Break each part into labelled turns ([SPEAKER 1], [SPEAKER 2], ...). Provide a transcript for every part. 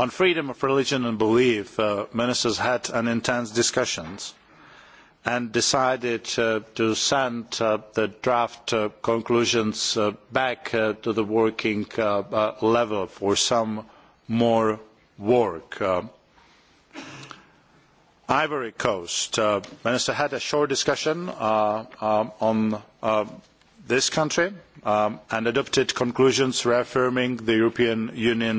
[SPEAKER 1] on freedom of religion and belief uh, ministers had an intense discussions and decided uh, to send uh, the draft conclusions back to the working level for some more work. ivory coast uh, minister had a short discussion on this country um, and adopted conclusions reaffirming the european union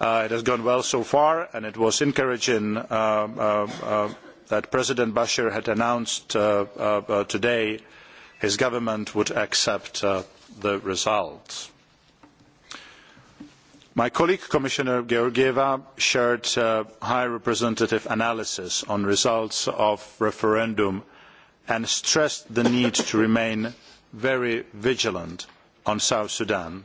[SPEAKER 1] Uh, it has gone well so far and it was encouraging um, uh, uh, that President Bashir had announced today his government would accept the results. My colleague Commissioner Georgieva shared the High Representative analysis on the results of the referendum and stressed the need to remain very vigilant on South Sudan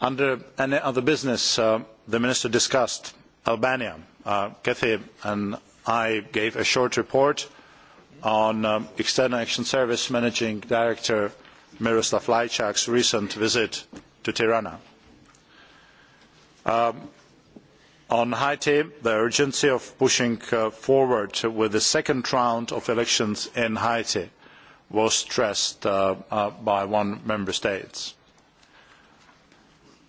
[SPEAKER 1] under any other business uh, the minister discussed albania. Uh, cathy and i gave a short report on the um, external action service managing director miroslav lajcak's recent visit to tirana. Um, on haiti the urgency of pushing uh, forward with the second round of elections in haiti was stressed by one member state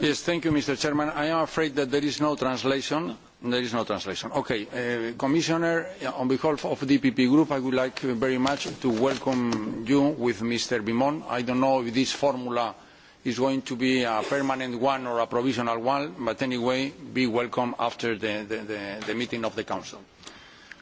[SPEAKER 2] Yes, thank you, Mr. Chairman. I am afraid that there is no translation. There is no translation. Okay, uh, Commissioner, uh, on behalf of the DPP Group, I would like very much to welcome you with Mr. Bimon. I don't know if this formula is going to be a permanent one or a provisional one, but anyway, be welcome after the, the, the, the meeting of the Council.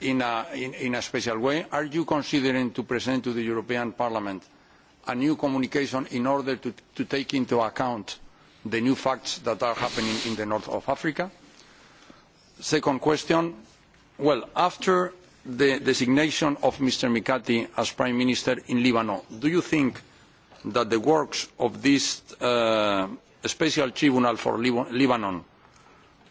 [SPEAKER 2] in a, in, a special way? Are you considering presenting to the European Parliament a new communication in order to, take into account the new facts that are happening in the north of Africa? Second question, after the designation of Mr. Mikati as Prime Minister in Lebanon, do you think that the works of this uh, Special Tribunal for Lebanon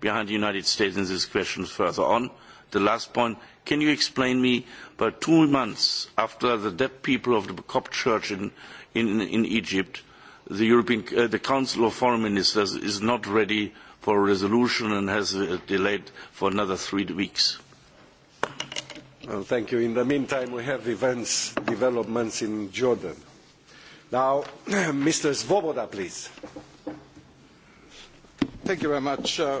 [SPEAKER 3] behind the United States in this question further on. The last point, can you explain me, but two months after the dead people of the Copt Church in, in, in Egypt, the, European, uh, the Council of Foreign Ministers is not ready for a resolution and has uh, delayed for another three weeks?
[SPEAKER 4] Well, thank you. In the meantime, we have events, developments in Jordan. Now,
[SPEAKER 5] Mr. Svoboda, please. Thank you very much. Uh,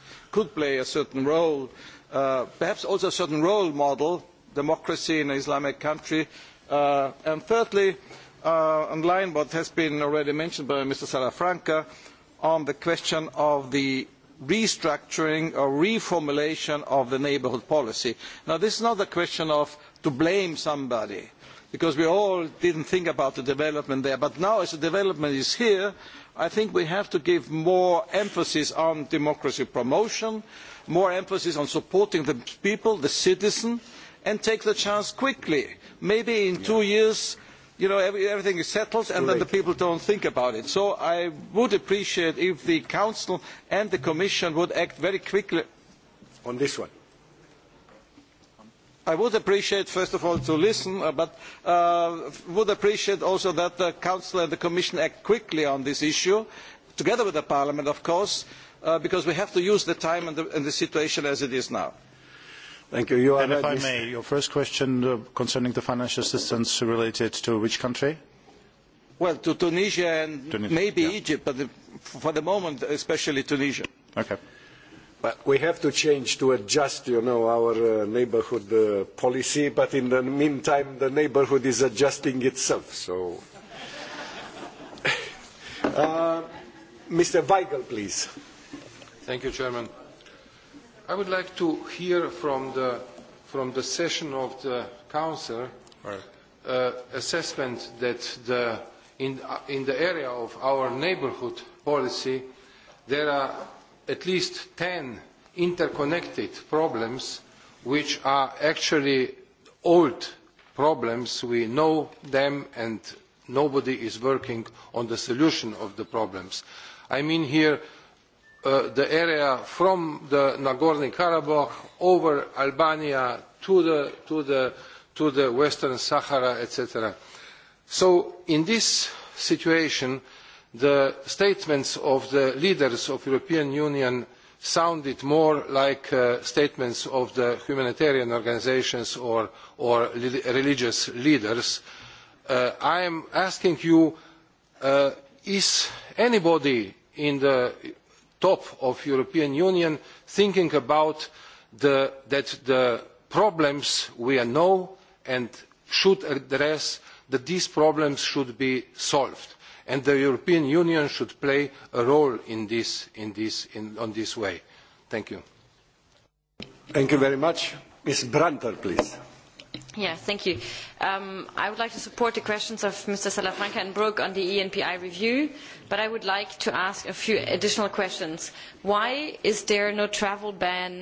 [SPEAKER 5] could play a certain role, uh, perhaps also a certain role model, democracy in an Islamic country. Uh, and thirdly, uh, in line what has been already mentioned by Mr. Salafranca, on the question of the restructuring or reformulation of the neighbourhood policy. Now, this is not a question of to blame somebody, because we all did not think about the development there. But now, as the development is here, i think we have to give more emphasis on democracy promotion, more emphasis on supporting the people, the citizen, and take the chance quickly. Maybe in two years, you know, every, everything is settled and then the people do not think about it. So I would appreciate if the Council and the Commission would act very quickly on this one. I would appreciate, first of all, to listen, uh, but uh, would appreciate also that the Council and the Commission act quickly on this issue, together with Parliament, of course, uh, because we have to use the time and the, and the situation as it is now.
[SPEAKER 1] You. You and if I may, your first question uh, concerning the financial assistance related to which country?
[SPEAKER 5] Well, to Tunisia and Tunisia, maybe yeah. Egypt, but the, for the moment, especially Tunisia.
[SPEAKER 1] Okay.
[SPEAKER 4] But we have to change to adjust, you know, our uh, neighbourhood uh, policy. But in the meantime, the neighbourhood is adjusting itself. So, uh, Mr. Weigel, please.
[SPEAKER 6] Thank you, Chairman. I would like to hear from the from the session of the Council right. uh, assessment that the in uh, in the area of our neighbourhood policy, there are at least ten interconnected problems which are actually old problems. We know them and nobody is working on the solution of the problems. I mean here uh, the area from the Nagorno-Karabakh over Albania to the, to the, to the Western Sahara, etc. So in this situation, the statements of the leaders of the European Union sounded more like uh, statements of the humanitarian organisations or, religious leaders. Uh, I am asking you, uh, is anybody at the top of the European Union thinking about the, that the problems we know and should address, that these problems should be solved? and the european union should play a role in this, in this, way.
[SPEAKER 4] thank you. thank you very much. ms brantner please.
[SPEAKER 7] Yeah, um, i would like to support the questions of mr salafranca and brok on the enpi review but i would like to ask a few additional questions. why is there no travel ban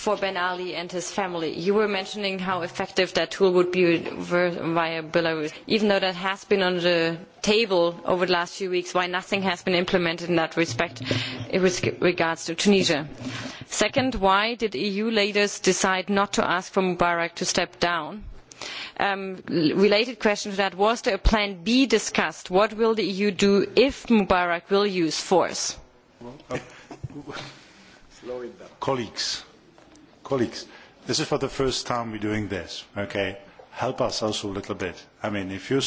[SPEAKER 7] for Ben Ali and his family. You were mentioning how effective that tool would be via Belarus. Even though that has been on the table over the last few weeks, why nothing has been implemented in that respect with regards to Tunisia? Second, why did EU leaders decide not to ask for Mubarak to step down? Um, related question to that, was there a plan B discussed? What will the EU do if Mubarak will use force?
[SPEAKER 1] Colleagues colleagues, this is for the first time we're doing this, okay? Help us also a little bit. I mean, if you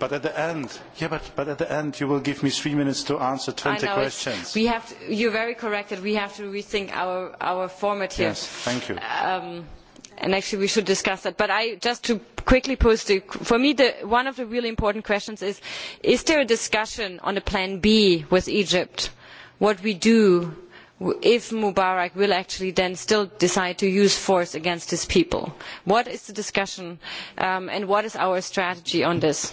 [SPEAKER 1] But at the end, yeah, but, but at the end, you will give me three minutes to answer 20 I know, questions. We have to,
[SPEAKER 7] you're very correct that we have to rethink our, our format here. Yes, thank you. Um, and actually we should discuss that but I, just to quickly pose the for me the, one of the really important questions is is there a discussion on a plan b with egypt what we do if mubarak will actually then still decide to use force against his people what is the discussion um, and what is our strategy on this?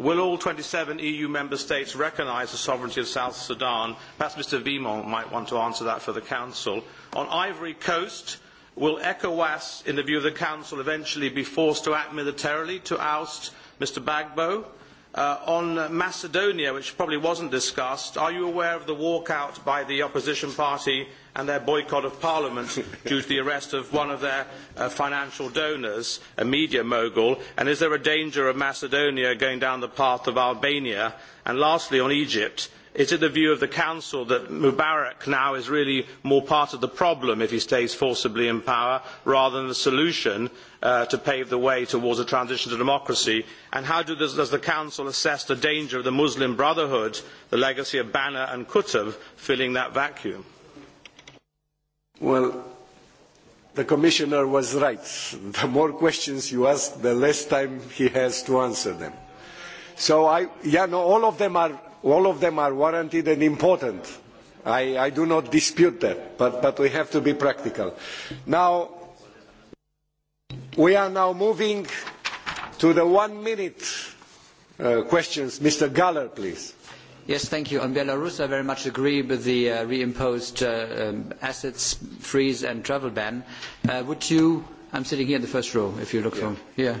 [SPEAKER 8] Will all twenty seven EU member states recognise the sovereignty of South Sudan? Perhaps Mr Vimont might want to answer that for the Council. On Ivory Coast, will ECOWAS, in the view of the Council, eventually be forced to act militarily to oust Mr Gbagbo? Uh, on Macedonia, which probably was not discussed, are you aware of the walkout by the opposition party and their boycott of parliament due to the arrest of one of their uh, financial donors, a media mogul? And is there a danger of Macedonia going down the path of Albania? And lastly, on Egypt, is it the view of the council that mubarak now is really more part of the problem if he stays forcibly in power rather than the solution uh, to pave the way towards a transition to democracy and how do this, does the council assess the danger of the muslim brotherhood the legacy of banner and Qutb, filling that vacuum?
[SPEAKER 4] Well, the Commissioner was right. The more questions you ask, the less time he has to answer them. So I, yeah, no, all of them are, all of them are warranted and important. I, I do not dispute that, but, but we have to be practical. Now, we are now moving to the one-minute uh, questions. Mr. Galler, please.
[SPEAKER 9] Yes, thank you. On Belarus, I very much agree with the uh, reimposed uh, um, assets freeze and travel ban. Uh, would you... am sitting here in the first row, if you look from here.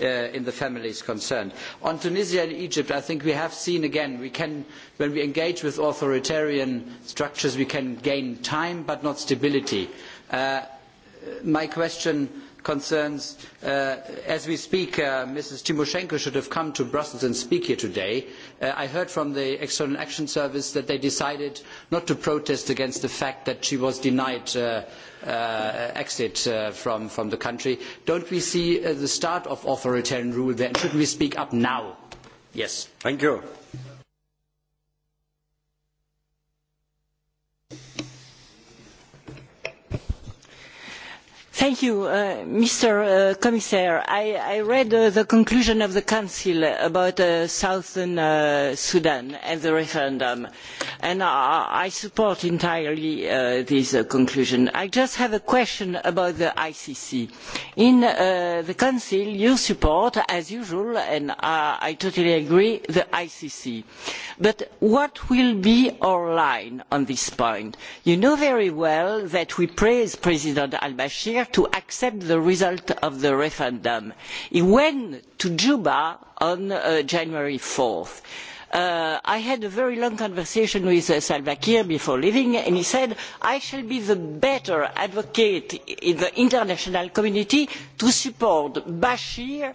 [SPEAKER 9] Uh, in the families concerned. On Tunisia and Egypt, I think we have seen again, we can, when we engage with authoritarian structures, we can gain time but not stability. Uh, my question concerns, uh, as we speak, uh, Mrs. Tymoshenko should have come to Brussels and speak here today. Uh, I heard from the External Action Service that they decided not to protest against the fact that she was denied uh, uh, exit uh, from, from, the country. Don't we see uh, the start of authoritarian rule there? And shouldn't we speak up
[SPEAKER 10] now? Yes. Thank you.
[SPEAKER 11] Thank you, uh, Mr. Uh, Commissaire. I, I read uh, the conclusion of the Council about uh, Southern uh, Sudan and the referendum, and I, I support entirely uh, this uh, conclusion. I just have a question about the ICC. In uh, the Council, you support, as usual, and uh, I totally agree, the ICC. But what will be our line on this point? You know very well that we praise President al-Bashir to accept the result of the referendum. he went to juba on four uh, january uh, i had a very long conversation with uh, salva kiir before leaving and he said i shall be the better advocate in the international community to support bashir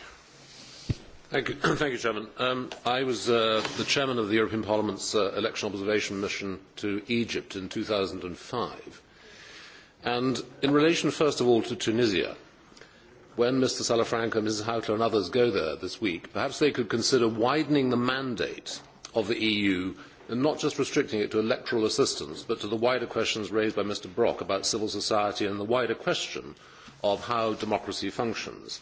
[SPEAKER 6] Mr President, um, I was uh, the Chairman of the European Parliament's uh, Election Observation Mission to Egypt in two thousand and five, And in relation, first of all, to Tunisia, when Mr. Salafranca, Mrs. Hautler and others go there this week, perhaps they could consider widening the mandate of the EU and not just restricting it to electoral assistance, but to the wider questions raised by Mr. Brok about civil society and the wider question of how democracy functions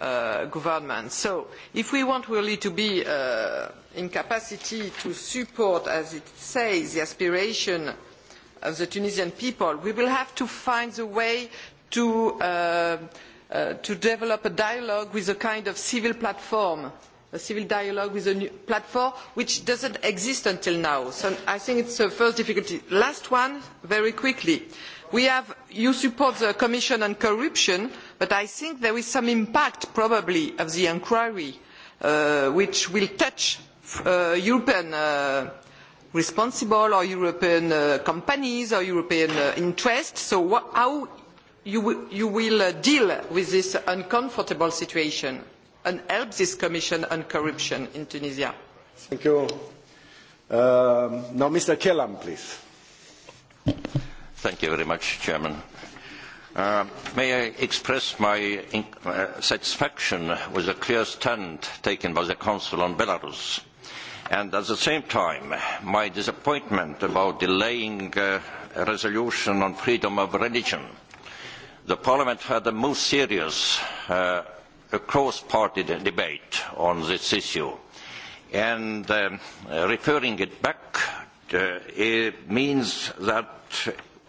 [SPEAKER 12] Uh, government. so if we want really to be uh, in capacity to support as it says the aspiration of the tunisian people we will have to find a way to, uh, uh to develop a dialogue with a kind of civil platform a civil dialogue with a new platform which does not exist until now. so i think it is the first difficulty. last one very quickly. We have, you support the commission on corruption but i think there is some impact probably of the inquiry uh, which will touch uh, european uh, responsible or european companies or european interests so how will you will deal with this uncomfortable situation and help this commission on corruption in tunisia?
[SPEAKER 4] Thank you. Um, now mr kelam please.
[SPEAKER 10] Thank you very much, Chairman. Uh, may I express my uh, satisfaction with the clear stand taken by the Council on Belarus, and at the same time, my disappointment about delaying uh, a resolution on freedom of religion. The Parliament had a most serious uh, cross-party debate on this issue, and um, referring it back uh, it means that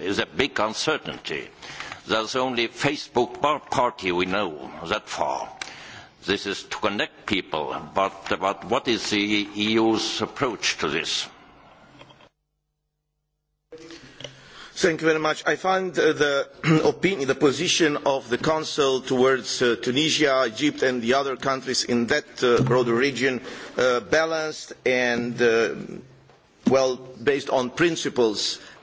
[SPEAKER 10] is a big uncertainty. There is only Facebook party we know that far. This is to connect people, but, but what is the EU's approach to this?
[SPEAKER 5] Thank you very much. I find uh, the opinion, the position of the Council towards uh, Tunisia, Egypt and the other countries in that uh, broader region uh, balanced and uh, well based on principles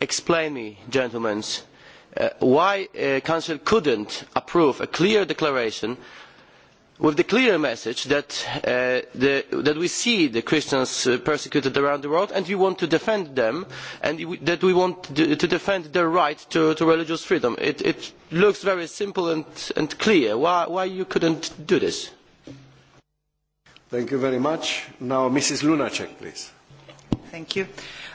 [SPEAKER 5] explain me, gentlemen, uh, why the uh, Council could not approve a clear declaration with the clear message that, uh, we see the Christians persecuted around the world and we want to defend them and that we want to defend their right to, religious freedom. It, looks very simple and, clear. Why, why you not do this? Thank you very much. Now,
[SPEAKER 4] Mrs. Lunacek, please.
[SPEAKER 11] Thank you.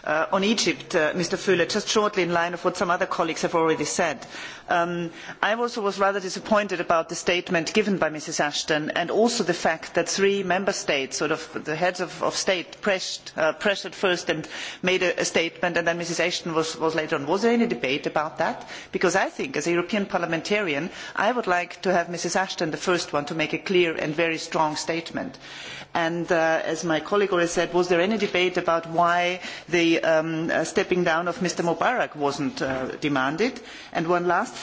[SPEAKER 11] Uh, on Egypt, uh, Mr. fle just shortly in line with what some other colleagues have already said. Um, i also was rather disappointed about the statement given by mrs ashton and also the fact that three member states sort of the heads of, state uh, pressured first and made a, statement and then mrs ashton was, later on. was there any debate about that? because i think as a european parliamentarian i would like to have mrs ashton the first one to make a clear and very strong statement. and uh, as my colleague already said was there any debate about why the um, uh, stepping down of mr mubarak was not demanded? and one last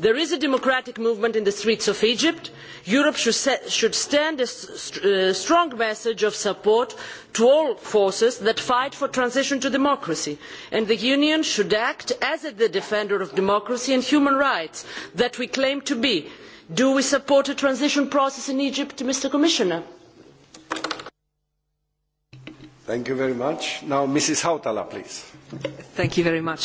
[SPEAKER 11] there is a democratic movement in the streets of egypt. europe should, set, should send a st uh, strong message of support to all forces that fight for transition to democracy and the union should act as the defender of democracy and human rights that we claim to be. do we support a transition process in egypt mr commissioner?
[SPEAKER 4] Thank you very much. Now, Mrs. Hautala, please.
[SPEAKER 11] Thank you very much.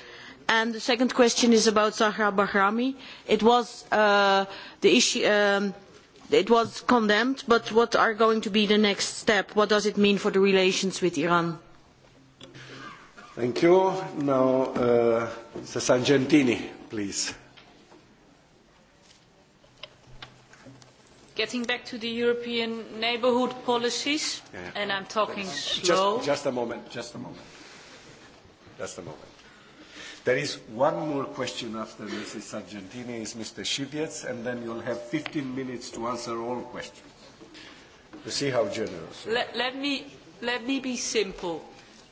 [SPEAKER 11] And the second question is about Zahra Bahrami. It was, uh, the issue, um, it was condemned, but what are going to be the next step? What does it mean for the relations with
[SPEAKER 13] Iran?
[SPEAKER 4] Thank you. Now, uh, Mr. please.
[SPEAKER 11] Getting back to the European neighbourhood policies, yeah, yeah. and I'm talking Thanks. slow.
[SPEAKER 4] just a moment. Just a moment. Just a moment. There is one more question after Mrs. Sargentini is Mr. Shibiets, and then you'll have 15 minutes to answer all questions. You see how generous. Let,
[SPEAKER 11] let, me, let me be simple.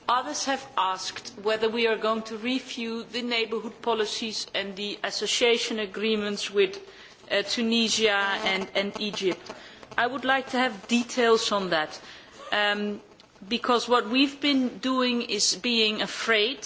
[SPEAKER 11] Others have asked whether we are going to review the neighbourhood policies and the association agreements with uh, Tunisia and, and Egypt. I would like to have details on that, um, because what we've been doing is being afraid uh,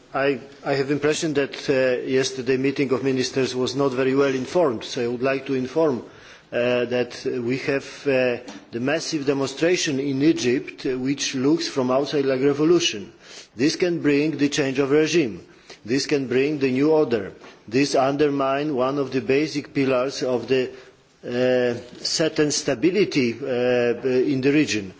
[SPEAKER 14] i, have the impression that uh, yesterday's meeting of ministers was not very well informed, so I would like to inform uh, that we have uh, the massive demonstration in Egypt, uh, which looks from outside like revolution. This can bring the change of regime. This can bring the new order. This undermines one of the basic pillars of the uh, certain stability uh, in the region. Uh,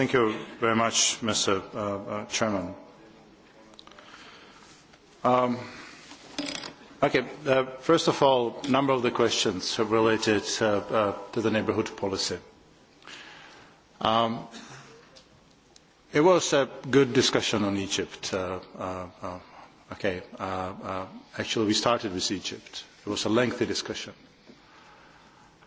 [SPEAKER 1] Thank you very much, Mr. Uh, uh, Chairman. Um, uh, first of all, a number of the questions related to the neighbourhood policy. Um, it was a good discussion on Egypt. actually, we started with Egypt. It was a lengthy discussion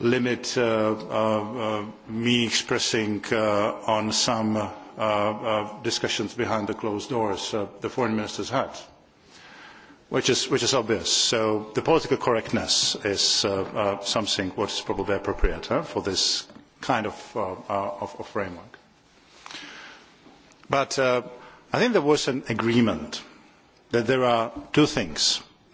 [SPEAKER 1] limit uh, uh, uh, me expressing on some discussions behind the closed doors the foreign ministers had, which is, which is obvious. So the political correctness is something which is probably appropriate for this kind of framework. But I think there was an agreement that there are two things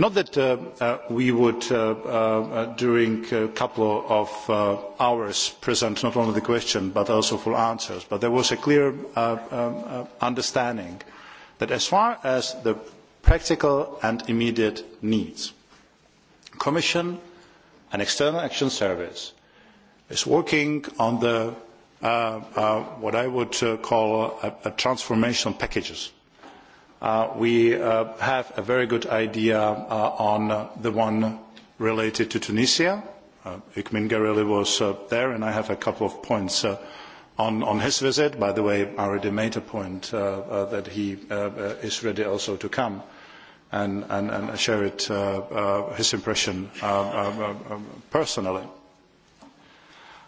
[SPEAKER 1] Not that uh, uh, we would, uh, uh, uh during a couple of hours, present not only the question but also full answers, but there was a clear um, understanding that as far as the practical and immediate needs, the Commission and External Action Service is working on the, what I would call a, a transformation packages Uh, we uh, have a very good idea uh, on the one related to Tunisia. Uh, Ikmin Gareli was there, and I have a couple of points on, his visit. By the way, I already made a point that he is ready also to come and, and, and share his impression personally.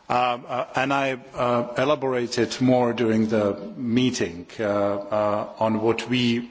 [SPEAKER 1] and I elaborated more during the meeting on what we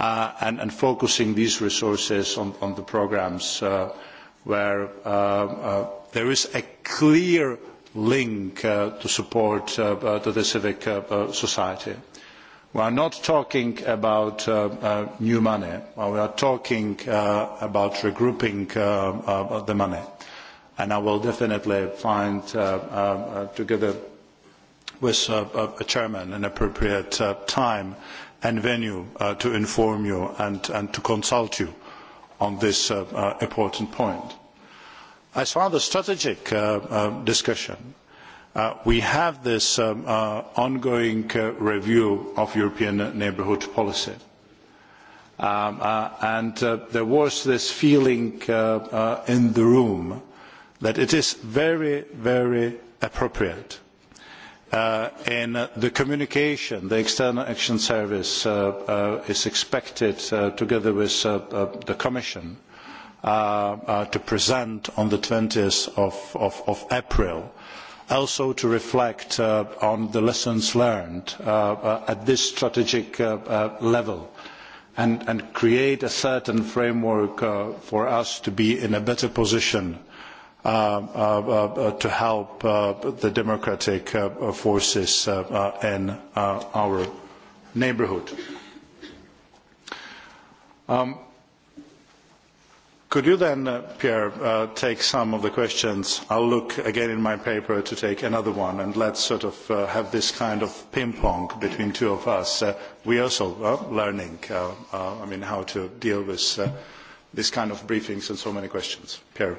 [SPEAKER 1] Uh, and, focusing these resources on, the programmes uh, where uh, there is a clear link to support the civic society. We are not talking about new money. We are talking about regrouping the money. And I will definitely find, together with a chairman, an appropriate time and venue uh, to inform you and, to consult you on this uh, uh, important point. As far as the strategic discussion, we have this um, ongoing review of European neighbourhood policy. Um, and there was this feeling in the room that it is very, very appropriate Uh, in the communication, the External Action Service uh, uh, is expected, together with the Commission, to present on the 20 of, April, also to reflect on the lessons learned at this strategic level and, and, create a certain framework for us to be in a better position Uh uh, uh, uh, to help uh, the democratic forces in our neighbourhood. Um, could you then, Pierre, take some of the questions? I'll look again in my paper to take another one, and let's sort of have this kind of ping-pong between two of us. We also are learning, I mean, how to deal with this kind of briefings and so many questions. Pierre.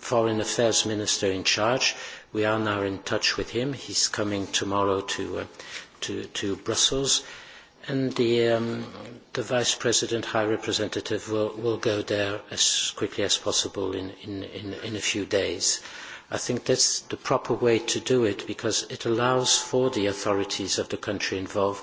[SPEAKER 15] foreign affairs minister in charge. We are now in touch with him. He is coming tomorrow to, uh, to, to Brussels. And the, um, the Vice President, High Representative, will, will go there as quickly as possible in, in, in, in a few days. I think that is the proper way to do it because it allows for the authorities of the country involved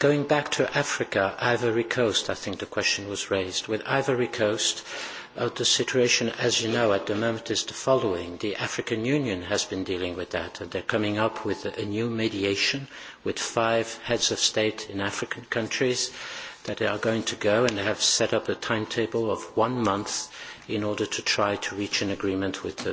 [SPEAKER 15] Going back to Africa, Ivory Coast, I think the question was raised. With Ivory Coast, uh, the situation, as you know, at the moment is the following. The African Union has been dealing with that, and they're coming up with a, new mediation with five heads of state in African countries that are going to go and have set up a timetable of one month in order to try to reach an agreement with uh,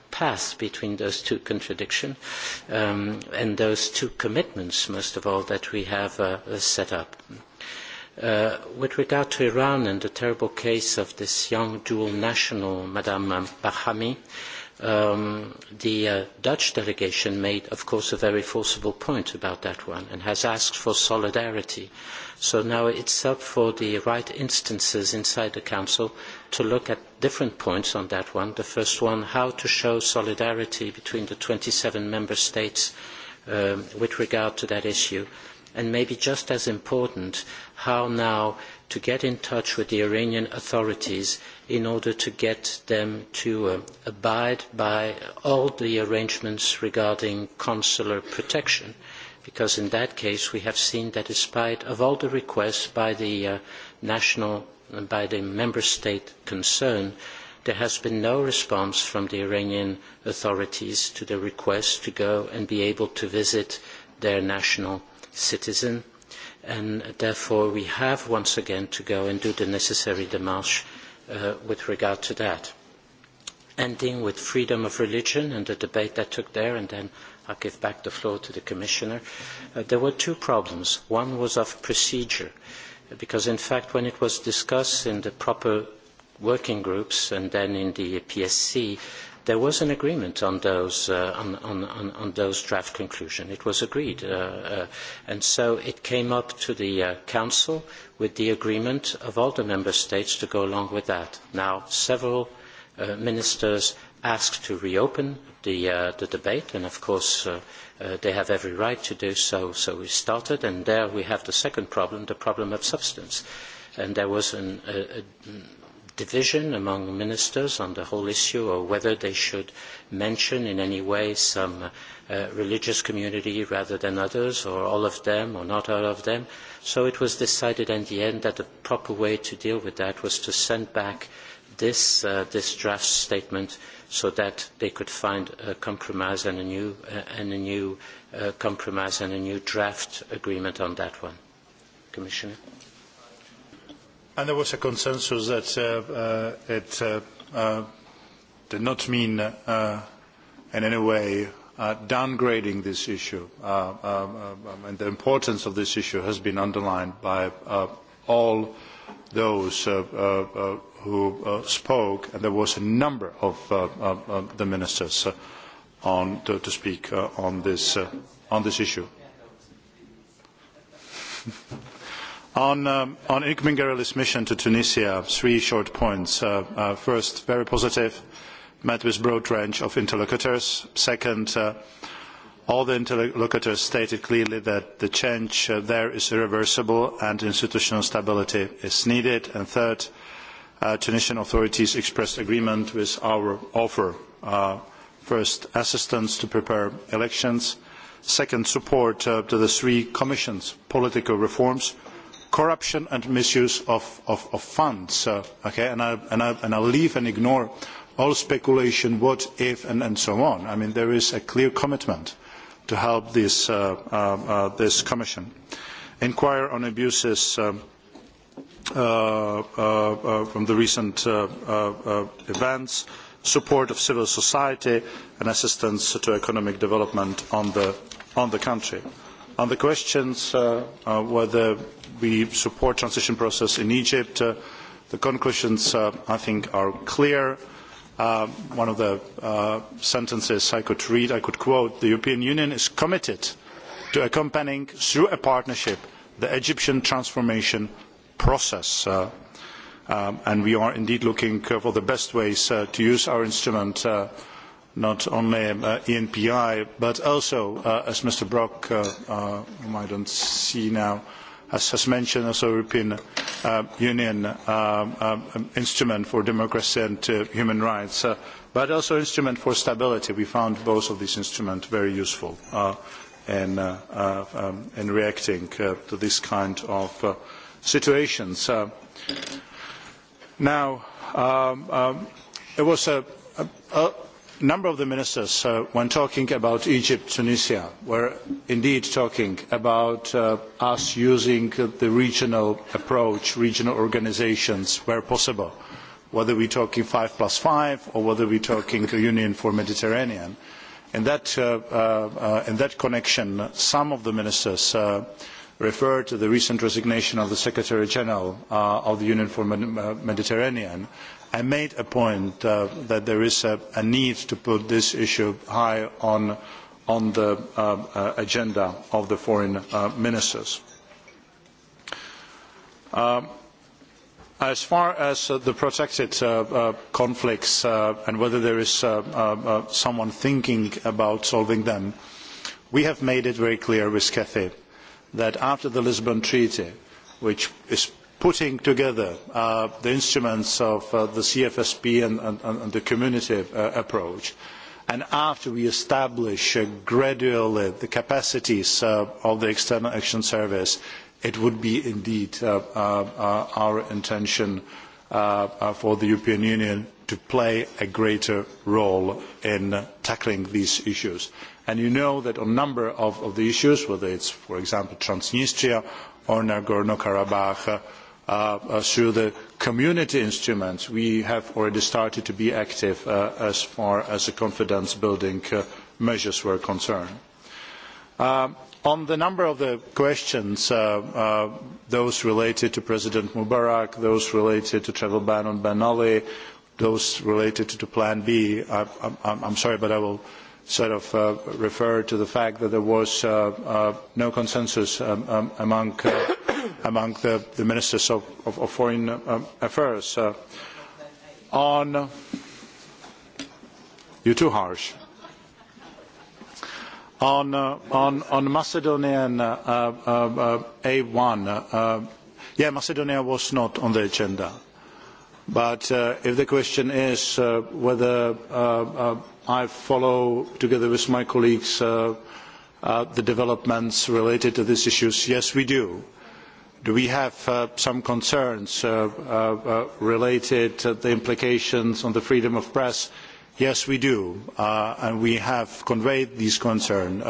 [SPEAKER 15] path between those two contradictions um, and those two commitments, most of all, that we have uh, uh, set up. Uh, with regard to Iran and the terrible case of this young dual national, Madame Bahami, um, the uh, Dutch delegation made, of course, a very forcible point about that one and has asked for solidarity. So now it's up for the right instances inside the Council to look at different points on that one. The first one, how to show solidarity between the twenty seven member states um, with regard to that issue. And maybe just as important, how now to get in touch with the Iranian authorities in order to get them to uh, abide by all the arrangements regarding consular protection. Because in that case, we have seen that despite of all the requests by the uh, national by the member state concerned, there has been no response from the Iranian authorities to the request to go and be able to visit their national citizen. And therefore, we have once again to go and do the necessary demarche uh, with regard to that. Ending with freedom of religion and the debate that took there, and then I'll give back the floor to the Commissioner. Uh, there were two problems. One was of procedure. Uh, because in fact when it was discussed in the proper working groups and then in the PSC, there was an agreement on those, uh, on, on, on those draft conclusions. It was agreed. Uh, uh, and so it came up to the uh, Council with the agreement of all the Member States to go along with that. Now, several uh, ministers asked to reopen the, uh, the debate, and of course uh, uh, they have every right to do so, so we started, and there we have the second problem, the problem of substance. And there was an, a, a division among ministers on the whole issue of whether they should mention in any way some uh, religious community rather than others or all of them or not all of them. So it was decided in the end that the proper way to deal with that was to send back this, uh, this draft statement so that they could find a compromise and a new, uh, and a new uh, compromise and a new draft agreement on that one. Commissioner?
[SPEAKER 1] And there was a consensus that uh, uh, it uh, uh, did not mean uh, in any way uh, downgrading this issue. Uh, um, um, and the importance of this issue has been underlined by uh, all those uh, uh, uh who uh, spoke, and there was a number of uh, uh, the ministers on, to, to, speak on this, on, this, issue. on um, on Gareli's mission to Tunisia, three short points. first, very positive, met with a broad range of interlocutors. Second, all the interlocutors stated clearly that the change there is irreversible and institutional stability is needed. And third, Uh, Tunisian authorities expressed agreement with our offer. Uh, first, assistance to prepare elections. Second, support uh, to the three commissions, political reforms, corruption and misuse of, of, of funds. Okay? and, I, and, I, and I leave and ignore all speculation, what if, and, and so on. I mean, there is a clear commitment to help this, this commission. Inquire on abuses um, Uh, uh, uh, from the recent events, support of civil society and assistance to economic development on the, country. On the questions of whether we support the transition process in Egypt, the conclusions I think are clear. one of the sentences I could read, I could quote, the European Union is committed to accompanying through a partnership the Egyptian transformation process. Uh, um, and we are indeed looking uh, for the best ways uh, to use our instrument, not only um, ENPI, but also, as Mr. Brok, whom I don't see now, has mentioned, also European Union um, instrument for democracy and human rights but also instrument for stability. We found both of these instruments very useful in, reacting to this kind of situations. now, um, um, it was a, a, a number of the ministers, uh, when talking about Egypt, and Tunisia, were indeed talking about uh, us using the regional approach, regional organisations where possible, whether we are talking five plus five or whether we are talking a Union for the Mediterranean. In that, uh, uh, uh, in that, connection, some of the ministers uh, refer to the recent resignation of the Secretary General uh, of the Union for the uh, Mediterranean, I made a point uh, that there is a, need to put this issue high on, the agenda of the foreign ministers. Um, as far as the protected conflicts and whether there is someone thinking about solving them we have made it very clear with cathay that after the Lisbon Treaty, which is putting together uh, the instruments of uh, the CFSP and, the community uh, approach, and after we establish gradually the capacities of the External Action Service, it would be indeed our intention for the European Union to play a greater role in tackling these issues and you know that on a number of, the issues whether it is for example transnistria or nagorno karabakh uh, uh, through the community instruments we have already started to be active uh, as far as the confidence building measures were concerned. on the number of the questions those related to president mubarak those related to the travel ban on ben ali those related to plan b i am sorry but i will sort of uh, referred to the fact that there was uh, uh, no consensus um, um, among, uh, among the, the, ministers of, of, of foreign affairs. on you're too harsh. On, on, on Macedonian A1, yeah, Macedonia was not on the agenda. But uh, if the question is uh, whether uh, i follow, together with my colleagues, uh, uh, the developments related to these issues. Yes, we do. Do we have uh, some concerns uh, uh, related to the implications on the freedom of press? Yes, we do, and we have conveyed these concerns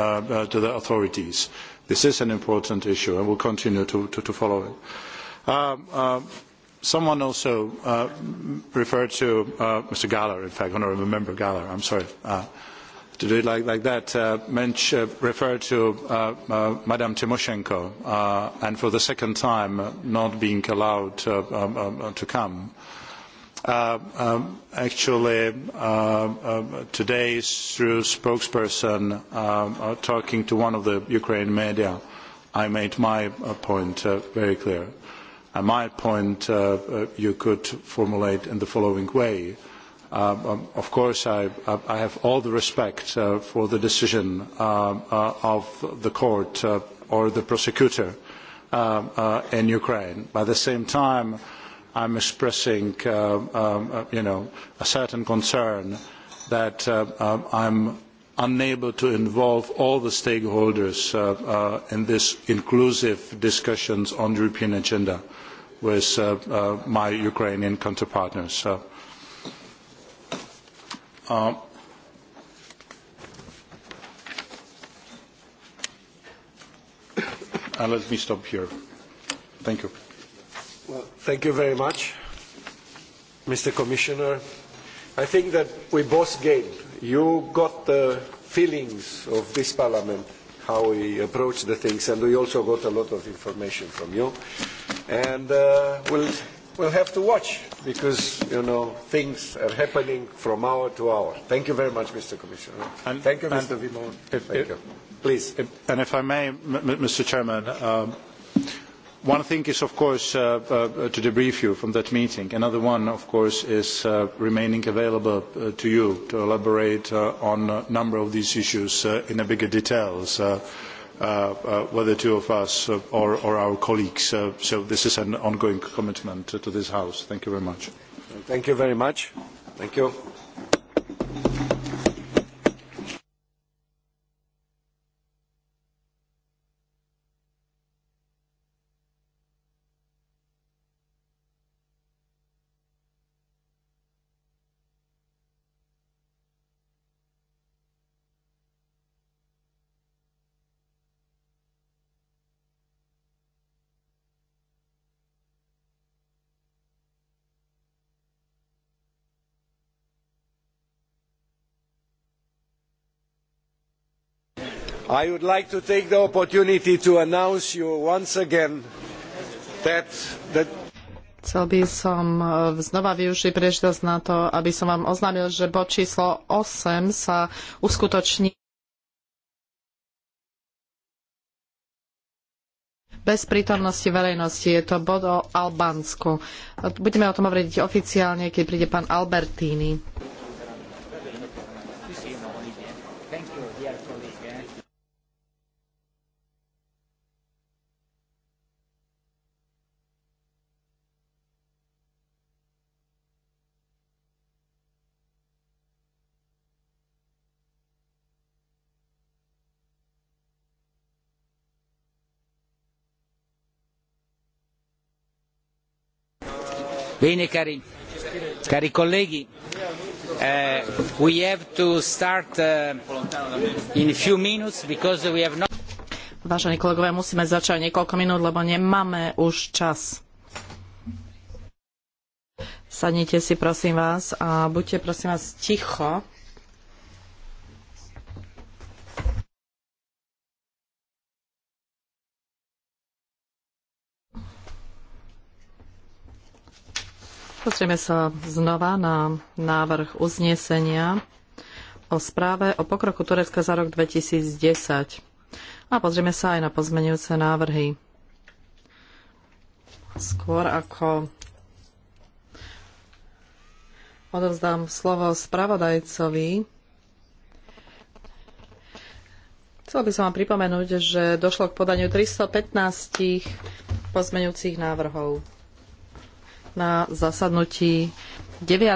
[SPEAKER 1] to the authorities. This is an important issue, and we will continue to, to, to follow it. Um, um someone also uh, referred to uh, Mr. Galler, in fact, Honourable Member Galler, I'm sorry, uh, to do it like, like that, uh, Mensch uh, referred to uh, uh, Madame Tymoshenko, uh, and for the second time uh, not being allowed uh, um, uh, to come. Uh, um, actually, uh, uh, today, through spokesperson uh, uh, talking to one of the Ukraine media, I made my uh, point uh, very clear And my point uh, uh, you could formulate in the following way. Uh, um, of course, I, I, have all the respect for the decision of the court or the prosecutor in Ukraine. But at the same time, I am expressing um, you know, a certain concern that I am unable to involve all the stakeholders uh, uh, in these inclusive discussions on the European agenda with uh, uh, my Ukrainian counterpartners. Uh, and uh, let me stop here. Thank you.
[SPEAKER 4] Well, thank you very much, Mr. Commissioner. I think that we both gained. You got the feelings of this Parliament how we approach the things, and we also got a lot of information from you. And uh, we'll, we'll have to watch, because, you know, things are happening from hour to hour. Thank you very much, Mr. Commissioner. And, Thank you, Mr. Vimon. Thank if, you.
[SPEAKER 1] Please. If, and if I may, M Mr. Chairman, um, one thing is of course uh, uh, to debrief you from that meeting another one of course is uh, remaining available to you to elaborate on a number of these issues in bigger detail whether the two of us or, our colleagues so this is an ongoing commitment to this house. thank you very much.
[SPEAKER 4] thank you very much. thank you. I would like to take the opportunity to announce you once again that the
[SPEAKER 16] Chcel by som e, znova využiť príležitosť na to, aby som vám oznámil, že bod číslo 8 sa uskutoční bez prítomnosti verejnosti. Je to bod o Albánsku. E, Budeme o tom hovoriť oficiálne, keď príde pán Albertini.
[SPEAKER 17] Bene, cari, cari colleghi, uh, we have to start uh, in a few minutes because we have not...
[SPEAKER 16] Vážení kolegovia, musíme začať niekoľko minút, lebo nemáme už čas. Sadnite si, prosím vás, a buďte, prosím vás, ticho.
[SPEAKER 18] Pozrieme sa
[SPEAKER 16] znova na návrh uznesenia o správe o pokroku Turecka za rok 2010. A pozrieme sa aj na pozmenujúce návrhy. Skôr ako odovzdám slovo spravodajcovi, Chcela by som vám pripomenúť, že došlo k podaniu 315 pozmenujúcich návrhov na zasadnutí 9.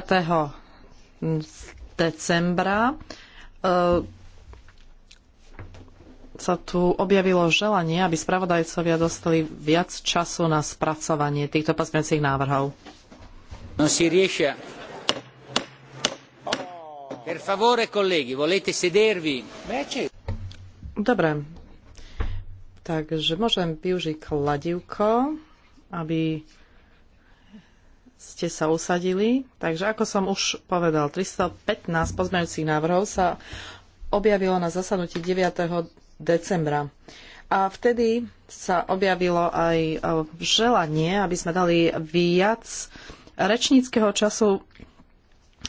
[SPEAKER 16] decembra e, sa tu objavilo želanie, aby spravodajcovia dostali viac času na spracovanie týchto pozmeňujúcich návrhov.
[SPEAKER 17] No si riešia. Per favore, colleghi, volete sedervi?
[SPEAKER 16] Dobre. Takže môžem využiť kladivko, aby ste sa usadili. Takže ako som už povedal, 315 pozmeňujúcich návrhov sa objavilo na zasadnutí 9. decembra. A vtedy sa objavilo aj e, želanie, aby sme dali viac rečníckého času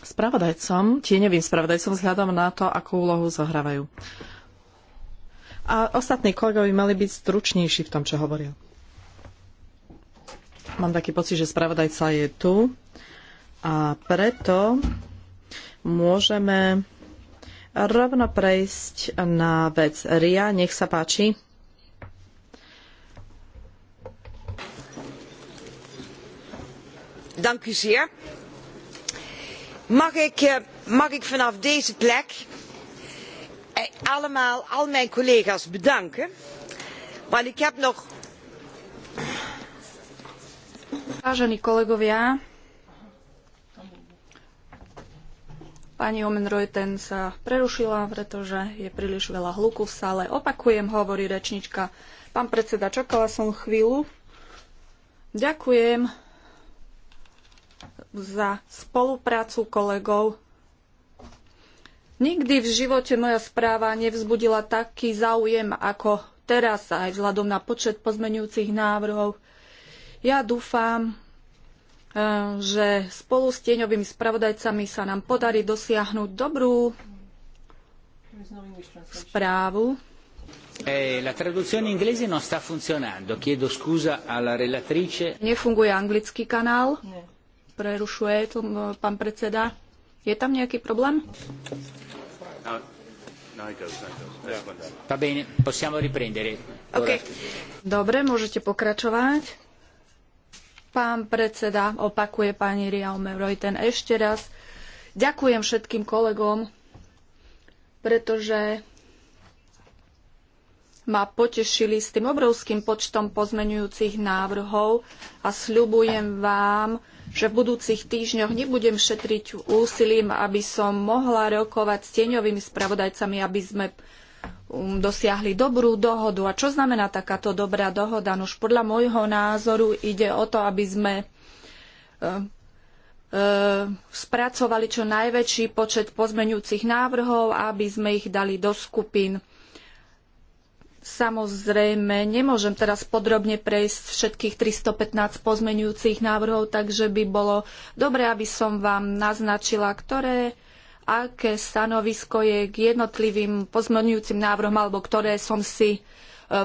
[SPEAKER 16] spravodajcom, tieňovým spravodajcom vzhľadom na to, akú úlohu zohrávajú. A ostatní kolegovi mali byť stručnejší v tom, čo hovoril. Mám taký pocit, že spravodajca je tu a preto môžeme rovno prejsť na vec RIA. Nech sa páči.
[SPEAKER 7] Dank u zeer. Mag ik, eh, mag ik vanaf deze plek eh, allemaal al mijn collega's bedanken. Want ik heb nog
[SPEAKER 19] Vážení kolegovia, pani Omenrojten sa prerušila, pretože je príliš veľa hluku v sále. Opakujem, hovorí rečnička. Pán predseda, čakala som chvíľu. Ďakujem za spoluprácu kolegov. Nikdy v živote moja správa nevzbudila taký záujem ako teraz aj vzhľadom na počet pozmenujúcich návrhov. Ja dúfam, eh, že spolu s tieňovými spravodajcami sa nám podarí dosiahnuť dobrú správu. Eh, Nefunguje anglický kanál. Prerušuje to eh, pán predseda. Je tam nejaký problém?
[SPEAKER 17] No, no,
[SPEAKER 19] Dobre, môžete pokračovať. Pán predseda, opakuje pani Riaume Reuten ešte raz. Ďakujem všetkým kolegom, pretože ma potešili s tým obrovským počtom pozmenujúcich návrhov a sľubujem vám, že v budúcich týždňoch nebudem šetriť úsilím, aby som mohla rokovať s tieňovými spravodajcami, aby sme Um, dosiahli dobrú dohodu. A čo znamená takáto dobrá dohoda? No už podľa môjho názoru ide o to, aby sme e, e, spracovali čo najväčší počet pozmeňujúcich návrhov, aby sme ich dali do skupín. Samozrejme, nemôžem teraz podrobne prejsť všetkých 315 pozmeňujúcich návrhov, takže by bolo dobré, aby som vám naznačila, ktoré aké stanovisko je k jednotlivým pozmeňujúcim návrhom, alebo ktoré som si e,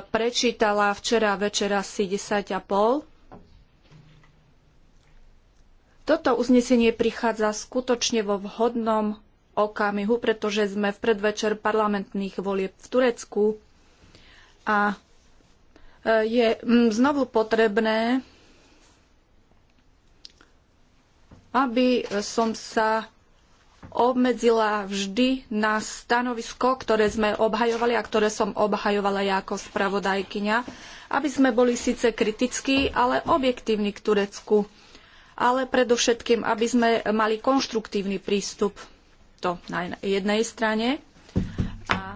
[SPEAKER 19] prečítala včera večera asi 10 a pol. Toto uznesenie prichádza skutočne vo vhodnom okamihu, pretože sme v predvečer parlamentných volieb v Turecku a e, je mm, znovu potrebné, aby som sa obmedzila vždy na stanovisko, ktoré sme obhajovali a ktoré som obhajovala ja ako spravodajkyňa, aby sme boli síce kritickí, ale objektívni k Turecku, ale predovšetkým, aby sme mali konštruktívny prístup. To na jednej strane. A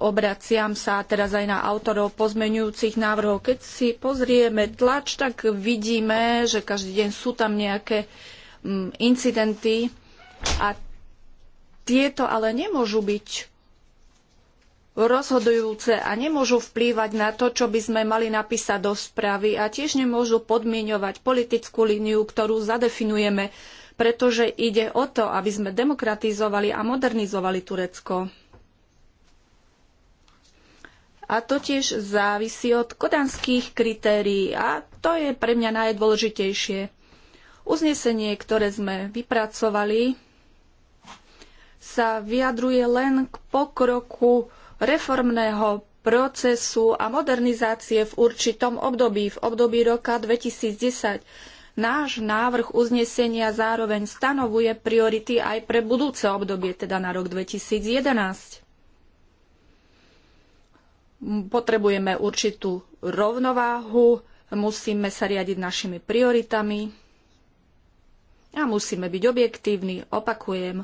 [SPEAKER 19] obraciam sa teraz aj na autorov pozmenujúcich návrhov. Keď si pozrieme tlač, tak vidíme, že každý deň sú tam nejaké mm, incidenty, a tieto ale nemôžu byť rozhodujúce a nemôžu vplývať na to, čo by sme mali napísať do správy a tiež nemôžu podmienovať politickú líniu, ktorú zadefinujeme, pretože ide o to, aby sme demokratizovali a modernizovali Turecko. A to tiež závisí od kodanských kritérií a to je pre mňa najdôležitejšie. Uznesenie, ktoré sme vypracovali, sa vyjadruje len k pokroku reformného procesu a modernizácie v určitom období, v období roka 2010. Náš návrh uznesenia zároveň stanovuje priority aj pre budúce obdobie, teda na rok 2011. Potrebujeme určitú rovnováhu, musíme sa riadiť našimi prioritami a musíme byť objektívni, opakujem,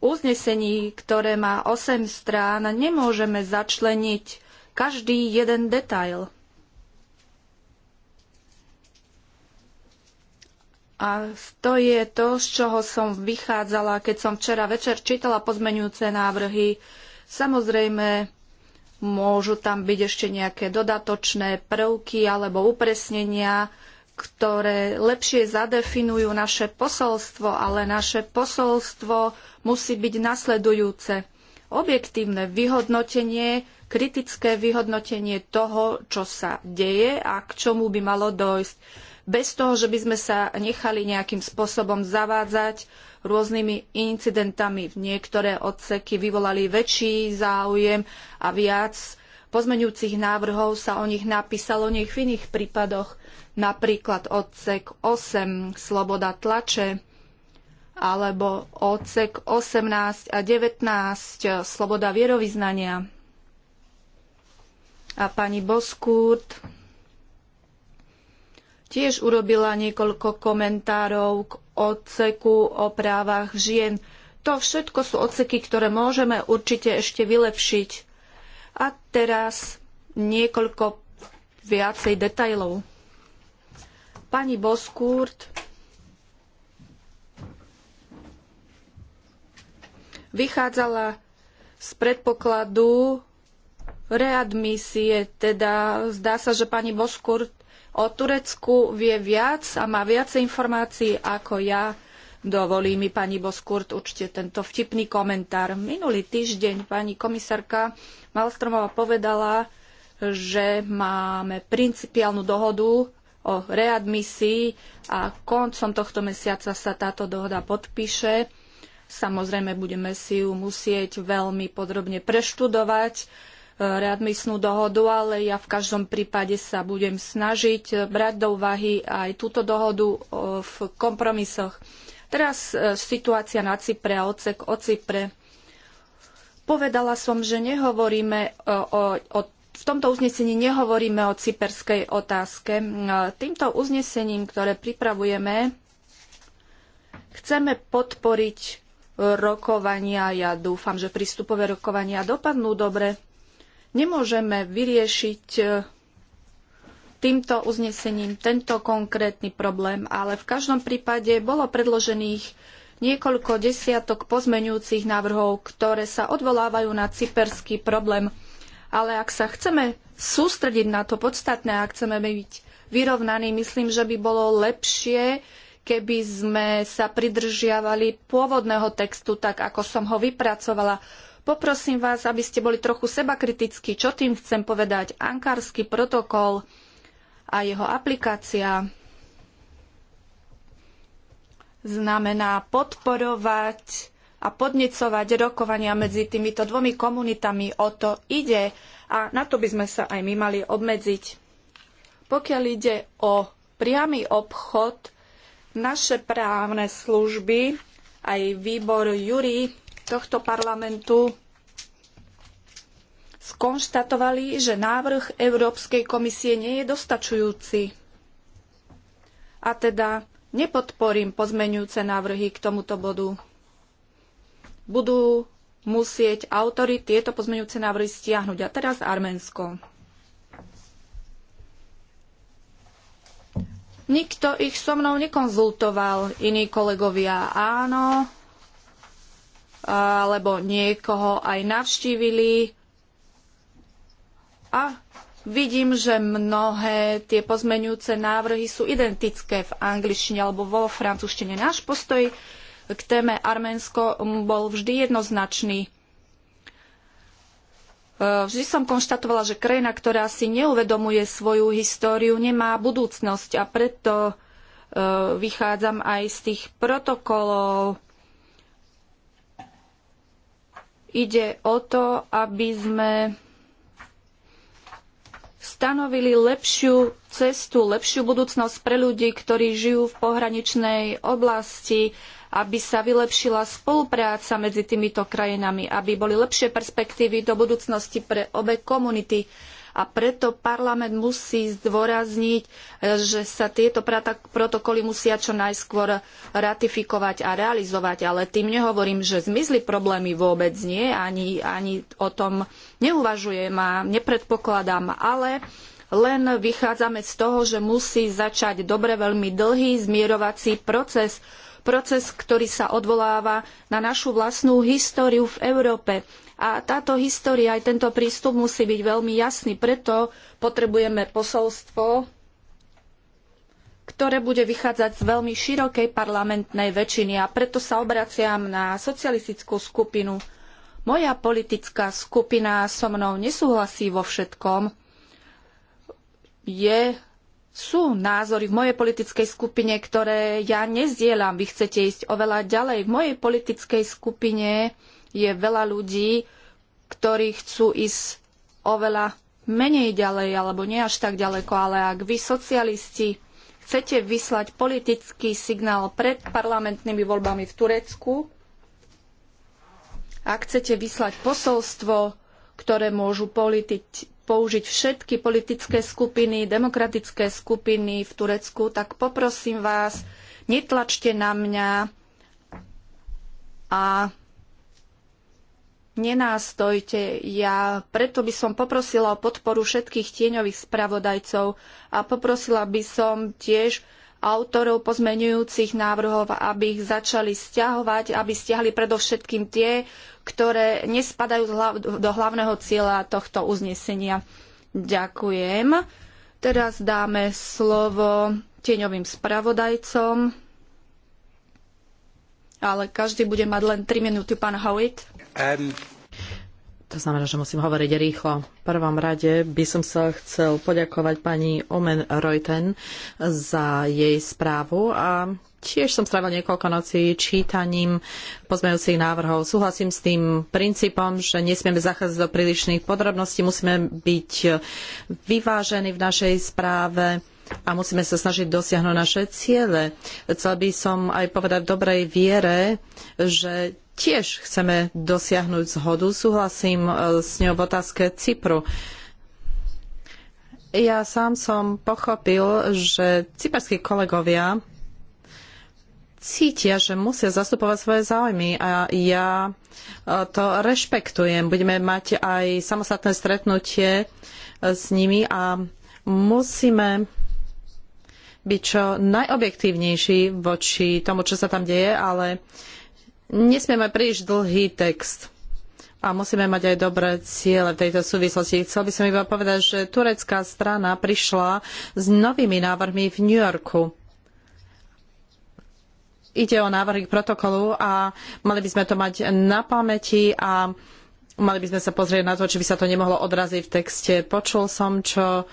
[SPEAKER 19] uznesení, ktoré má 8 strán, nemôžeme začleniť každý jeden detail. A to je to, z čoho som vychádzala, keď som včera večer čítala pozmenujúce návrhy. Samozrejme, môžu tam byť ešte nejaké dodatočné prvky alebo upresnenia, ktoré lepšie zadefinujú naše posolstvo, ale naše posolstvo musí byť nasledujúce. Objektívne vyhodnotenie, kritické vyhodnotenie toho, čo sa deje a k čomu by malo dojsť. Bez toho, že by sme sa nechali nejakým spôsobom zavádzať rôznymi incidentami. Niektoré odseky vyvolali väčší záujem a viac pozmeňujúcich návrhov sa o nich napísalo, nech v iných prípadoch napríklad odsek 8 sloboda tlače alebo odsek 18 a 19 sloboda vierovýznania. A pani Boskurt tiež urobila niekoľko komentárov k odseku o právach žien. To všetko sú odseky, ktoré môžeme určite ešte vylepšiť. A teraz niekoľko viacej detajlov. Pani boskurt vychádzala z predpokladu readmisie, teda zdá sa, že pani boskurt o Turecku vie viac a má viacej informácií ako ja. Dovolí mi pani Boskurt určite tento vtipný komentár. Minulý týždeň pani komisárka Malstromová povedala, že máme principiálnu dohodu o readmisii a koncom tohto mesiaca sa táto dohoda podpíše. Samozrejme, budeme si ju musieť veľmi podrobne preštudovať, e, readmisnú dohodu, ale ja v každom prípade sa budem snažiť brať do úvahy aj túto dohodu e, v kompromisoch. Teraz e, situácia na Cypre a odsek o Cypre. Povedala som, že nehovoríme o, o, o v tomto uznesení nehovoríme o cyperskej otázke. Týmto uznesením, ktoré pripravujeme, chceme podporiť rokovania. Ja dúfam, že prístupové rokovania dopadnú dobre. Nemôžeme vyriešiť e, týmto uznesením tento konkrétny problém, ale v každom prípade bolo predložených niekoľko desiatok pozmenujúcich návrhov, ktoré sa odvolávajú na cyperský problém. Ale ak sa chceme sústrediť na to podstatné a chceme byť vyrovnaní, myslím, že by bolo lepšie, keby sme sa pridržiavali pôvodného textu, tak ako som ho vypracovala. Poprosím vás, aby ste boli trochu sebakritickí. Čo tým chcem povedať? Ankarský protokol a jeho aplikácia znamená podporovať a podnecovať rokovania medzi týmito dvomi komunitami. O to ide a na to by sme sa aj my mali obmedziť. Pokiaľ ide o priamy obchod, naše právne služby, aj výbor Jury tohto parlamentu skonštatovali, že návrh Európskej komisie nie je dostačujúci. A teda nepodporím pozmenujúce návrhy k tomuto bodu budú musieť autory tieto pozmeňujúce návrhy stiahnuť. A teraz Arménsko. Nikto ich so mnou nekonzultoval, iní kolegovia áno, alebo niekoho aj navštívili. A vidím, že mnohé tie pozmeňujúce návrhy sú identické v angličtine alebo vo francúzštine. Náš postoj k téme Arménsko bol vždy jednoznačný. E, vždy som konštatovala, že krajina, ktorá si neuvedomuje svoju históriu, nemá budúcnosť a preto e, vychádzam aj z tých protokolov. Ide o to, aby sme stanovili lepšiu cestu, lepšiu budúcnosť pre ľudí, ktorí žijú v pohraničnej oblasti aby sa vylepšila spolupráca medzi týmito krajinami, aby boli lepšie perspektívy do budúcnosti pre obe komunity. A preto parlament musí zdôrazniť, že sa tieto protokoly musia čo najskôr ratifikovať a realizovať. Ale tým nehovorím, že zmizli problémy vôbec nie, ani, ani o tom neuvažujem a nepredpokladám. Ale len vychádzame z toho, že musí začať dobre veľmi dlhý zmierovací proces, proces, ktorý sa odvoláva na našu vlastnú históriu v Európe. A táto história, aj tento prístup musí byť veľmi jasný, preto potrebujeme posolstvo, ktoré bude vychádzať z veľmi širokej parlamentnej väčšiny. A preto sa obraciam na socialistickú skupinu. Moja politická skupina so mnou nesúhlasí vo všetkom. Je sú názory v mojej politickej skupine, ktoré ja nezdielam. Vy chcete ísť oveľa ďalej. V mojej politickej skupine je veľa ľudí, ktorí chcú ísť oveľa menej ďalej alebo nie až tak ďaleko, ale ak vy socialisti chcete vyslať politický signál pred parlamentnými voľbami v Turecku, ak chcete vyslať posolstvo, ktoré môžu politi- použiť všetky politické skupiny, demokratické skupiny v Turecku, tak poprosím vás, netlačte na mňa a nenástojte. Ja preto by som poprosila o podporu všetkých tieňových spravodajcov a poprosila by som tiež autorov pozmenujúcich návrhov, aby ich začali stiahovať, aby stiahli predovšetkým tie, ktoré nespadajú do hlavného cieľa tohto uznesenia. Ďakujem. Teraz dáme slovo tieňovým spravodajcom, ale každý bude mať len 3 minúty, pán Howitt. Um.
[SPEAKER 16] To znamená, že musím hovoriť rýchlo. V prvom rade by som sa chcel poďakovať pani Omen Reuten za jej správu a Tiež som strávil niekoľko nocí čítaním pozmeňujúcich návrhov. Súhlasím s tým princípom, že nesmieme zachádzať do prílišných podrobností, musíme byť vyvážení v našej správe a musíme sa snažiť dosiahnuť naše ciele. Chcel by som aj povedať v dobrej viere, že tiež chceme dosiahnuť zhodu. Súhlasím e, s ňou v otázke Cypru. Ja sám som pochopil, že cyperskí kolegovia cítia, že musia zastupovať svoje záujmy a ja e, to rešpektujem. Budeme mať aj samostatné stretnutie e, s nimi a musíme byť čo najobjektívnejší voči tomu, čo sa tam deje, ale nesmieme mať príliš dlhý text a musíme mať aj dobré ciele v tejto súvislosti. Chcel by som iba povedať, že turecká strana prišla s novými návrhmi v New Yorku ide o návrhy k protokolu a mali by sme to mať na pamäti a mali by sme sa pozrieť na to, či by sa to nemohlo odraziť v texte. Počul som, čo e,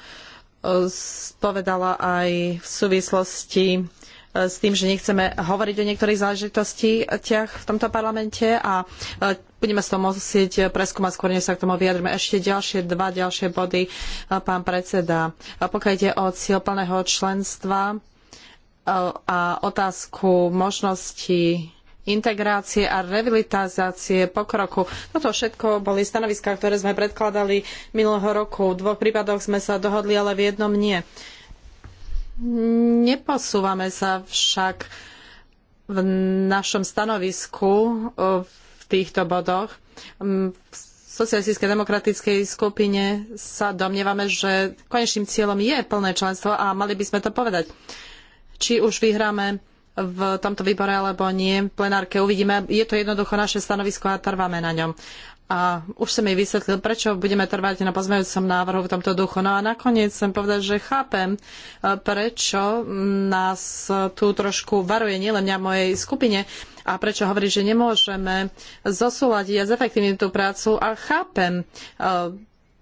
[SPEAKER 16] povedala aj v súvislosti e, s tým, že nechceme hovoriť o niektorých záležitostiach v tomto parlamente a e, budeme s to musieť preskúmať skôr, než sa k tomu vyjadrime. Ešte ďalšie dva ďalšie body, pán predseda. Pokiaľ ide o cieľ plného členstva, a otázku možnosti integrácie a revitalizácie pokroku. Toto všetko boli stanoviská, ktoré sme predkladali minulého roku. V dvoch prípadoch sme sa dohodli, ale v jednom nie. Neposúvame sa však v našom stanovisku e, v týchto bodoch. V socialistickej demokratickej skupine sa domnievame, že konečným cieľom je plné členstvo a mali by sme to povedať či už vyhráme v tomto výbore alebo nie, v plenárke uvidíme. Je to jednoducho naše stanovisko a trváme na ňom. A už som jej vysvetlil, prečo budeme trvať na pozmejúcom návrhu v tomto duchu. No a nakoniec chcem povedať, že chápem, e, prečo nás tu trošku varuje nielen mňa mojej skupine a prečo hovorí, že nemôžeme zosúľadiť a zefektívniť tú prácu a chápem e,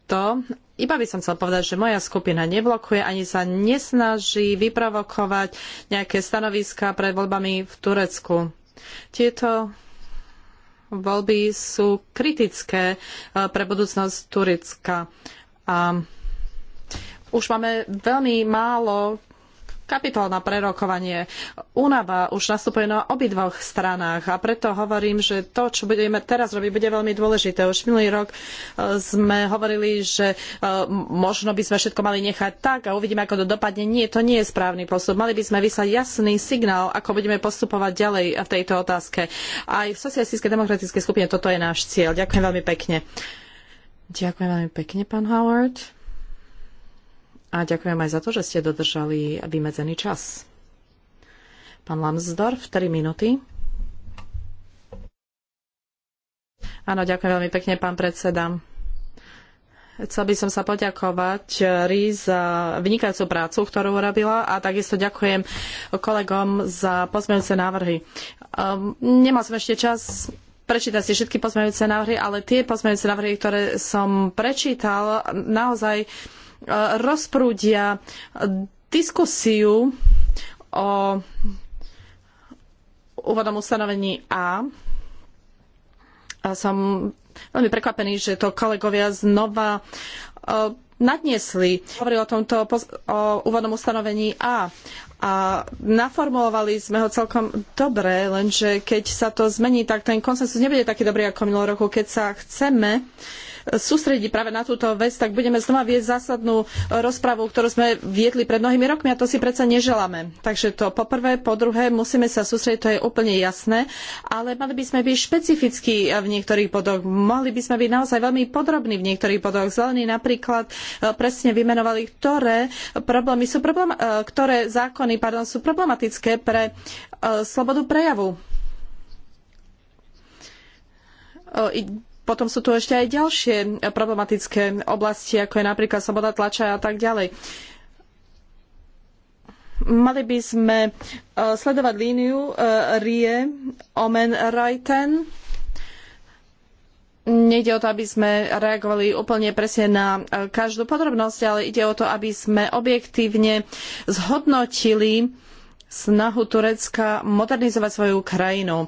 [SPEAKER 16] to, iba by som chcel povedať, že moja skupina neblokuje ani sa nesnaží vyprovokovať nejaké stanoviská pred voľbami v Turecku. Tieto voľby sú kritické eh, pre budúcnosť Turecka. A už máme veľmi málo kapitol na prerokovanie. Únava už nastupuje na obidvoch stranách a preto hovorím, že to, čo budeme teraz robiť, bude veľmi dôležité. Už minulý rok e, sme hovorili, že e, možno by sme všetko mali nechať tak a uvidíme, ako to dopadne. Nie, to nie je správny postup. Mali by sme vyslať jasný signál, ako budeme postupovať ďalej v tejto otázke. Aj v socialistickej demokratickej skupine toto je náš cieľ. Ďakujem veľmi pekne. Ďakujem veľmi pekne, pán Howard. A ďakujem aj za to, že ste dodržali vymedzený čas. Pán Lambsdorff, 3 minúty. Áno, ďakujem veľmi pekne, pán predseda. Chcel by som sa poďakovať Rí za vynikajúcu prácu, ktorú urobila a takisto ďakujem kolegom za pozmeňujúce návrhy. Um, nemal som ešte čas prečítať si všetky pozmeňujúce návrhy, ale tie pozmeňujúce návrhy, ktoré som prečítal, naozaj rozprúdia diskusiu o úvodnom ustanovení A. A som veľmi prekvapený, že to kolegovia znova e, nadniesli. Hovorili o tomto o úvodnom ustanovení A. A naformulovali sme ho celkom dobre, lenže keď sa to zmení, tak ten konsensus nebude taký dobrý ako minulý roku. Keď sa chceme uh, sústredí práve na túto vec, tak budeme znova viesť zásadnú rozpravu, ktorú sme viedli pred mnohými rokmi a to si predsa neželáme. Takže to po prvé, po druhé, musíme sa sústrediť, to je úplne jasné, ale mali by sme byť špecifickí v niektorých bodoch. Mohli by sme byť naozaj veľmi podrobní v niektorých bodoch. Zelení napríklad e, presne vymenovali, ktoré problémy sú problém, e, ktoré zákony pardon, sú problematické pre e, slobodu prejavu potom sú tu ešte aj ďalšie problematické oblasti, ako je napríklad sloboda tlača a tak ďalej. Mali by sme e, sledovať líniu e, Rie Omen Reiten. Nejde o to, aby sme reagovali úplne presne na e, každú podrobnosť, ale ide o to, aby sme objektívne zhodnotili snahu Turecka modernizovať svoju krajinu. Uh,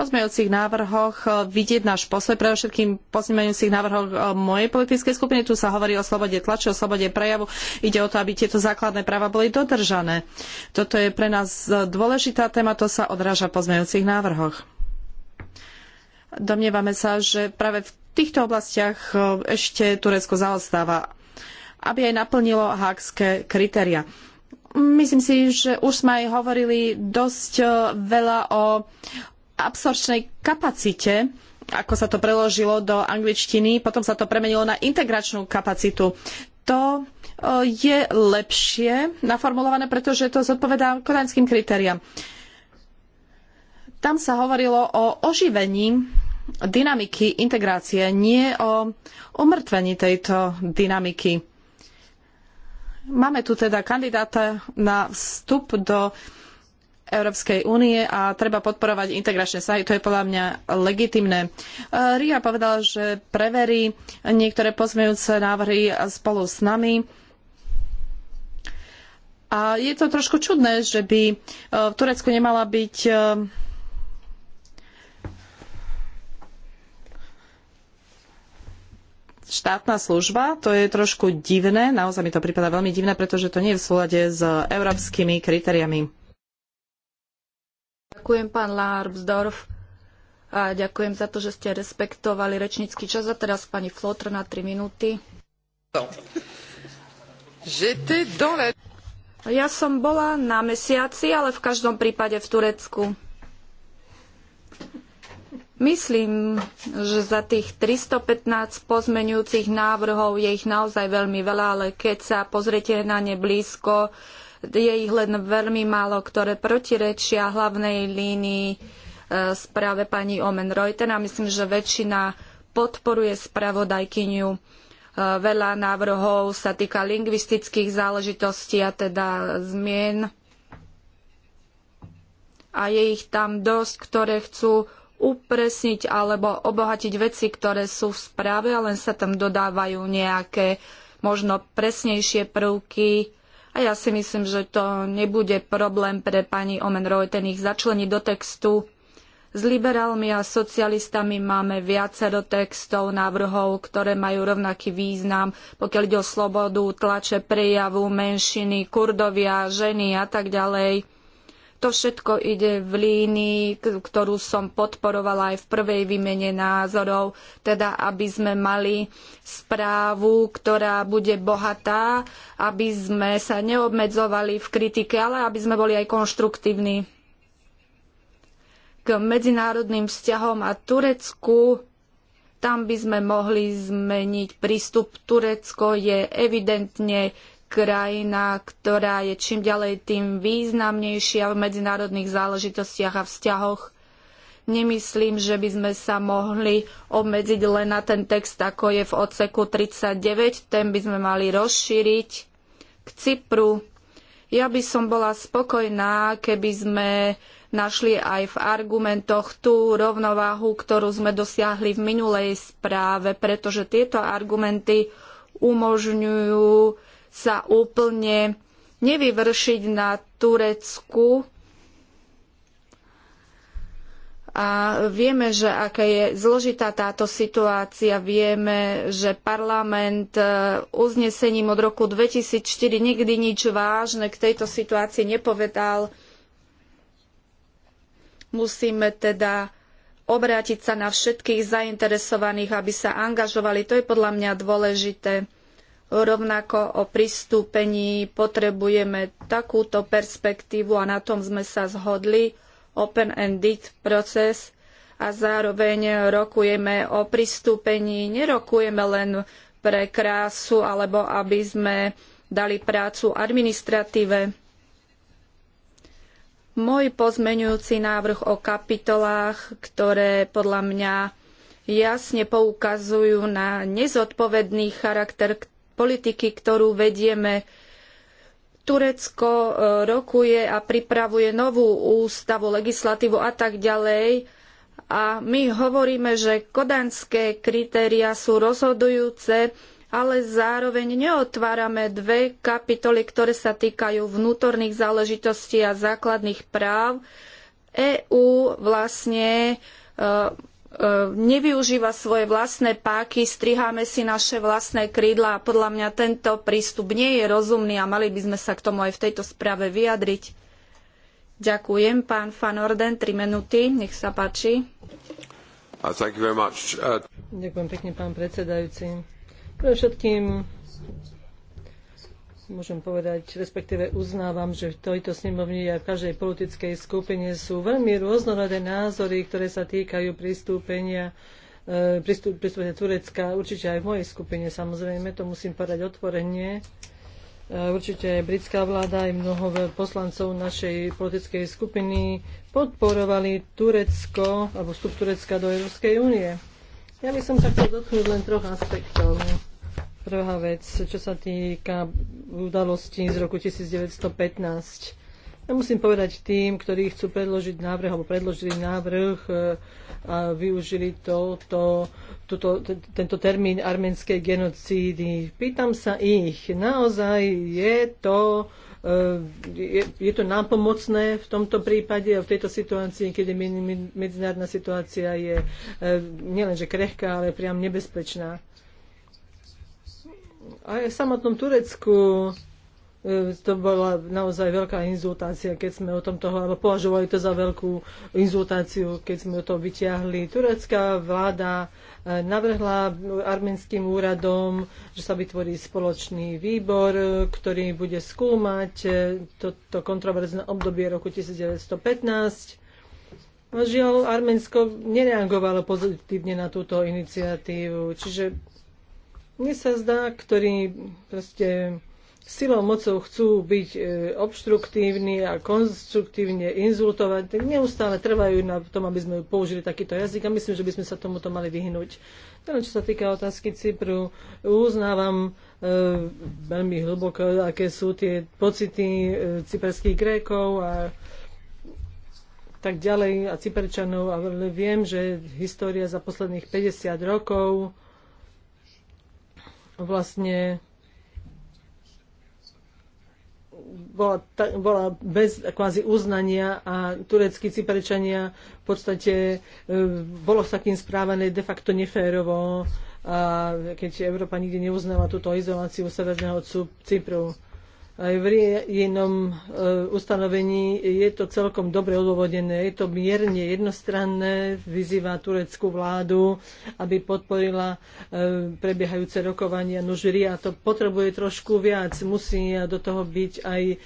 [SPEAKER 16] pozmeňujúcich návrhoch e, vidieť náš postoj, Predovšetkým všetkým pozmeňujúcich návrhoch e, mojej politickej skupiny. Tu sa hovorí o slobode tlače, o slobode prejavu. Ide o to, aby tieto základné práva boli dodržané. Toto je pre nás e, dôležitá téma, to sa odráža v pozmeňujúcich návrhoch. Domnievame sa, že práve v týchto oblastiach ešte Turecko zaostáva, aby aj naplnilo hákske kritéria. Myslím si, že už sme aj hovorili dosť veľa o absorpčnej kapacite, ako sa to preložilo do angličtiny, potom sa to premenilo na integračnú kapacitu. To e, je lepšie naformulované, pretože to zodpovedá kodanským kritériám. Tam sa hovorilo o oživení dynamiky integrácie, nie o umrtvení tejto dynamiky. Máme tu teda kandidáta na vstup do Európskej únie a treba podporovať integračné snahy. To je podľa mňa legitimné. E, Ria povedal, že preverí niektoré pozmejúce návrhy spolu s nami. A je to trošku čudné, že by e, v Turecku nemala byť e, štátna služba, to je trošku divné, naozaj mi to prípada veľmi divné, pretože to nie je v súlade s európskymi kritériami.
[SPEAKER 19] Ďakujem, pán Larbsdorf. A ďakujem za to, že ste respektovali rečnícky čas. A teraz pani Flotr na 3 minúty. Ja som bola na mesiaci, ale v každom prípade v Turecku. Myslím, že za tých 315 pozmenujúcich návrhov je ich naozaj veľmi veľa, ale keď sa pozriete na ne blízko, je ich len veľmi málo, ktoré protirečia hlavnej línii e, správe pani Omen Reuter a myslím, že väčšina podporuje spravodajkyňu. E, veľa návrhov sa týka lingvistických záležitostí a teda zmien. A je ich tam dosť, ktoré chcú upresniť alebo obohatiť veci, ktoré sú v správe, a len sa tam dodávajú nejaké možno presnejšie prvky a ja si myslím, že to nebude problém pre pani Omen Reuten ich začleniť do textu. S liberálmi a socialistami máme viacero textov, návrhov, ktoré majú rovnaký význam, pokiaľ ide o slobodu, tlače, prejavu, menšiny, kurdovia, ženy a tak ďalej to všetko ide v línii, ktorú som podporovala aj v prvej výmene názorov, teda aby sme mali správu, ktorá bude bohatá, aby sme sa neobmedzovali v kritike, ale aby sme boli aj konštruktívni. K medzinárodným vzťahom a Turecku tam by sme mohli zmeniť prístup. Turecko je evidentne krajina, ktorá je čím ďalej tým významnejšia v medzinárodných záležitostiach a vzťahoch. Nemyslím, že by sme sa mohli obmedziť len na ten text, ako je v odseku 39, ten by sme mali rozšíriť k Cypru. Ja by som bola spokojná, keby sme našli aj v argumentoch tú rovnováhu, ktorú sme dosiahli v minulej správe, pretože tieto argumenty umožňujú sa úplne nevyvršiť na Turecku. A vieme, že aká je zložitá táto situácia. Vieme, že parlament e, uznesením od roku 2004 nikdy nič vážne k tejto situácii nepovedal. Musíme teda obrátiť sa na všetkých zainteresovaných, aby sa angažovali. To je podľa mňa dôležité Rovnako o pristúpení potrebujeme takúto perspektívu a na tom sme sa zhodli, open-ended proces a zároveň rokujeme o pristúpení. Nerokujeme len pre krásu alebo aby sme dali prácu administratíve. Môj pozmeňujúci návrh o kapitolách, ktoré podľa mňa jasne poukazujú na nezodpovedný charakter politiky, ktorú vedieme. Turecko e, rokuje a pripravuje novú ústavu, legislatívu a tak ďalej. A my hovoríme, že kodanské kritéria sú rozhodujúce, ale zároveň neotvárame dve kapitoly, ktoré sa týkajú vnútorných záležitostí a základných práv. EÚ vlastne e, E, nevyužíva svoje vlastné páky, striháme si naše vlastné krídla a podľa mňa tento prístup nie je rozumný a mali by sme sa k tomu aj v tejto správe vyjadriť. Ďakujem, pán Van Orden, 3 minúty, nech sa páči.
[SPEAKER 6] Uh, uh...
[SPEAKER 19] Ďakujem pekne, pán predsedajúci. Pre
[SPEAKER 18] všetkým môžem povedať, respektíve uznávam, že v tejto snemovni a v každej politickej skupine sú veľmi rôznorodé názory, ktoré sa týkajú pristúpenia e, pristúpenia Turecka, určite aj v mojej skupine samozrejme, to musím povedať otvorenie. E, určite aj britská vláda, aj mnoho poslancov našej politickej skupiny podporovali Turecko, alebo vstup Turecka do Európskej únie. Ja by som sa chcel dotknúť len troch aspektov. Prvá vec, čo sa týka udalostí z roku 1915. Ja musím povedať tým, ktorí chcú predložiť návrh, alebo predložili návrh e, a využili to, to, to, tento termín arménskej genocídy. Pýtam sa ich, naozaj je to, e, je, je to nápomocné v tomto prípade a v tejto situácii, kedy medzinárodná situácia je e, nielenže krehká, ale priam nebezpečná aj v samotnom Turecku e, to bola naozaj veľká inzultácia, keď sme o tom toho, alebo považovali to za veľkú inzultáciu, keď sme o to vyťahli. Turecká vláda e, navrhla arménským úradom, že sa vytvorí spoločný výbor, e, ktorý bude skúmať toto kontroverzné obdobie roku 1915. Žiaľ, Arménsko nereagovalo pozitívne na túto iniciatívu, čiže mne sa zdá, ktorí proste silou, mocou chcú byť e, obštruktívni a konstruktívne inzultovať, tak neustále trvajú na tom, aby sme použili takýto jazyk a myslím, že by sme sa tomuto mali vyhnúť. Teda, čo sa týka otázky Cypru, uznávam e, veľmi hlboko, aké sú tie pocity e, cyperských Grékov a tak ďalej a Cyperčanov, ale viem, že história za posledných 50 rokov vlastne bola, ta, bola bez kvázi uznania a tureckí cyperčania v podstate e, bolo sa k správané de facto neférovo, a keď Európa nikdy neuznala túto izoláciu Severného Cypru aj v jednom eh, ustanovení je to celkom dobre odôvodené. Je to mierne jednostranné, vyzýva tureckú vládu, aby podporila eh, prebiehajúce rokovania. No a to potrebuje trošku viac. Musí do toho byť aj eh,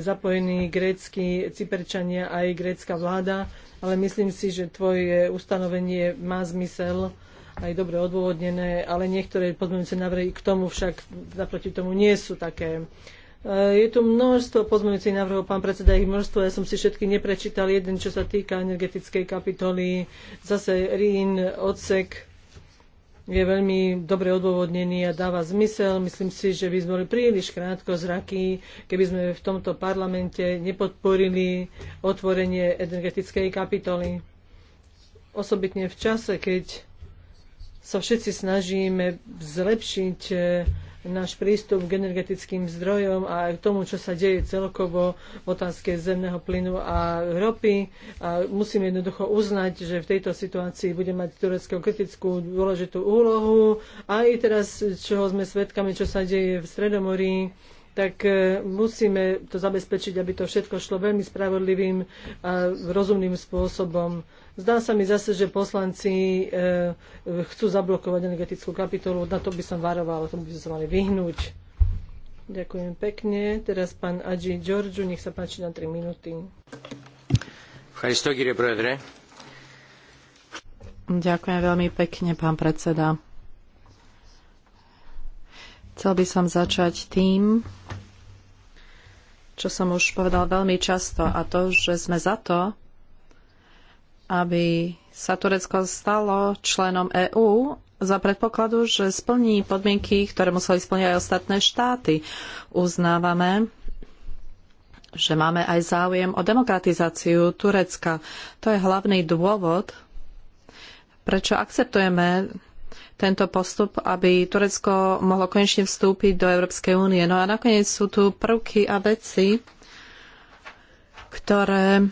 [SPEAKER 18] zapojení grécky cyperčania, aj grécka vláda. Ale myslím si, že tvoje ustanovenie má zmysel aj dobre odôvodnené, ale niektoré pozmeňujúce návrhy k tomu však naproti tomu nie sú také. Eh, je tu množstvo pozmeňujúcich návrhov, pán predseda, ich množstvo. Ja som si všetky neprečítal. Jeden, čo sa týka energetickej kapitoly, zase RIN, odsek je veľmi dobre odôvodnený a dáva zmysel. Myslím si, že by sme boli príliš krátko zraky, keby sme v tomto parlamente nepodporili otvorenie energetickej kapitoly. Osobitne v čase, keď sa všetci snažíme zlepšiť eh, náš prístup k energetickým zdrojom a k tomu, čo sa deje celkovo v otázke zemného plynu a ropy. A musíme jednoducho uznať, že v tejto situácii bude mať Turecko kritickú dôležitú úlohu. A Aj teraz, čoho sme svedkami, čo sa deje v Stredomorí, tak e, musíme to zabezpečiť, aby to všetko šlo veľmi spravodlivým a rozumným spôsobom. Zdá sa mi zase, že poslanci e, chcú zablokovať energetickú kapitolu. Na to by som varovala, tomu by sme sa mali vyhnúť. Ďakujem pekne. Teraz pán Adži Giorgiu, nech sa páči na 3 minúty.
[SPEAKER 16] Ďakujem veľmi pekne, pán predseda. Chcel by som začať tým, čo som už povedal veľmi často, a to, že sme za to, aby sa Turecko stalo členom EÚ za predpokladu, že splní podmienky, ktoré museli splniť aj ostatné štáty. Uznávame, že máme aj záujem o demokratizáciu Turecka. To je hlavný dôvod, prečo akceptujeme tento postup, aby Turecko mohlo konečne vstúpiť do Európskej únie. No a nakoniec sú tu prvky a veci, ktoré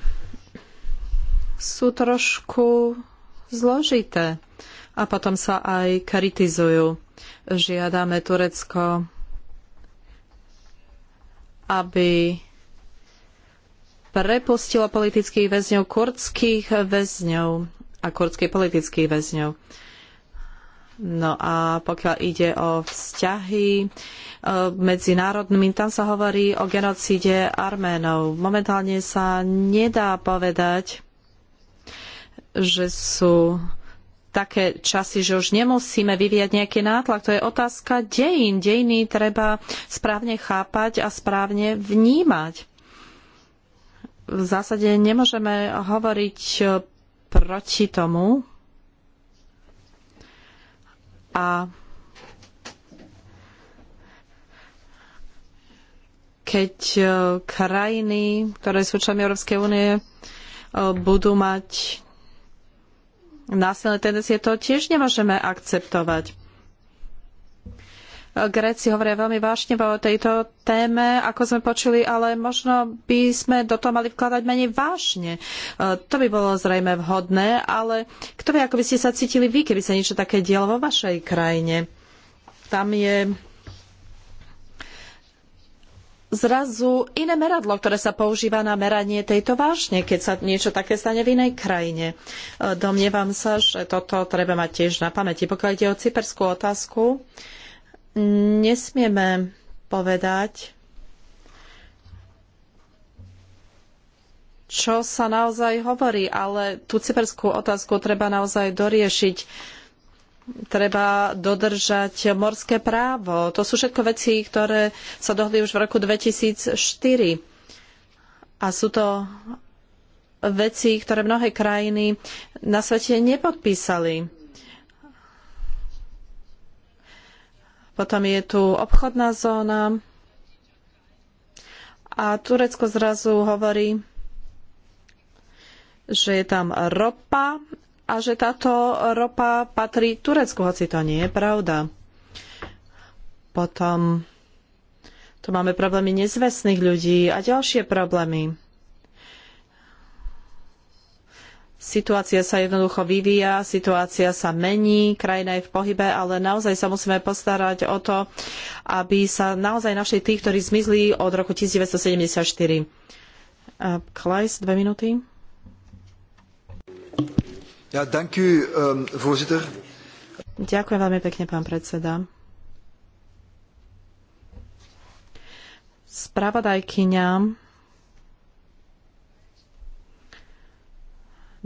[SPEAKER 16] sú trošku zložité a potom sa aj kritizujú. Žiadame Turecko, aby prepustilo politických väzňov, kurdských väzňov a kurdských politických väzňov. No a pokiaľ ide o vzťahy e, medzinárodnými, tam sa hovorí o genocíde Arménov. Momentálne sa nedá povedať, že sú také časy, že už nemusíme vyvíjať nejaký nátlak. To je otázka dejín. Dejiny treba správne chápať a správne vnímať. V zásade nemôžeme hovoriť e, proti tomu. A keď e, krajiny, ktoré sú členmi Európskej únie, e, budú mať násilné tendencie, to tiež nemôžeme akceptovať. Gréci hovoria veľmi vážne o tejto téme, ako sme počuli, ale možno by sme do toho mali vkladať menej vášne. E, to by bolo zrejme vhodné, ale kto vie, ako by ste sa cítili vy, keby sa niečo také dialo vo vašej krajine. Tam je zrazu iné meradlo, ktoré sa používa na meranie tejto vážne, keď sa niečo také stane v inej krajine. E, domnievam sa, že toto treba mať tiež na pamäti. Pokiaľ ide o cyperskú otázku, nesmieme povedať, čo sa naozaj hovorí, ale tú cyperskú otázku treba naozaj doriešiť treba dodržať morské právo. To sú všetko veci, ktoré sa dohli už v roku 2004. A sú to veci, ktoré mnohé krajiny na svete nepodpísali. Potom je tu obchodná zóna a Turecko zrazu hovorí, že je tam ropa a že táto ropa patrí Turecku, hoci to nie je pravda. Potom tu máme problémy nezvestných ľudí a ďalšie problémy. Situácia sa jednoducho vyvíja, situácia sa mení, krajina je v pohybe, ale naozaj sa musíme postarať o to, aby sa naozaj našli tí, ktorí zmizli od roku 1974. Klajs, dve minúty.
[SPEAKER 14] Ja, dank u, um, voorzitter.
[SPEAKER 16] Ďakujem veľmi pekne, pán predseda. Spravodajkyňa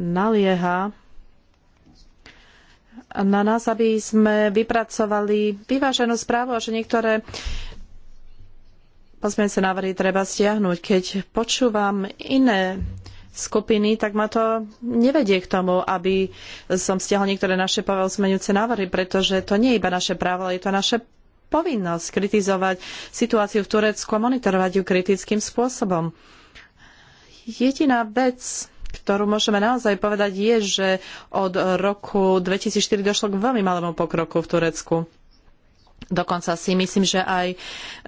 [SPEAKER 16] nalieha na nás, aby sme vypracovali vyváženú správu a že niektoré sa návrhy treba stiahnuť. Keď počúvam iné skupiny, tak ma to nevedie k tomu, aby som stiahol niektoré naše zmenujúce návrhy, pretože to nie je iba naše právo, ale je to naše povinnosť kritizovať situáciu v Turecku a monitorovať ju kritickým spôsobom. Jediná vec, ktorú môžeme naozaj povedať, je, že od roku 2004 došlo k veľmi malému pokroku v Turecku. Dokonca si myslím, že aj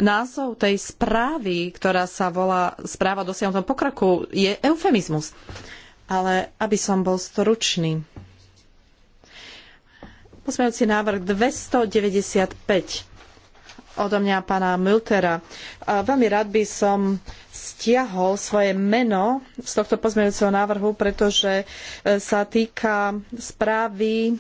[SPEAKER 16] názov tej správy, ktorá sa volá správa o dosiahnutom pokroku, je eufemizmus. Ale aby som bol stručný. Pozmejúci návrh 295 odo mňa pána A Veľmi rád by som stiahol svoje meno z tohto pozmeňujúceho návrhu, pretože e, sa týka správy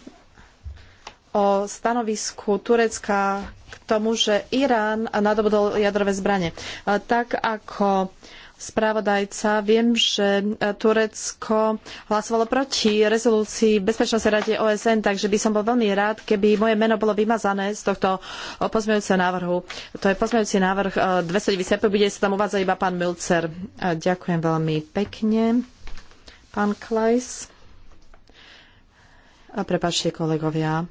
[SPEAKER 16] o stanovisku Turecka k tomu, že Irán nadobudol jadrové zbranie. Tak ako spravodajca, viem, že Turecko hlasovalo proti rezolúcii v Bezpečnostnej rade OSN, takže by som bol veľmi rád, keby moje meno bolo vymazané z tohto pozmeňujúceho návrhu. To je pozmeňujúci návrh 295, e, bude sa tam uvádzať iba pán Milcer. E, ďakujem veľmi pekne. Pán Klajs. A prepáčte, kolegovia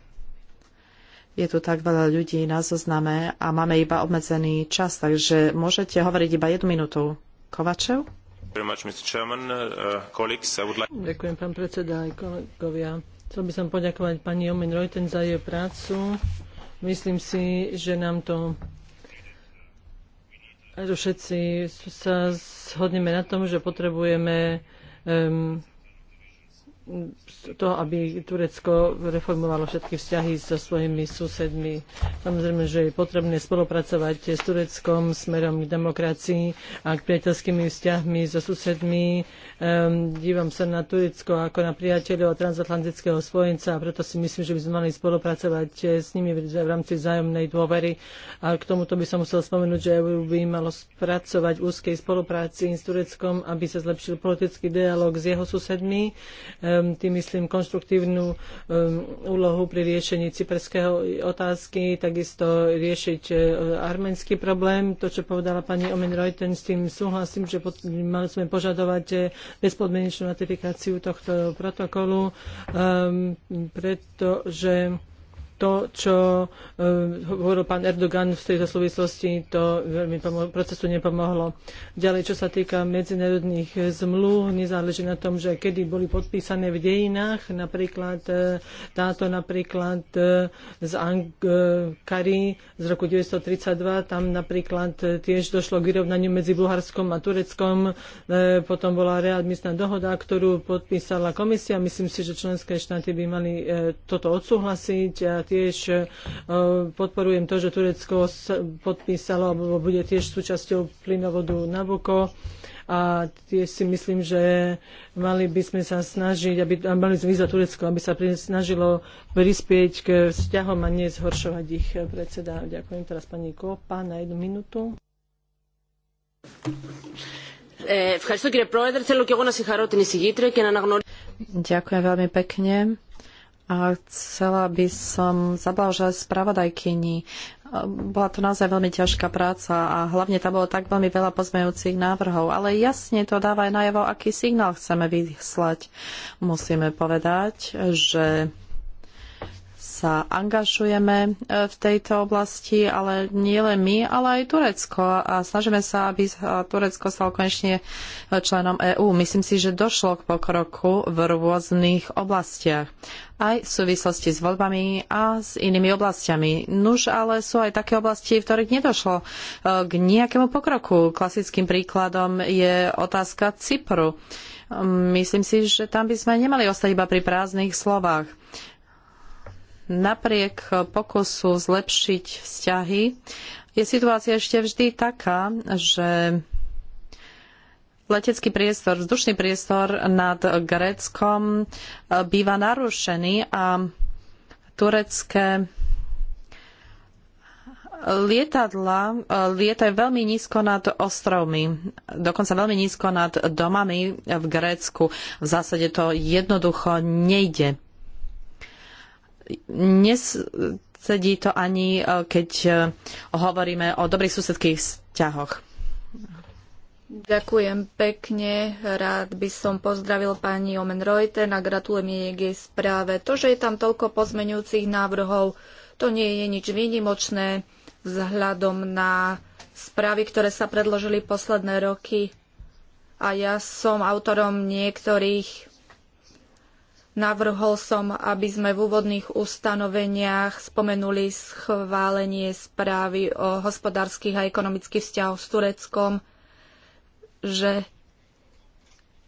[SPEAKER 16] je tu tak veľa ľudí na zozname a máme iba obmedzený čas, takže môžete hovoriť iba jednu minútu. Kovačev?
[SPEAKER 1] Uh,
[SPEAKER 18] Ďakujem, pán predseda, aj kolegovia. Chcel by som poďakovať pani Omen Reuten za jej prácu. Myslím si, že nám to že všetci sa zhodneme na tom, že potrebujeme um, to, aby Turecko reformovalo všetky vzťahy so svojimi susedmi. Samozrejme, že je potrebné spolupracovať s Tureckom smerom k demokracii a k priateľskými vzťahmi so susedmi. Um, dívam sa na Turecko ako na priateľov transatlantického spojenca a preto si myslím, že by sme mali spolupracovať s nimi v rámci vzájomnej dôvery. A k tomuto by som musel spomenúť, že EU by malo spracovať v úzkej spolupráci s Tureckom, aby sa zlepšil politický dialog s jeho susedmi. Um, Ehm, tým myslím konštruktívnu ehm, úlohu pri riešení cyperského otázky, takisto riešiť e, arménsky problém. To, čo povedala pani Omen Reuten, s tým súhlasím, že mali sme požadovať e, bezpodmienečnú ratifikáciu tohto protokolu, ehm, pretože to, čo eh, hovoril pán Erdogan v tejto súvislosti, to veľmi procesu nepomohlo. Ďalej, čo sa týka medzinárodných eh, zmluv, nezáleží na tom, že kedy boli podpísané v dejinách, napríklad eh, táto napríklad z Ankary z roku 1932, tam napríklad tiež došlo k vyrovnaniu medzi Bulharskom a Tureckom, potom bola readmisná dohoda, ktorú podpísala komisia. Myslím si, že členské štáty by mali toto odsúhlasiť tiež e, podporujem to, že Turecko podpísalo alebo bude tiež súčasťou plynovodu Nabucco a tiež si myslím, že mali by sme sa snažiť, aby, mali sme za Turecko, aby sa snažilo prispieť k vzťahom a nezhoršovať ich e, predseda. Ďakujem teraz pani Kopa na jednu minútu. E, Ďakujem veľmi pekne.
[SPEAKER 16] A chcela by som zablážať spravodajkyni. Bola to naozaj veľmi ťažká práca a hlavne tam bolo tak veľmi veľa pozmejúcich návrhov, ale jasne to dáva aj najavo, aký signál chceme vyslať. Musíme povedať, že sa angažujeme e, v tejto oblasti, ale nie len my, ale aj Turecko. A snažíme sa, aby Turecko stalo konečne e, členom EÚ. Myslím si, že došlo k pokroku v rôznych oblastiach aj v súvislosti s voľbami a s inými oblastiami. Nuž ale sú aj také oblasti, v ktorých nedošlo e, k nejakému pokroku. Klasickým príkladom je otázka Cypru. Myslím si, že tam by sme nemali ostať iba pri prázdnych slovách napriek pokusu zlepšiť vzťahy, je situácia ešte vždy taká, že letecký priestor, vzdušný priestor nad Gréckom e, býva narušený a turecké lietadla e, lietajú veľmi nízko nad ostrovmi, dokonca veľmi nízko nad domami v Grécku. V zásade to jednoducho nejde nesedí to ani, e, keď e, hovoríme o dobrých susedských vzťahoch.
[SPEAKER 19] Ďakujem pekne. Rád by som pozdravil pani Omen Reuter a gratulujem jej k jej správe. To, že je tam toľko pozmeňujúcich návrhov, to nie je nič výnimočné vzhľadom na správy, ktoré sa predložili posledné roky. A ja som autorom niektorých Navrhol som, aby sme v úvodných ustanoveniach spomenuli schválenie správy o hospodárskych a ekonomických vzťahoch s Tureckom, že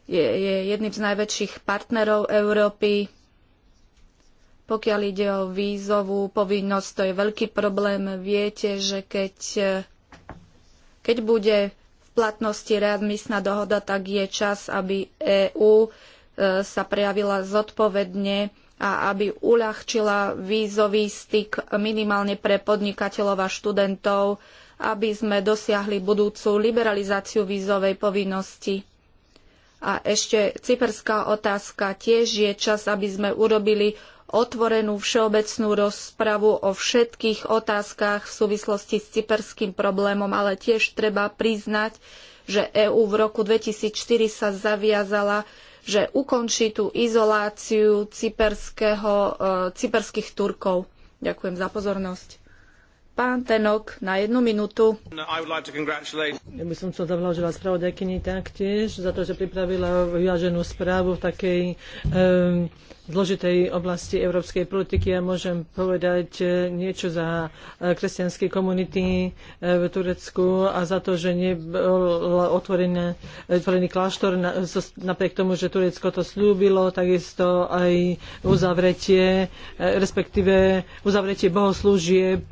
[SPEAKER 19] je, je jedným z najväčších partnerov Európy. Pokiaľ ide o vízovú povinnosť, to je veľký problém. Viete, že keď, keď bude v platnosti readmisná dohoda, tak je čas, aby EÚ sa prejavila zodpovedne a aby uľahčila vízový styk minimálne pre podnikateľov a študentov, aby sme dosiahli budúcu liberalizáciu vízovej povinnosti. A ešte cyperská otázka. Tiež je čas, aby sme urobili otvorenú všeobecnú rozpravu o všetkých otázkach v súvislosti s cyperským problémom, ale tiež treba priznať, že EÚ v roku 2004 sa zaviazala že ukončí tú izoláciu cyperského, e, cyperských Turkov. Ďakujem za pozornosť. Pán Tenok, na jednu minútu.
[SPEAKER 8] No, ja
[SPEAKER 19] by som chcel zavlažila spravodajkyni taktiež
[SPEAKER 18] za to, že pripravila vyváženú správu v takej um, zložitej oblasti európskej politiky. Ja môžem povedať e, niečo za e, kresťanské komunity e, v Turecku a za to, že nebol otvorený, otvorený kláštor napriek tomu, že Turecko to slúbilo, takisto aj uzavretie, respektíve uzavretie bohoslúžieb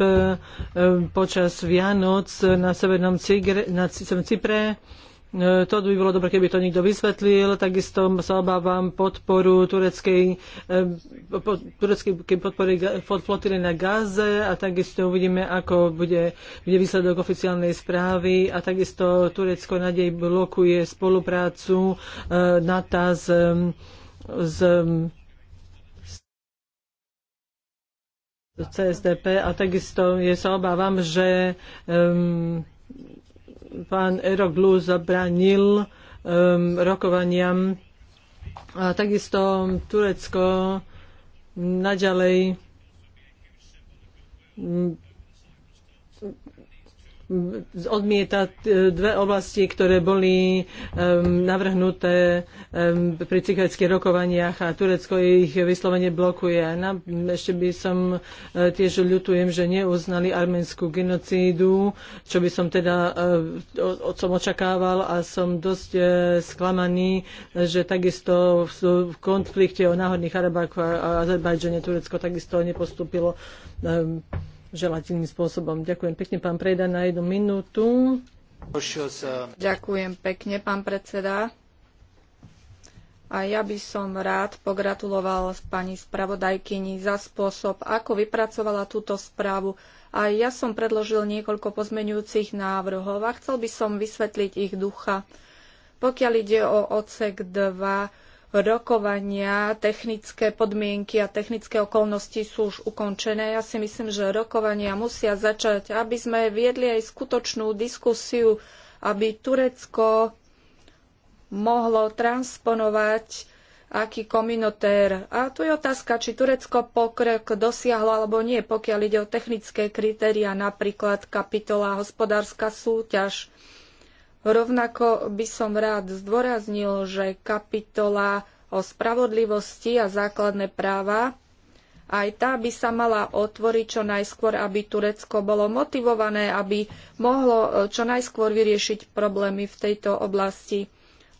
[SPEAKER 18] počas Vianoc na Severnom Cigre, na Cypre E, to by bolo dobre, keby to niekto vysvetlil. Takisto sa obávam podporu tureckej, e, tureckej podpory flotily na Gaze a takisto uvidíme, ako bude, bude výsledok oficiálnej správy a takisto Turecko nadej blokuje spoluprácu e, NATO s, s CSDP a takisto je, sa obávam, že um, pán Eroglu zabranil um, rokovaniam. A takisto Turecko naďalej odmieta e, dve oblasti, ktoré boli um, navrhnuté um, pri cykletických rokovaniach a Turecko ich vyslovene blokuje. Na, ešte by som uh, tiež ľutujem, že neuznali arménskú genocídu, čo by som teda uh, o, o, som očakával a som dosť uh, sklamaný, že takisto v, v konflikte o náhodných Arabách a, a Azerbajdžane Turecko takisto nepostúpilo um, želateľným spôsobom. Ďakujem pekne,
[SPEAKER 19] pán Preda, na jednu minútu. Ďakujem pekne, pán predseda. A ja by som rád pogratuloval pani spravodajkyni za spôsob, ako vypracovala túto správu. A ja som predložil niekoľko pozmenujúcich návrhov a chcel by som vysvetliť ich ducha. Pokiaľ ide o odsek 2, rokovania, technické podmienky a technické okolnosti sú už ukončené. Ja si myslím, že rokovania musia začať, aby sme viedli aj skutočnú diskusiu, aby Turecko mohlo transponovať aký kominotér. A tu je otázka, či Turecko pokrok dosiahlo alebo nie, pokiaľ ide o technické kritéria, napríklad kapitola hospodárska súťaž. Rovnako by som rád zdôraznil, že kapitola o spravodlivosti a základné práva aj tá by sa mala otvoriť čo najskôr, aby Turecko bolo motivované, aby mohlo e, čo najskôr vyriešiť problémy v tejto oblasti.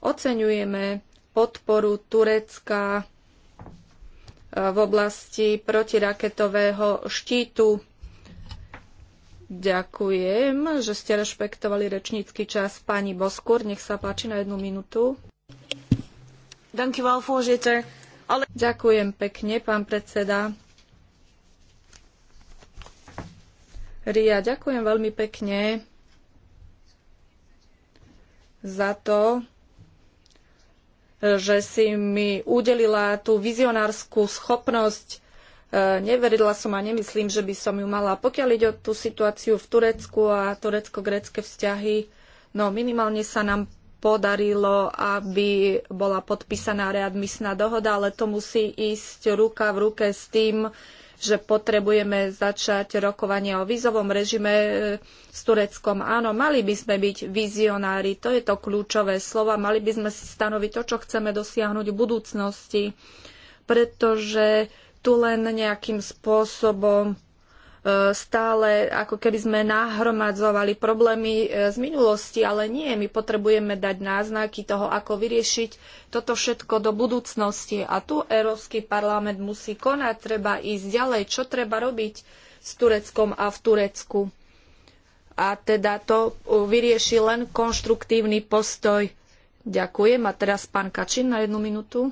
[SPEAKER 19] Oceňujeme podporu Turecka e, v oblasti protiraketového štítu Ďakujem, že ste rešpektovali rečnícky čas. Pani Boskur, nech sa páči na jednu minútu. Ďakujem pekne, pán predseda. Ria, ďakujem veľmi pekne za to, že si mi udelila tú vizionárskú schopnosť neverila som a nemyslím, že by som ju mala. Pokiaľ ide o tú situáciu v Turecku a turecko grécke vzťahy, no minimálne sa nám podarilo, aby bola podpísaná readmisná dohoda, ale to musí ísť ruka v ruke s tým, že potrebujeme začať rokovania o vízovom režime e, s Tureckom. Áno, mali by sme byť vizionári, to je to kľúčové slova, mali by sme si stanoviť to, čo chceme dosiahnuť v budúcnosti, pretože tu len nejakým spôsobom e, stále ako keby sme nahromadzovali problémy e, z minulosti, ale nie, my potrebujeme dať náznaky toho, ako vyriešiť toto všetko do budúcnosti. A tu Európsky parlament musí konať, treba ísť ďalej, čo treba robiť s Tureckom a v Turecku. A teda to e, vyrieši len konštruktívny postoj. Ďakujem. A teraz pán Kačin na jednu minútu.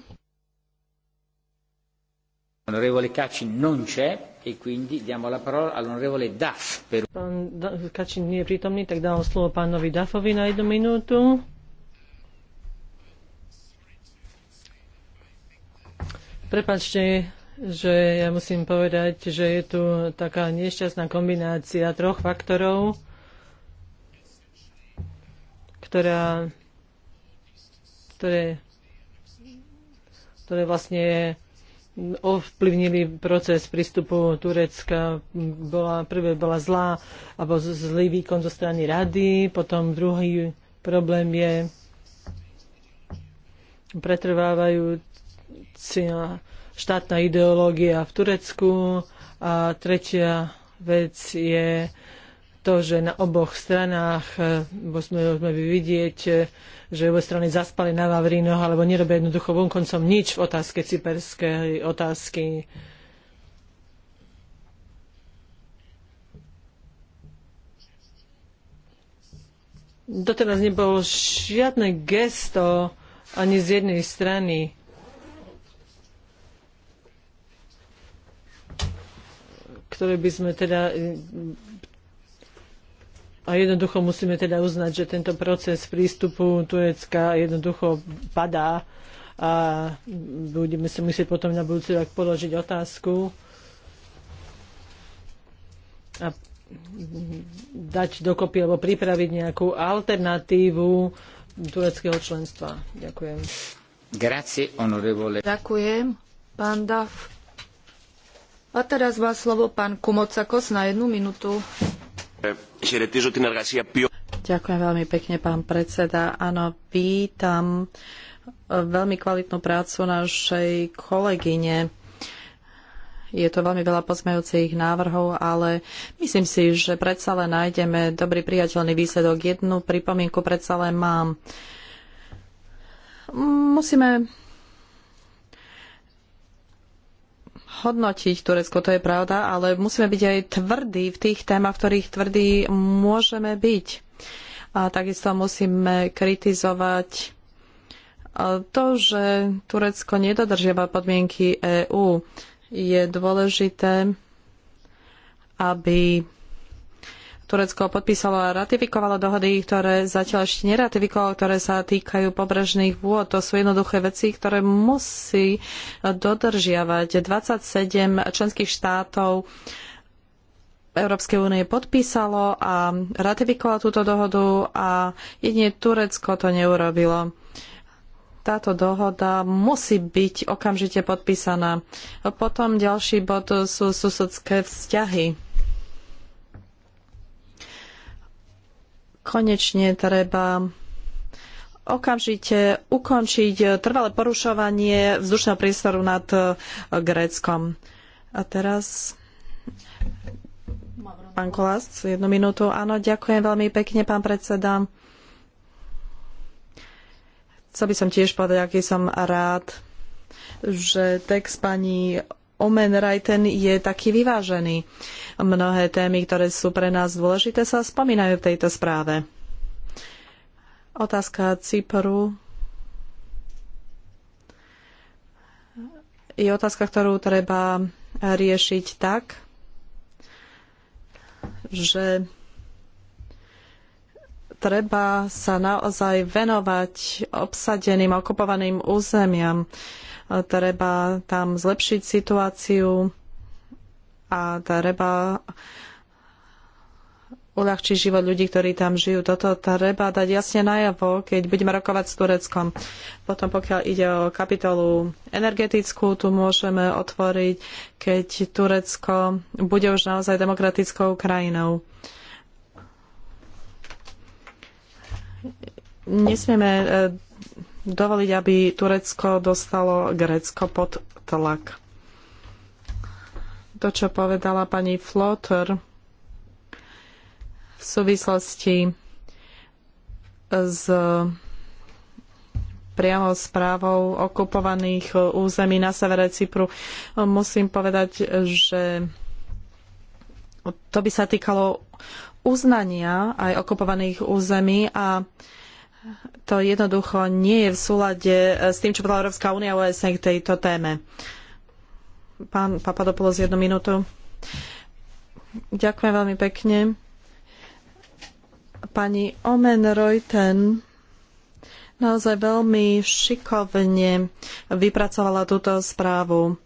[SPEAKER 17] Onorevole non c'è e quindi diamo la parola all'onorevole Duff. Per... nie
[SPEAKER 18] je tak dám slovo pánovi Duffovi na jednu minútu. Prepačte, že ja musím povedať, že je tu taká nešťastná kombinácia troch faktorov, ktorá, ktoré, ktoré vlastne ovplyvnili proces prístupu Turecka. Bola, prvé bola zlá, alebo zlý výkon zo strany rady, potom druhý problém je pretrvávajúca štátna ideológia v Turecku a tretia vec je to, že na oboch stranách e, môžeme vidieť, e, že obe strany zaspali na Vavrinoch alebo nerobia jednoducho vonkoncom nič v otázke cyperskej otázky. Doteraz nebolo žiadne gesto ani z jednej strany. ktoré by sme teda a jednoducho musíme teda uznať, že tento proces prístupu Turecka jednoducho padá a budeme si musieť potom na budúci rok položiť otázku a dať dokopy alebo pripraviť nejakú alternatívu tureckého členstva. Ďakujem.
[SPEAKER 17] Grazie, onorevole.
[SPEAKER 19] Ďakujem, pán Daf. A teraz vás slovo pán Kumocakos na jednu minútu.
[SPEAKER 16] Ďakujem veľmi pekne, pán predseda. Áno, vítam e, veľmi kvalitnú prácu našej kolegyne. Je to veľmi veľa pozmejúcich návrhov, ale myslím si, že predsa len nájdeme dobrý priateľný výsledok. Jednu pripomienku predsa len mám. Musíme hodnotiť Turecko, to je pravda, ale musíme byť aj tvrdí v tých témach, v ktorých tvrdí môžeme byť. A takisto musíme kritizovať e, to, že Turecko nedodržiava podmienky EÚ. Je dôležité, aby Turecko podpísalo a ratifikovalo dohody, ktoré zatiaľ ešte neratifikovalo, ktoré sa týkajú pobrežných vôd. To sú jednoduché veci, ktoré musí dodržiavať. 27 členských štátov Európskej únie podpísalo a ratifikovalo túto dohodu a jedine Turecko to neurobilo. Táto dohoda musí byť okamžite podpísaná. Potom ďalší bod sú susedské vzťahy Konečne treba okamžite ukončiť trvalé porušovanie vzdušného priestoru nad e, Gréckom. A teraz pán jednu minútu. Áno, ďakujem veľmi pekne, pán predseda. Chcel by som tiež povedať, aký som rád, že text pani Omen Rajten je taký vyvážený. Mnohé témy, ktoré sú pre nás dôležité, sa spomínajú v tejto správe. Otázka Cypru je otázka, ktorú treba riešiť tak, že treba sa naozaj venovať obsadeným, okupovaným územiam. Uh, treba tam zlepšiť situáciu a treba uľahčiť život ľudí, ktorí tam žijú. Toto treba dať jasne najavo, keď budeme rokovať s Tureckom. Potom pokiaľ ide o kapitolu energetickú, tu môžeme otvoriť, keď Turecko bude už naozaj demokratickou krajinou. Nesmieme eh, dovoliť, aby Turecko dostalo Grécko pod tlak. To, čo povedala pani Flotter v súvislosti s priamo správou okupovaných území na severe Cypru. Musím povedať, že to by sa týkalo uznania aj okupovaných území a to jednoducho nie je v súlade s tým, čo povedala Európska únia a OSN k tejto téme. Pán Papadopoulos, jednu minútu. Ďakujem veľmi pekne. Pani Omen Reuten naozaj veľmi šikovne vypracovala túto správu.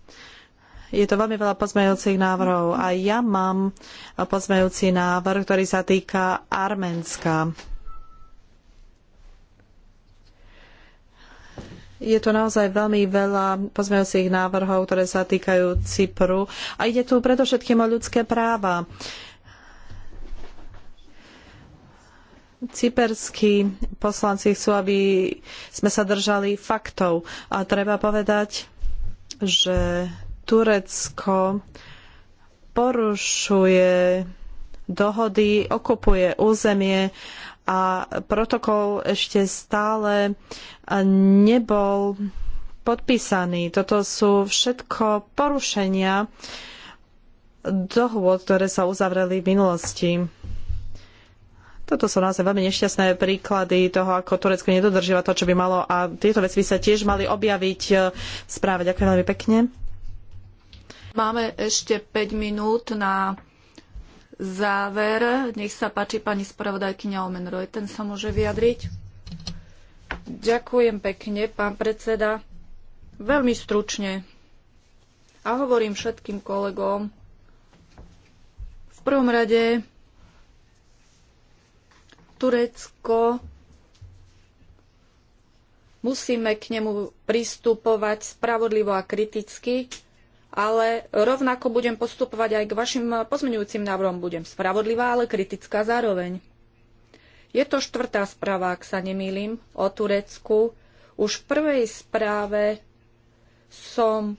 [SPEAKER 16] Je to veľmi veľa pozmejúcich návrhov a ja mám pozmejúci návrh, ktorý sa týka Arménska je tu naozaj veľmi veľa pozmeňujúcich návrhov, ktoré sa týkajú Cypru. A ide tu predovšetkým o ľudské práva. Cyperskí poslanci chcú, aby sme sa držali faktov. A treba povedať, že Turecko porušuje dohody, okupuje územie a protokol ešte stále nebol podpísaný. Toto sú všetko porušenia dohôd, ktoré sa uzavreli v minulosti. Toto sú naozaj veľmi nešťastné príklady toho, ako Turecko nedodržíva to, čo by malo a tieto veci by sa tiež mali objaviť v správe. Ďakujem veľmi pekne.
[SPEAKER 19] Máme ešte 5 minút na záver. Nech sa páči pani spravodajkyňa Omenroj, ten sa môže vyjadriť. Ďakujem pekne, pán predseda. Veľmi stručne. A hovorím všetkým kolegom. V prvom rade Turecko musíme k nemu pristupovať spravodlivo a kriticky ale rovnako budem postupovať aj k vašim pozmeňujúcim návrhom. Budem spravodlivá, ale kritická zároveň. Je to štvrtá správa, ak sa nemýlim, o Turecku. Už v prvej správe som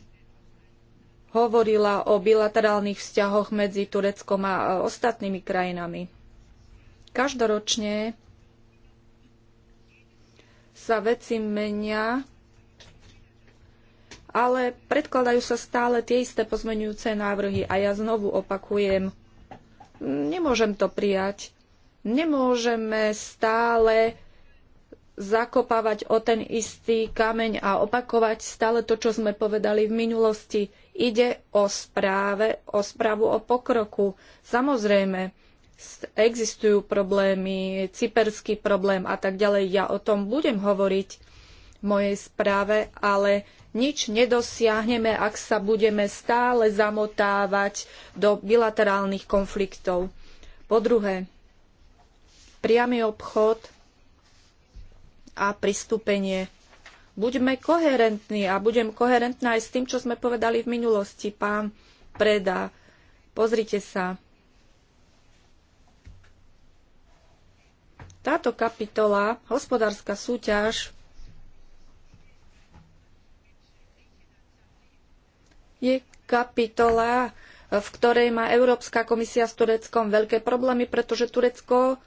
[SPEAKER 19] hovorila o bilaterálnych vzťahoch medzi Tureckom a ostatnými krajinami. Každoročne sa veci menia ale predkladajú sa stále tie isté pozmenujúce návrhy a ja znovu opakujem, nemôžem to prijať. Nemôžeme stále zakopávať o ten istý kameň a opakovať stále to, čo sme povedali v minulosti. Ide o správe, o správu o pokroku. Samozrejme, existujú problémy, cyperský problém a tak ďalej. Ja o tom budem hovoriť v mojej správe, ale nič nedosiahneme, ak sa budeme stále zamotávať do bilaterálnych konfliktov. Po druhé, priamy obchod a pristúpenie. Buďme koherentní a budem koherentná aj s tým, čo sme povedali v minulosti. Pán Preda, pozrite sa. Táto kapitola, hospodárska súťaž, je kapitola, v ktorej má Európska komisia s Tureckom veľké problémy, pretože Turecko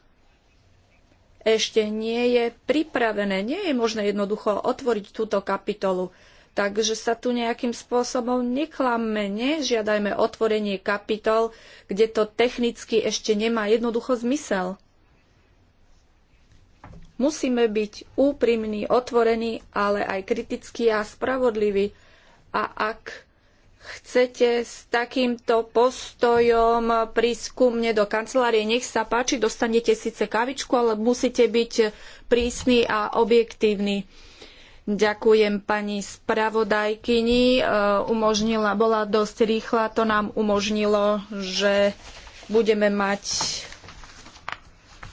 [SPEAKER 19] ešte nie je pripravené. Nie je možné jednoducho otvoriť túto kapitolu. Takže sa tu nejakým spôsobom neklamme, nežiadajme otvorenie kapitol, kde to technicky ešte nemá jednoducho zmysel. Musíme byť úprimní, otvorení, ale aj kritickí a spravodliví. A ak chcete s takýmto postojom mne do kancelárie. Nech sa páči, dostanete síce kavičku, ale musíte byť prísni a objektívni. Ďakujem pani spravodajkyni. E, umožnila, bola dosť rýchla, to nám umožnilo, že budeme mať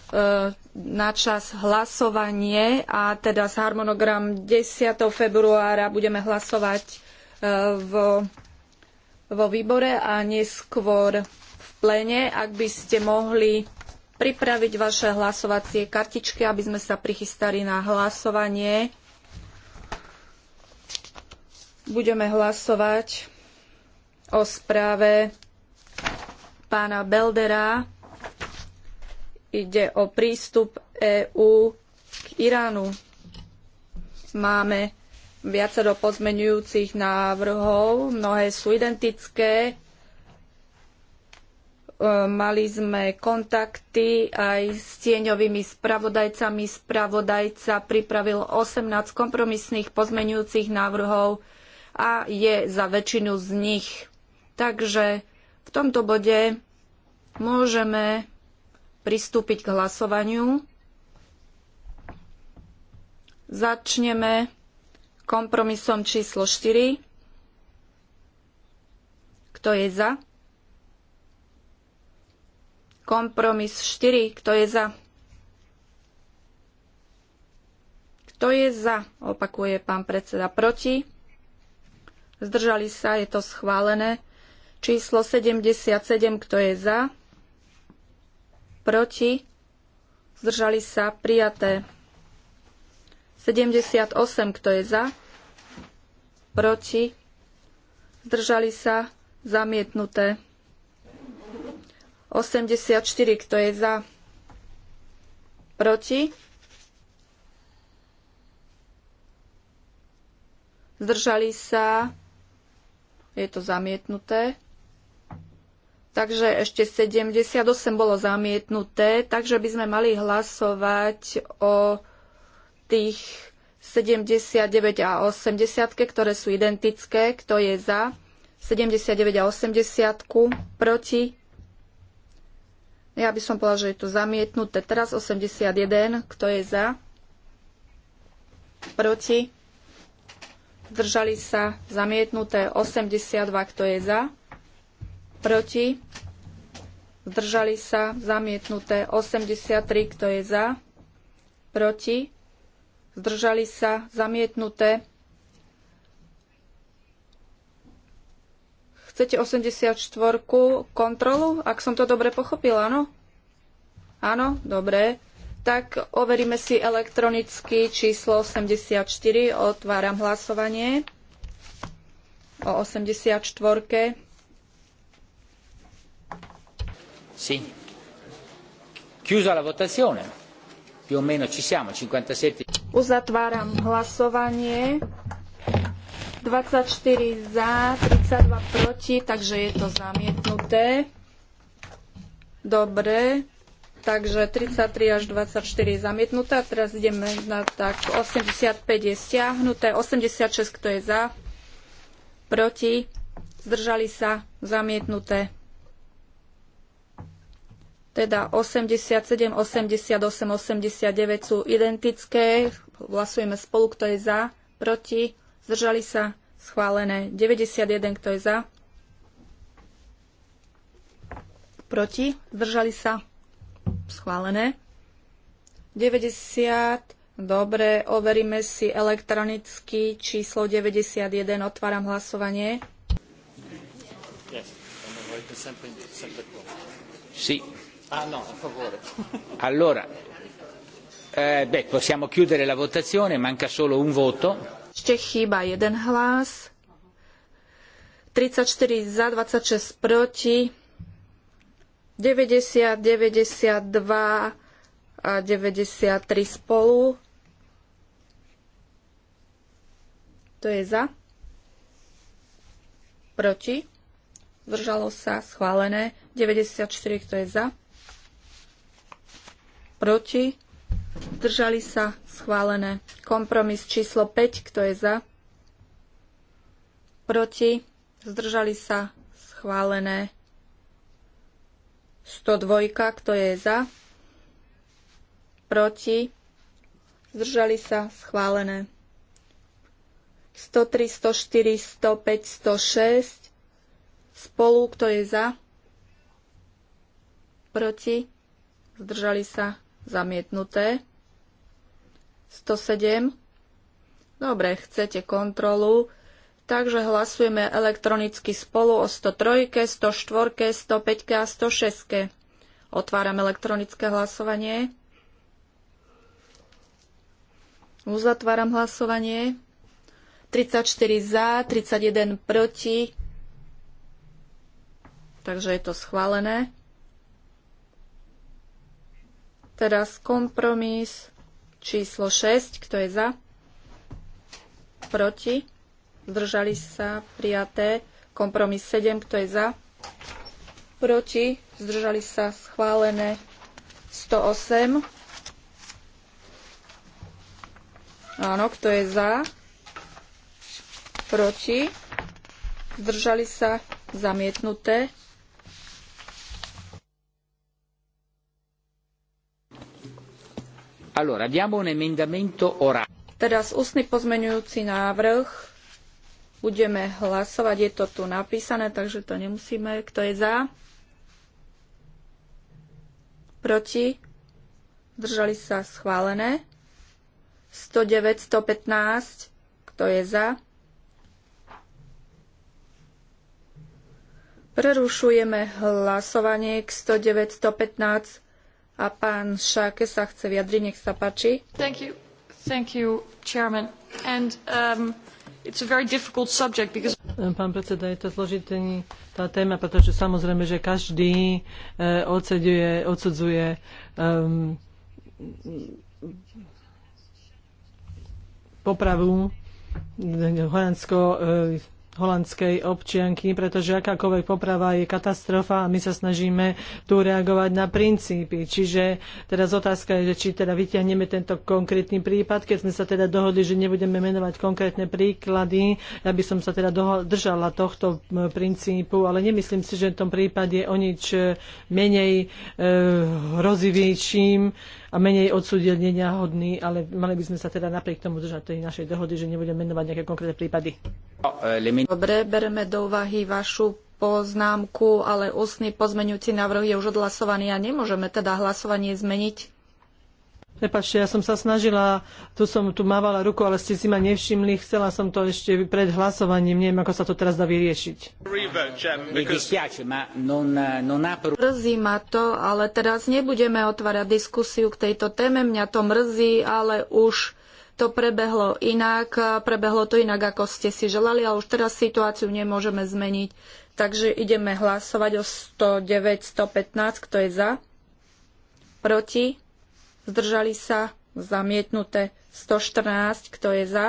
[SPEAKER 19] e, na čas hlasovanie a teda s harmonogram 10. februára budeme hlasovať e, v vo výbore a neskôr v plene, ak by ste mohli pripraviť vaše hlasovacie kartičky, aby sme sa prichystali na hlasovanie. Budeme hlasovať o správe pána Beldera. Ide o prístup EÚ k Iránu. Máme viacero pozmenujúcich návrhov, mnohé sú identické. E, mali sme kontakty aj s tieňovými spravodajcami. Spravodajca pripravil 18 kompromisných pozmenujúcich návrhov a je za väčšinu z nich. Takže v tomto bode môžeme pristúpiť k hlasovaniu. Začneme kompromisom číslo 4. Kto je za? Kompromis 4. Kto je za? Kto je za? Opakuje pán predseda. Proti? Zdržali sa, je to schválené. Číslo 77, kto je za? Proti? Zdržali sa, prijaté. 78, kto je za, proti, zdržali sa, zamietnuté. 84, kto je za, proti, zdržali sa, je to zamietnuté. Takže ešte 78 bolo zamietnuté, takže by sme mali hlasovať o tých 79 a 80, ktoré sú identické. Kto je za? 79 a 80 proti. Ja by som povedala, že je to zamietnuté. Teraz 81. Kto je za? Proti. Zdržali sa zamietnuté 82. Kto je za? Proti. Zdržali sa zamietnuté 83. Kto je za? Proti zdržali sa, zamietnuté. Chcete 84 kontrolu, ak som to dobre pochopila, áno? Áno, dobre. Tak overíme si elektronicky číslo 84. Otváram hlasovanie o 84.
[SPEAKER 17] Sì. Chiusa la votazione più o meno ci siamo, 57.
[SPEAKER 19] Uzatváram hlasovanie. 24 za, 32 proti, takže je to zamietnuté. Dobre, takže 33 až 24 je zamietnuté. A teraz ideme na tak 85 je stiahnuté, 86 kto je za, proti, zdržali sa, zamietnuté. Teda 87, 88, 89 sú identické. Hlasujeme spolu, kto je za, proti, zdržali sa, schválené. 91, kto je za, proti, zdržali sa, schválené. 90, Dobre, overíme si elektronicky číslo 91. Otváram hlasovanie.
[SPEAKER 15] Yes. Sí. Ah no, a favore.
[SPEAKER 17] Allora, eh, beh, possiamo chiudere la votazione, manca solo un voto.
[SPEAKER 19] Ešte chýba jeden hlas. 34 za, 26 proti. 90, 92 a 93 spolu. To je za. Proti. Zdržalo sa schválené. 94, kto je za proti, zdržali sa, schválené. Kompromis číslo 5, kto je za, proti, zdržali sa, schválené. 102, kto je za, proti, zdržali sa, schválené. 103, 104, 105, 106. Spolu, kto je za? Proti? Zdržali sa? Zamietnuté. 107. Dobre, chcete kontrolu. Takže hlasujeme elektronicky spolu o 103, 104, 105 a 106. Otváram elektronické hlasovanie. Uzatváram hlasovanie. 34 za, 31 proti. Takže je to schválené. Teraz kompromis číslo 6. Kto je za? Proti? Zdržali sa prijaté. Kompromis 7. Kto je za? Proti? Zdržali sa schválené 108. Áno, kto je za? Proti? Zdržali sa zamietnuté
[SPEAKER 17] Allora, abbiamo un emendamento orale.
[SPEAKER 19] Teraz ústny pozmeňujúci návrh. Budeme hlasovať, je to tu napísané, takže to nemusíme. Kto je za? Proti? Držali sa schválené. 109, 115. Kto je za? Prerušujeme hlasovanie k 109, 115 a pán Šáke sa chce vyjadriť, nech sa páči.
[SPEAKER 7] Thank you. Thank you, chairman. And, um, it's a very difficult subject because...
[SPEAKER 18] Pán predseda, je to zložitý tá téma, pretože samozrejme, že každý eh, odsuduje, odsudzuje um, popravu. Eh, Holandsko eh, holandskej občianky, pretože akákoľvek poprava je katastrofa a my sa snažíme tu reagovať na princípy. Čiže teraz otázka je, či teda vyťahneme tento konkrétny prípad, keď sme sa teda dohodli, že nebudeme menovať konkrétne príklady, ja by som sa teda držala tohto princípu, ale nemyslím si, že v tom prípade je o nič e, menej e, hrozivejším a menej odsúdenia hodný, ale mali by sme sa teda napriek tomu držať tej našej dohody, že nebudeme menovať nejaké konkrétne prípady.
[SPEAKER 19] Dobre, bereme do úvahy vašu poznámku, ale ústny pozmeňujúci návrh je už odhlasovaný a nemôžeme teda hlasovanie zmeniť.
[SPEAKER 18] Prepačte, ja som sa snažila, tu som tu mávala ruku, ale ste si ma nevšimli, chcela som to ešte pred hlasovaním, neviem, ako sa to teraz dá vyriešiť.
[SPEAKER 19] Mrzí ma to, ale teraz nebudeme otvárať diskusiu k tejto téme, mňa to mrzí, ale už to prebehlo inak, prebehlo to inak, ako ste si želali, ale už teraz situáciu nemôžeme zmeniť. Takže ideme hlasovať o 109, 115, kto je za, proti, zdržali sa, zamietnuté 114, kto je za.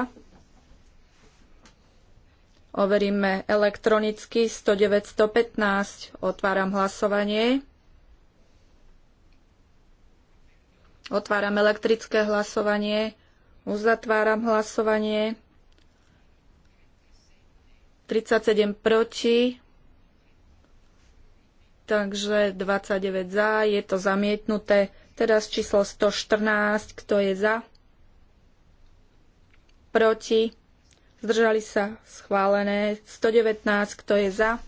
[SPEAKER 19] Overíme elektronicky 109-115. Otváram hlasovanie. Otváram elektrické hlasovanie. Uzatváram hlasovanie. 37 proti. Takže 29 za. Je to zamietnuté. Teraz číslo 114, kto je za? Proti? Zdržali sa schválené. 119, kto je za?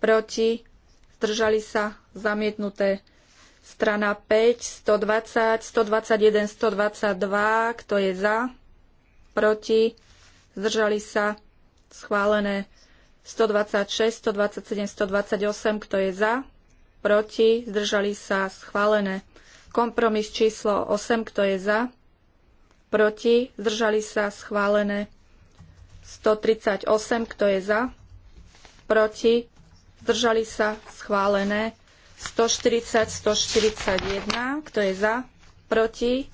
[SPEAKER 19] Proti? Zdržali sa zamietnuté. Strana 5, 120, 121, 122, kto je za? Proti? Zdržali sa schválené. 126, 127, 128, kto je za? proti, zdržali sa schválené. Kompromis číslo 8, kto je za, proti, zdržali sa schválené. 138, kto je za, proti, zdržali sa schválené. 140, 141, kto je za, proti,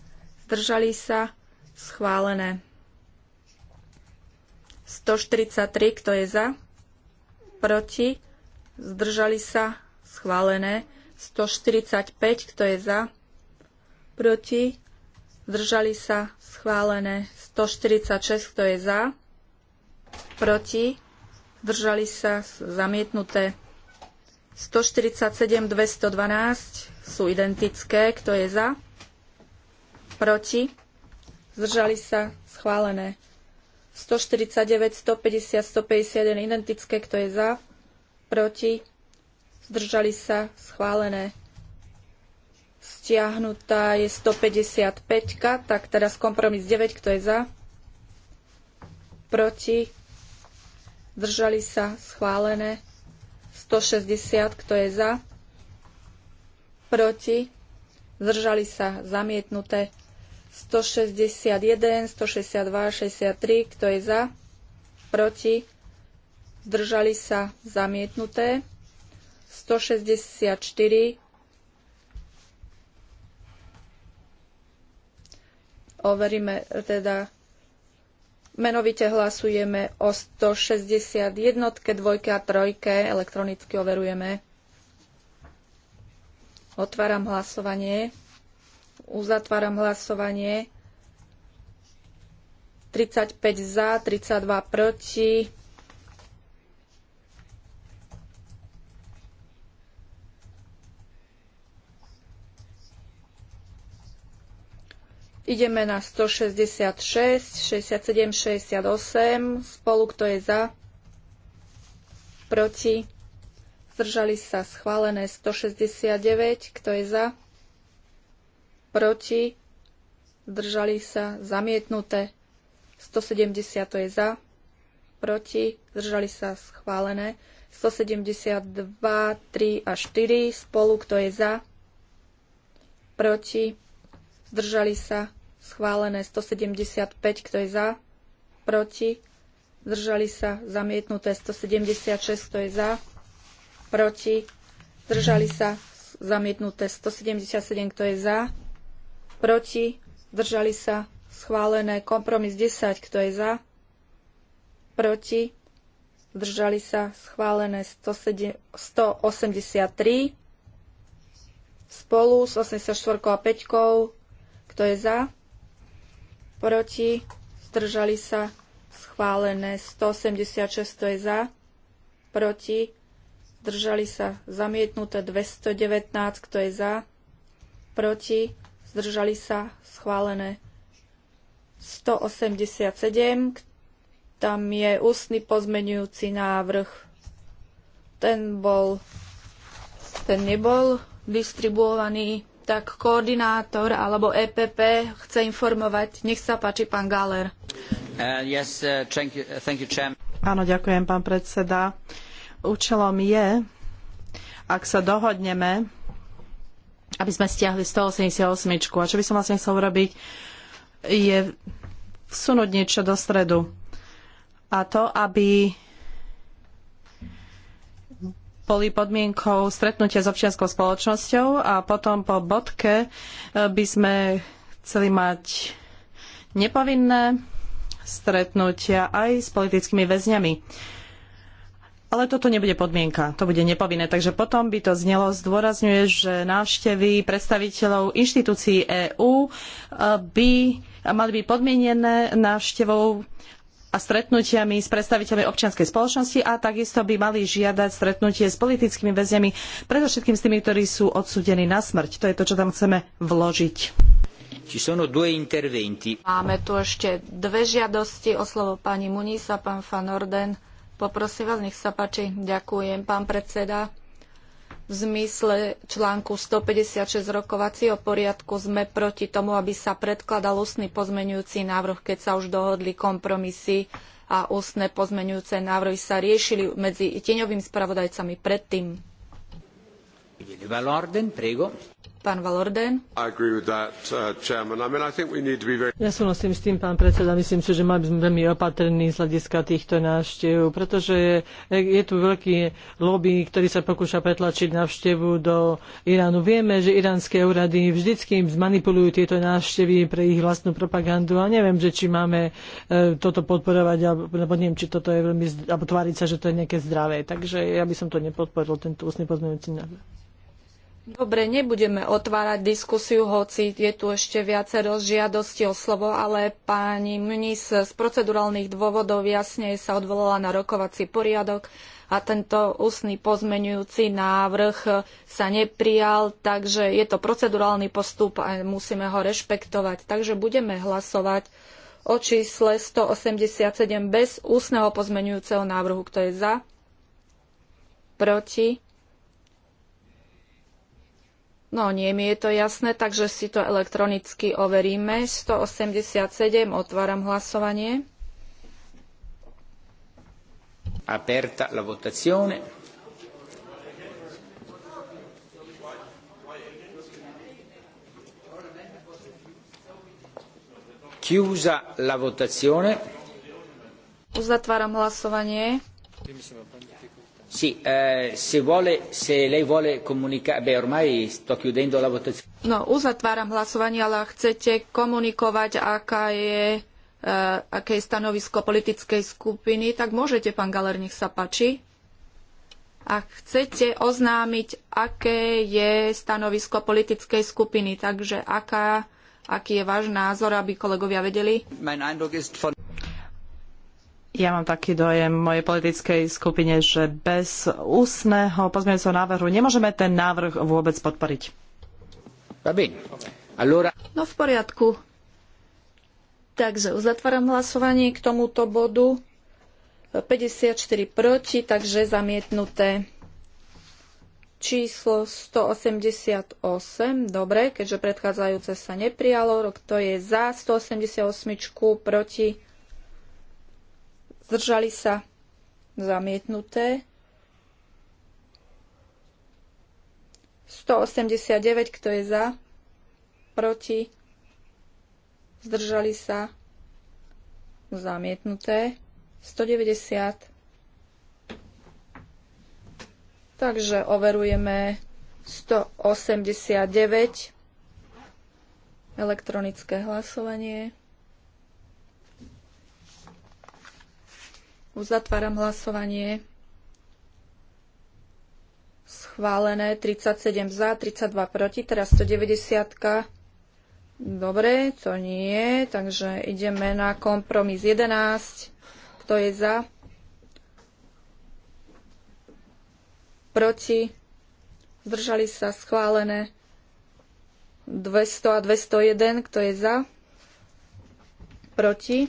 [SPEAKER 19] zdržali sa schválené. 143, kto je za, proti, zdržali sa schválené. 145, kto je za, proti, zdržali sa, schválené. 146, kto je za, proti, zdržali sa, zamietnuté. 147, 212 sú identické, kto je za, proti, zdržali sa, schválené. 149, 150, 151 identické, kto je za, proti, zdržali sa, schválené. Stiahnutá je 155, tak teraz kompromis 9, kto je za, proti, zdržali sa, schválené. 160, kto je za, proti, zdržali sa, zamietnuté. 161, 162, 63, kto je za, proti, zdržali sa, zamietnuté. 164. Overíme teda Menovite hlasujeme o 161, dvojke a trojke. Elektronicky overujeme. Otváram hlasovanie. Uzatváram hlasovanie. 35 za, 32 proti. Ideme na 166, 67, 68. Spolu kto je za? Proti? Zdržali sa schválené 169. Kto je za? Proti? Zdržali sa zamietnuté 170. To je za? Proti? Zdržali sa schválené 172, 3 a 4. Spolu kto je za? Proti? zdržali sa schválené 175, kto je za, proti, zdržali sa, zamietnuté 176, kto je za, proti, zdržali sa, zamietnuté 177, kto je za, proti, zdržali sa, schválené kompromis 10, kto je za, proti, zdržali sa, schválené 183, spolu s 84 a 5, kto je za, proti, zdržali sa, schválené 186, to je za, proti, zdržali sa, zamietnuté 219, kto je za, proti, zdržali sa, schválené 187, tam je ústny pozmenujúci návrh. Ten bol, ten nebol distribuovaný tak koordinátor alebo EPP chce informovať. Nech sa páči, pán Galer.
[SPEAKER 9] Uh, yes, uh, thank you, thank you,
[SPEAKER 19] Áno, ďakujem, pán predseda. Účelom
[SPEAKER 16] je, ak sa dohodneme, aby sme stiahli 188. A čo by som vlastne chcel urobiť, je vsunúť niečo do stredu. A to, aby boli podmienkou stretnutia s občianskou spoločnosťou a potom po bodke e, by sme chceli mať nepovinné stretnutia aj s politickými väzňami. Ale toto nebude podmienka, to bude nepovinné. Takže potom by to znelo, zdôrazňuje, že návštevy predstaviteľov inštitúcií EÚ e, by mali byť podmienené návštevou a stretnutiami s predstaviteľmi občianskej spoločnosti a takisto by mali žiadať stretnutie s politickými väzňami, predovšetkým s tými, ktorí sú odsúdení na smrť. To je to, čo tam chceme
[SPEAKER 17] vložiť.
[SPEAKER 19] Máme tu ešte dve žiadosti o slovo pani Munisa, pán Van Orden. Poprosím vás, nech sa páči. Ďakujem, pán predseda v zmysle článku 156 rokovacieho poriadku sme proti tomu, aby sa predkladal ústny pozmenujúci návrh, keď sa už dohodli kompromisy a ústne pozmenujúce návrhy sa riešili medzi tieňovými spravodajcami predtým. Pán Valorden.
[SPEAKER 4] Uh, ja
[SPEAKER 18] súhlasím s tým, pán predseda. Myslím si, že máme byť veľmi opatrní z hľadiska týchto návštev, pretože je tu veľký lobby, ktorý sa pokúša pretlačiť návštevu do Iránu. Vieme, že iránske úrady vždycky zmanipulujú tieto návštevy pre ich vlastnú propagandu a neviem, že či máme e, toto podporovať, alebo neviem, či toto je veľmi, alebo tváriť sa, že to je nejaké zdravé. Takže ja by som to nepodporil, tento ústny pozmeňujúci návrh.
[SPEAKER 19] Dobre, nebudeme otvárať diskusiu, hoci je tu ešte viacero žiadosti o slovo, ale pani Mnis z procedurálnych dôvodov jasne sa odvolala na rokovací poriadok a tento ústny pozmenujúci návrh sa neprijal, takže je to procedurálny postup a musíme ho rešpektovať. Takže budeme hlasovať o čísle 187 bez ústneho pozmenujúceho návrhu. Kto je za? Proti? No nie mi je to jasné, takže si to elektronicky overíme. 187, otváram hlasovanie.
[SPEAKER 17] Aperta la votazione. Chiusa la votazione.
[SPEAKER 19] Uzatváram hlasovanie.
[SPEAKER 17] Sì, eh, se, vuole, se lei vuole comunicare, beh ormai sto chiudendo la votazione.
[SPEAKER 19] No, uzatváram hlasovanie, ale chcete komunikovať, aká je, eh, aké je stanovisko politickej skupiny, tak môžete, pán Galer, nech sa páči. A chcete oznámiť, aké je stanovisko politickej skupiny, takže aká, aký je váš názor, aby kolegovia vedeli? Mein Eindruck ist von...
[SPEAKER 16] Ja mám taký dojem v mojej politickej skupine, že bez ústneho pozmeňujúceho návrhu nemôžeme ten návrh vôbec podporiť.
[SPEAKER 19] No v poriadku. Takže uzatváram hlasovanie k tomuto bodu. 54 proti, takže zamietnuté číslo 188. Dobre, keďže predchádzajúce sa neprijalo, rok to je za 188 proti zdržali sa, zamietnuté. 189, kto je za, proti, zdržali sa, zamietnuté. 190. Takže overujeme 189 elektronické hlasovanie. Uzatváram hlasovanie. Schválené 37 za, 32 proti, teraz 190. Dobre, to nie, takže ideme na kompromis 11. Kto je za? Proti? Zdržali sa schválené 200 a 201. Kto je za? Proti?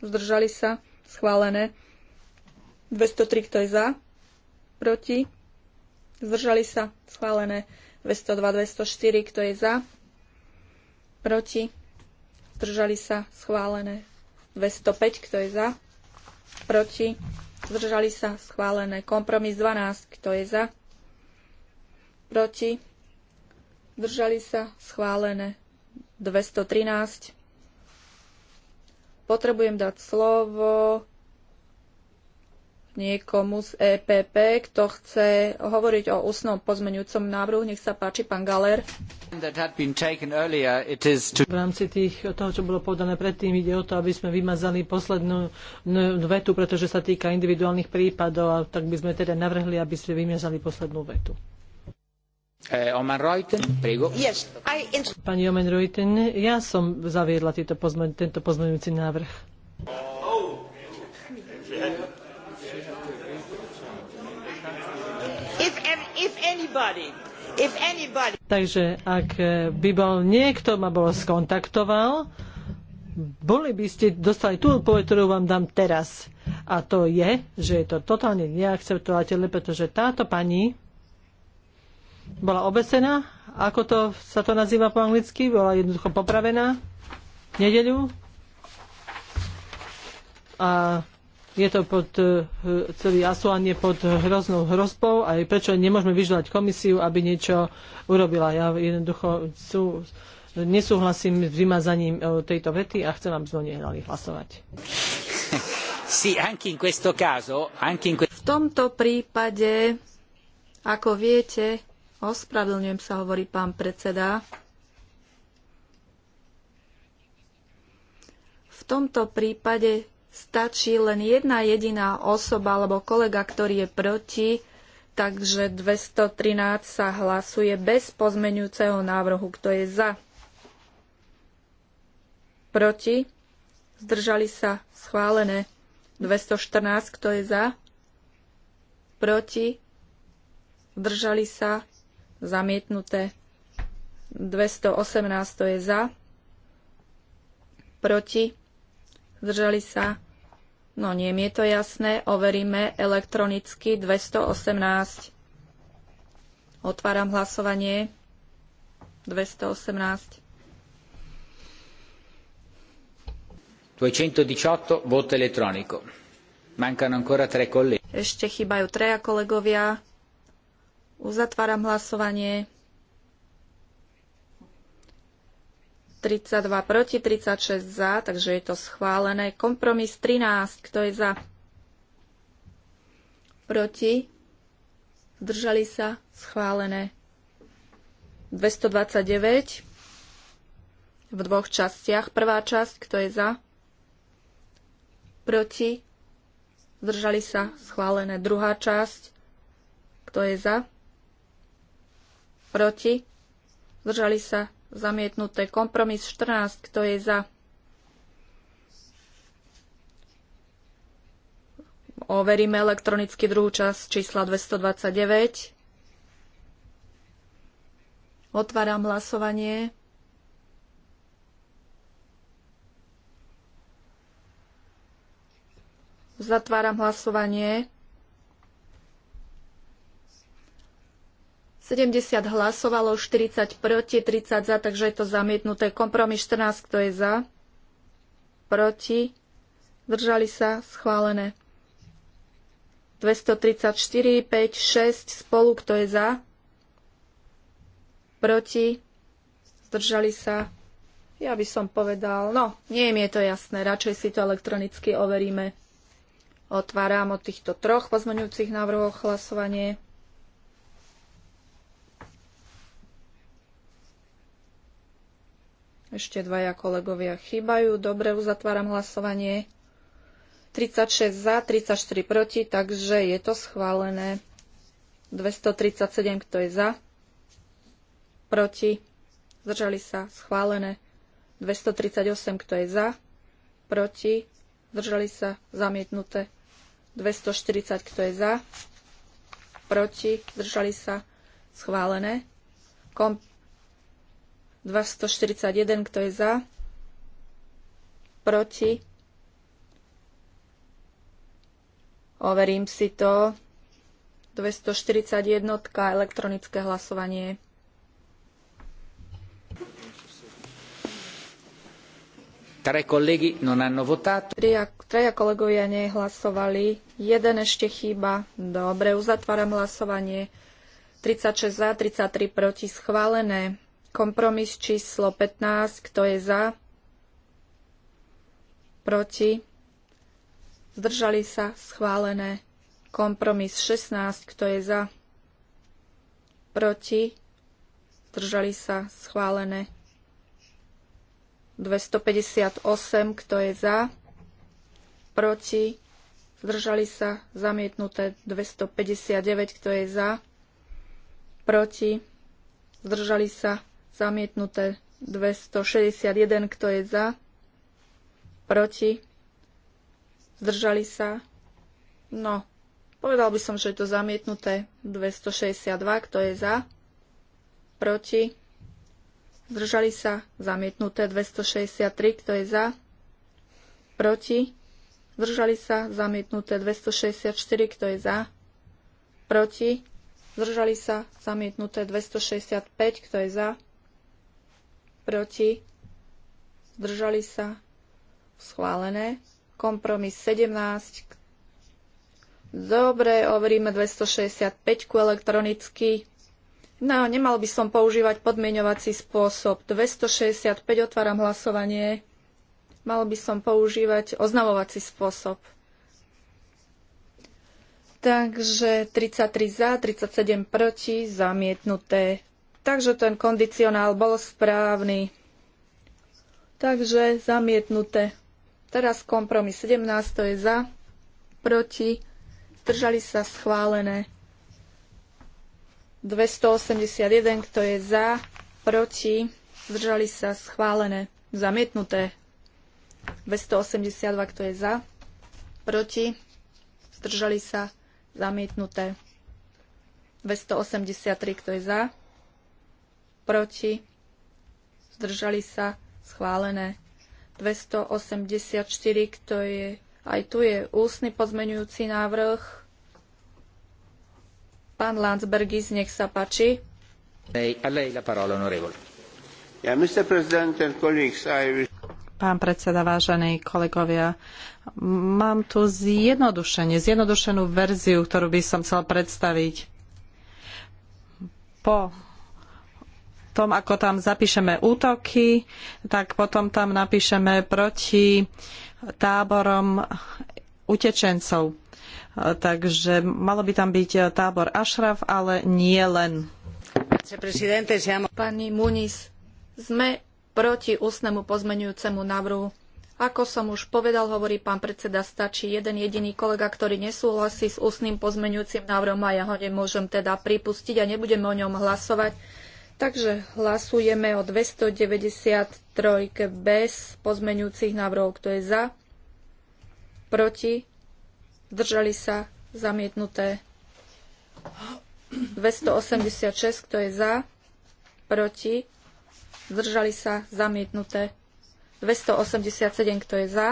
[SPEAKER 19] Zdržali sa? schválené. 203, kto je za, proti, zdržali sa, schválené. 202, 204, kto je za, proti, zdržali sa, schválené. 205, kto je za, proti, zdržali sa, schválené. Kompromis 12, kto je za, proti, zdržali sa, schválené. 213, potrebujem dať slovo niekomu z EPP, kto chce hovoriť o ústnom pozmeňujúcom návrhu. Nech sa páči, pán Galer.
[SPEAKER 18] V rámci tých, toho, čo bolo povedané predtým, ide o to, aby sme vymazali poslednú vetu, pretože sa týka individuálnych prípadov, a tak by sme teda navrhli, aby ste vymazali poslednú vetu. Eh, pani Omen Reuten, ja som zaviedla tento pozmeňujúci návrh. Takže ak eh, by bol niekto ma bol skontaktoval, boli by ste dostali tú odpoveď, ktorú vám dám teraz. A to je, že je to totálne neakceptovateľné, pretože táto pani bola obesená, ako to sa to nazýva po anglicky, bola jednoducho popravená v nedeľu a je to pod, eh, celý Asuán je pod hroznou hrozbou a prečo nemôžeme vyžľať komisiu, aby niečo urobila. Ja jednoducho sú, nesúhlasím s vymazaním eh, tejto vety a chcem, aby sme o hlasovať.
[SPEAKER 17] V
[SPEAKER 19] tomto prípade, ako viete, Ospravedlňujem sa, hovorí pán predseda. V tomto prípade stačí len jedna jediná osoba alebo kolega, ktorý je proti, takže 213 sa hlasuje bez pozmenujúceho návrhu. Kto je za? Proti? Zdržali sa? Schválené. 214, kto je za? Proti? Zdržali sa? zamietnuté. 218 to je za, proti, zdržali sa, no nie mi je to jasné, overíme elektronicky 218. Otváram hlasovanie 218.
[SPEAKER 17] 218 voto Mancano ancora tre colleghi.
[SPEAKER 19] Ešte chýbajú treja kolegovia. Uzatváram hlasovanie. 32 proti, 36 za, takže je to schválené. Kompromis 13, kto je za? Proti? Zdržali sa? Schválené. 229 v dvoch častiach. Prvá časť, kto je za? Proti? Zdržali sa? Schválené. Druhá časť, kto je za? proti, zdržali sa zamietnuté. Kompromis 14, kto je za, overíme elektronicky druhú časť čísla 229. Otváram hlasovanie. Zatváram hlasovanie. 70 hlasovalo, 40 proti, 30 za, takže je to zamietnuté. Kompromis 14, kto je za? Proti? Držali sa? Schválené. 234, 5, 6 spolu, kto je za? Proti? Zdržali sa? Ja by som povedal, no, nie mi je to jasné, radšej si to elektronicky overíme. Otváram od týchto troch pozmeňujúcich návrhov hlasovanie. Ešte dvaja kolegovia chýbajú. Dobre, uzatváram hlasovanie. 36 za, 34 proti, takže je to schválené. 237, kto je za, proti, zdržali sa, schválené. 238, kto je za, proti, zdržali sa, zamietnuté. 240, kto je za, proti, zdržali sa, schválené. Komp 241, kto je za, proti. Overím si to. 241, elektronické hlasovanie.
[SPEAKER 17] Tre non hanno votato.
[SPEAKER 19] Tria, treja kolegovia nehlasovali. Jeden ešte chýba. Dobre, uzatváram hlasovanie. 36 za, 33 proti, schválené. Kompromis číslo 15. Kto je za? Proti? Zdržali sa? Schválené. Kompromis 16. Kto je za? Proti? Zdržali sa? Schválené. 258. Kto je za? Proti? Zdržali sa? Zamietnuté. 259. Kto je za? Proti? Zdržali sa? zamietnuté 261, kto je za, proti, zdržali sa. No, povedal by som, že je to zamietnuté 262, kto je za, proti, zdržali sa, zamietnuté 263, kto je za, proti, zdržali sa, zamietnuté 264, kto je za, proti, zdržali sa, zamietnuté 265, kto je za, proti, zdržali sa, schválené. Kompromis 17. Dobre, overíme 265 elektronicky. No, nemal by som používať podmienovací spôsob. 265 otváram hlasovanie. Mal by som používať oznamovací spôsob. Takže 33 za, 37 proti, zamietnuté. Takže ten kondicionál bol správny. Takže zamietnuté. Teraz kompromis 17, to je za, proti, zdržali sa schválené. 281, kto je za, proti, zdržali sa schválené, zamietnuté. 282, kto je za, proti, zdržali sa zamietnuté. 283, kto je za, proti, zdržali sa, schválené. 284, kto je, aj tu je ústny pozmenujúci návrh. Pán Landsbergis, nech sa páči.
[SPEAKER 17] A lei la parola, onorevole.
[SPEAKER 5] Mr. President and colleagues, I
[SPEAKER 19] pán predseda, vážení kolegovia.
[SPEAKER 16] Mám tu zjednodušenie, zjednodušenú verziu, ktorú by som chcel predstaviť. Po tom, ako tam zapíšeme útoky, tak potom tam napíšeme proti táborom utečencov. Takže malo by tam byť tábor Ašraf, ale nie len.
[SPEAKER 19] Pani Muniz, sme proti ústnemu pozmenujúcemu návrhu. Ako som už povedal, hovorí pán predseda, stačí jeden jediný kolega, ktorý nesúhlasí s ústnym pozmenujúcim návrhom a ja ho nemôžem teda pripustiť a nebudeme o ňom hlasovať. Takže hlasujeme o 293 bez pozmeňujúcich návrhov. Kto je za? Proti? Držali sa? Zamietnuté. 286. Kto je za? Proti? Zdržali sa? Zamietnuté. 287. Kto je za?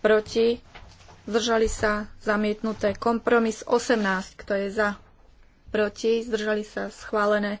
[SPEAKER 19] Proti? Zdržali sa? Zamietnuté. Kompromis 18. Kto je za? Proti? Zdržali sa? Schválené.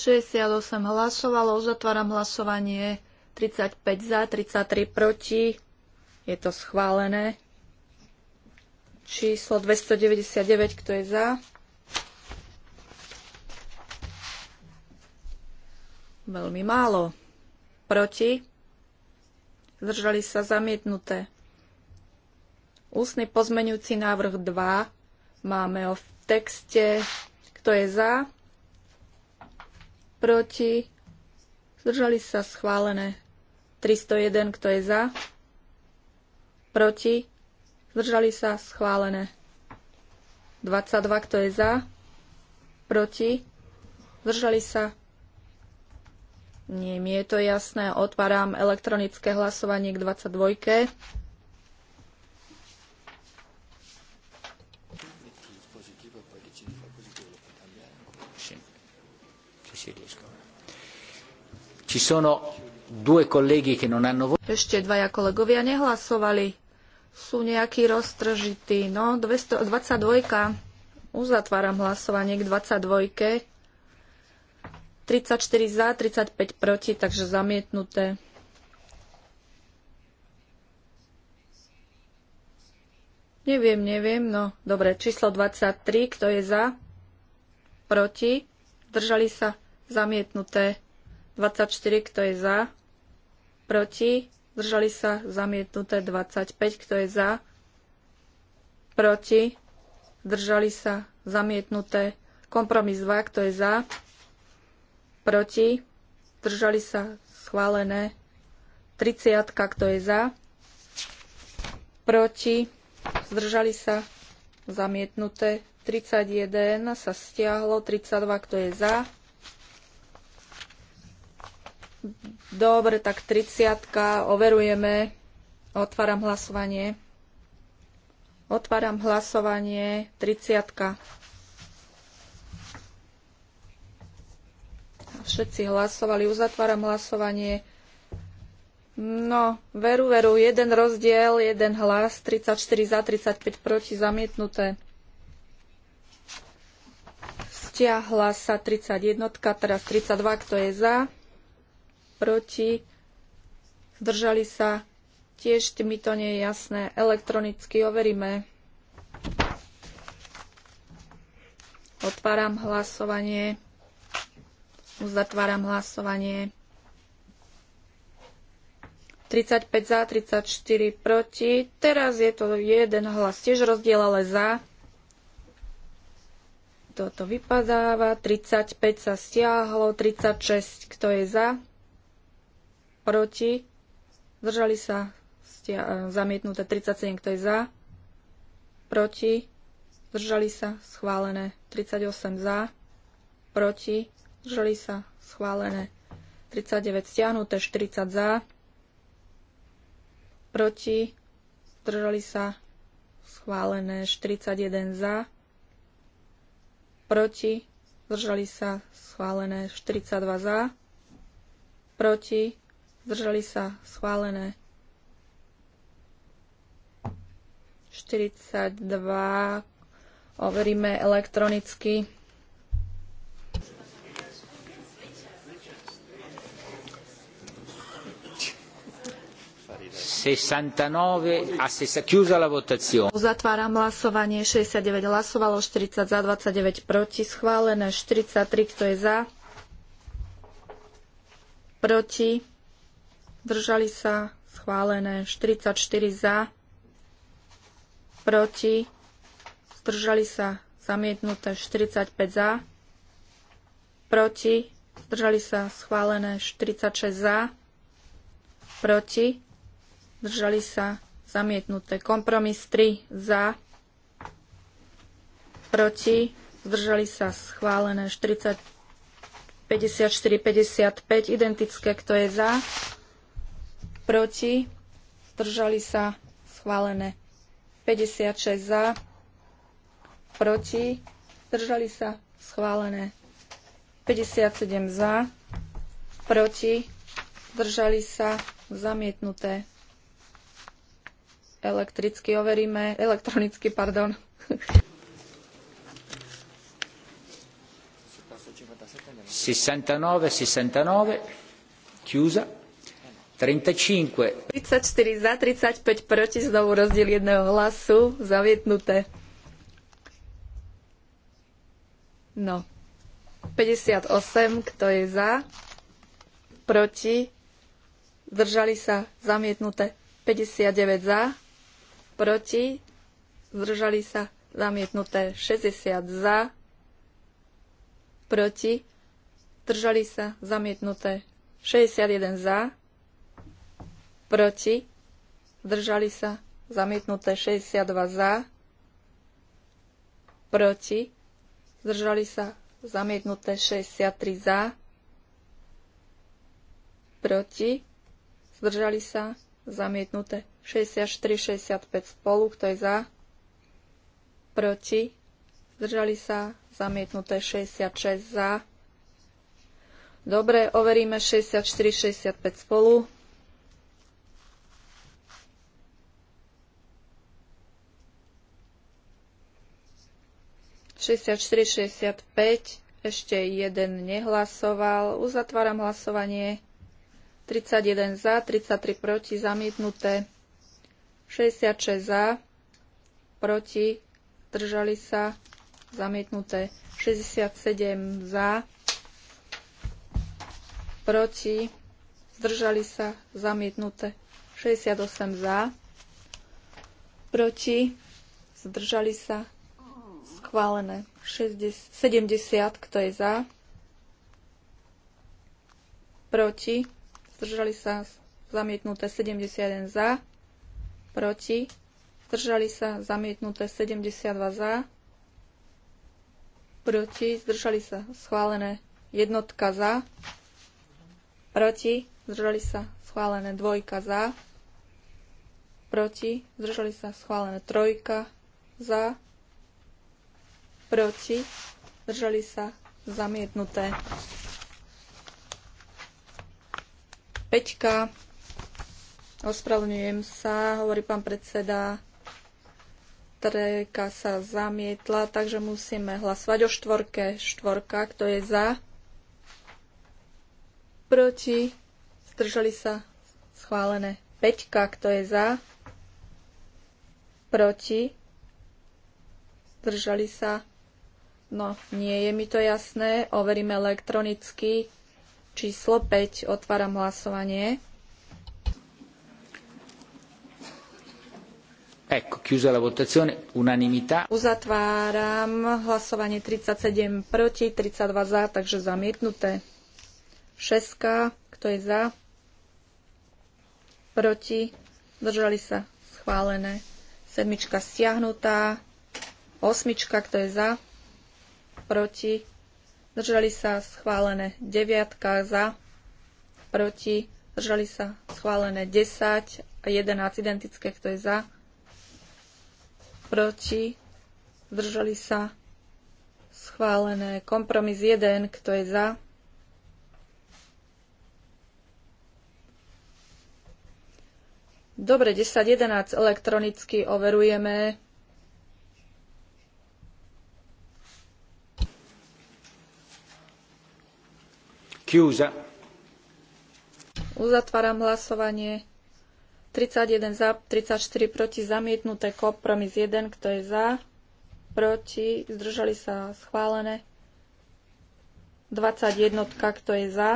[SPEAKER 19] 68 hlasovalo, uzatváram hlasovanie 35 za, 33 proti. Je to schválené. Číslo 299, kto je za? Veľmi málo. Proti? Zdržali sa zamietnuté. Ústny pozmenujúci návrh 2 máme ho v texte. Kto je za? proti, zdržali sa schválené. 301, kto je za, proti, zdržali sa schválené. 22, kto je za, proti, zdržali sa. Nie, mi je to jasné. Otváram elektronické hlasovanie k 22.
[SPEAKER 17] Ešte
[SPEAKER 19] dvaja kolegovia nehlasovali. Sú nejakí roztržití. No, 22. Uzatváram hlasovanie k 22. 34 za, 35 proti, takže zamietnuté. Neviem, neviem, no dobre, číslo 23, kto je za? Proti? Držali sa zamietnuté. 24, kto je za, proti, zdržali sa, zamietnuté 25, kto je za, proti, zdržali sa, zamietnuté, kompromis 2, kto je za, proti, zdržali sa, schválené, 30, kto je za, proti, zdržali sa, zamietnuté, 31 sa stiahlo, 32, kto je za, Dobre, tak 30. Overujeme. Otváram hlasovanie. Otváram hlasovanie 30. Všetci hlasovali. Uzatváram hlasovanie. No, veru, veru, jeden rozdiel, jeden hlas, 34 za, 35 proti, zamietnuté. Stiahla sa 31, teraz 32, kto je za proti, zdržali sa, tiež mi to nie je jasné, elektronicky overíme. Otváram hlasovanie, uzatváram hlasovanie. 35 za, 34 proti. Teraz je to jeden hlas tiež rozdiel, ale za. Toto vypadáva. 35 sa stiahlo, 36 kto je za, proti, zdržali sa stia- e, zamietnuté 37, kto je za, proti, zdržali sa schválené 38 za, proti, zdržali sa schválené 39 stiahnuté 40 za, proti, zdržali sa schválené 41 za, proti, zdržali sa schválené 42 za, proti, zdržali sa, schválené. 42, overíme elektronicky.
[SPEAKER 17] Ah,
[SPEAKER 19] Uzatváram hlasovanie. 69 hlasovalo, 40 za, 29 proti. Schválené 43, kto je za? Proti. Zdržali sa schválené 44 za, proti, zdržali sa zamietnuté 45 za, proti, zdržali sa schválené 46 za, proti, zdržali sa zamietnuté kompromis 3 za, proti, zdržali sa schválené 40, 54, 55, identické, kto je za, proti, zdržali sa schválené 56 za, proti, zdržali sa schválené 57 za, proti, zdržali sa zamietnuté. Elektricky overíme, elektronicky, pardon.
[SPEAKER 17] Sessantanove, sessantanove, chiusa. 35.
[SPEAKER 19] 34 za, 35 proti, znovu rozdiel jedného hlasu, zavietnuté. No. 58, kto je za, proti, zdržali sa, zamietnuté. 59 za, proti, zdržali sa, zamietnuté. 60 za, proti, zdržali sa, zamietnuté. 61 za, proti, zdržali sa, zamietnuté 62 za, proti, zdržali sa, zamietnuté 63 za, proti, zdržali sa, zamietnuté 64, 65 spolu, kto je za, proti, zdržali sa, zamietnuté 66 za. Dobre, overíme 64, 65 spolu. 64, 65, ešte jeden nehlasoval. Uzatváram hlasovanie. 31 za, 33 proti, zamietnuté. 66 za, proti, držali sa, zamietnuté. 67 za, proti, zdržali sa, zamietnuté. 68 za, proti, zdržali sa, Schválené. 60, 70, kto je za? Proti? Zdržali sa zamietnuté 71 za. Proti? Zdržali sa zamietnuté 72 za. Proti? Zdržali sa schválené jednotka za. Proti? Zdržali sa schválené dvojka za. Proti? Zdržali sa schválené trojka za proti, zdržali sa zamietnuté. Peťka, ospravňujem sa, hovorí pán predseda, treka sa zamietla, takže musíme hlasovať o štvorke. Štvorka, kto je za? Proti? Zdržali sa? Schválené. Peťka, kto je za? Proti? Zdržali sa? No, nie je mi to jasné. Overíme elektronicky. Číslo 5. Otváram hlasovanie.
[SPEAKER 17] Ecco, chiusa la votazione, unanimità.
[SPEAKER 19] Uzatváram hlasovanie 37 proti, 32 za, takže zamietnuté. Šeska, Kto je za? Proti. Držali sa. Schválené. Sedmička stiahnutá. Osmička. Kto je za? proti, zdržali sa schválené 9 za, proti, zdržali sa schválené 10 a 11 identické, kto je za, proti, zdržali sa schválené kompromis 1, kto je za, Dobre, 10, 11. elektronicky overujeme. Chiusa. Uzatváram hlasovanie. 31 za, 34 proti, zamietnuté kompromis 1, kto je za, proti, zdržali sa schválené. 21, kto je za,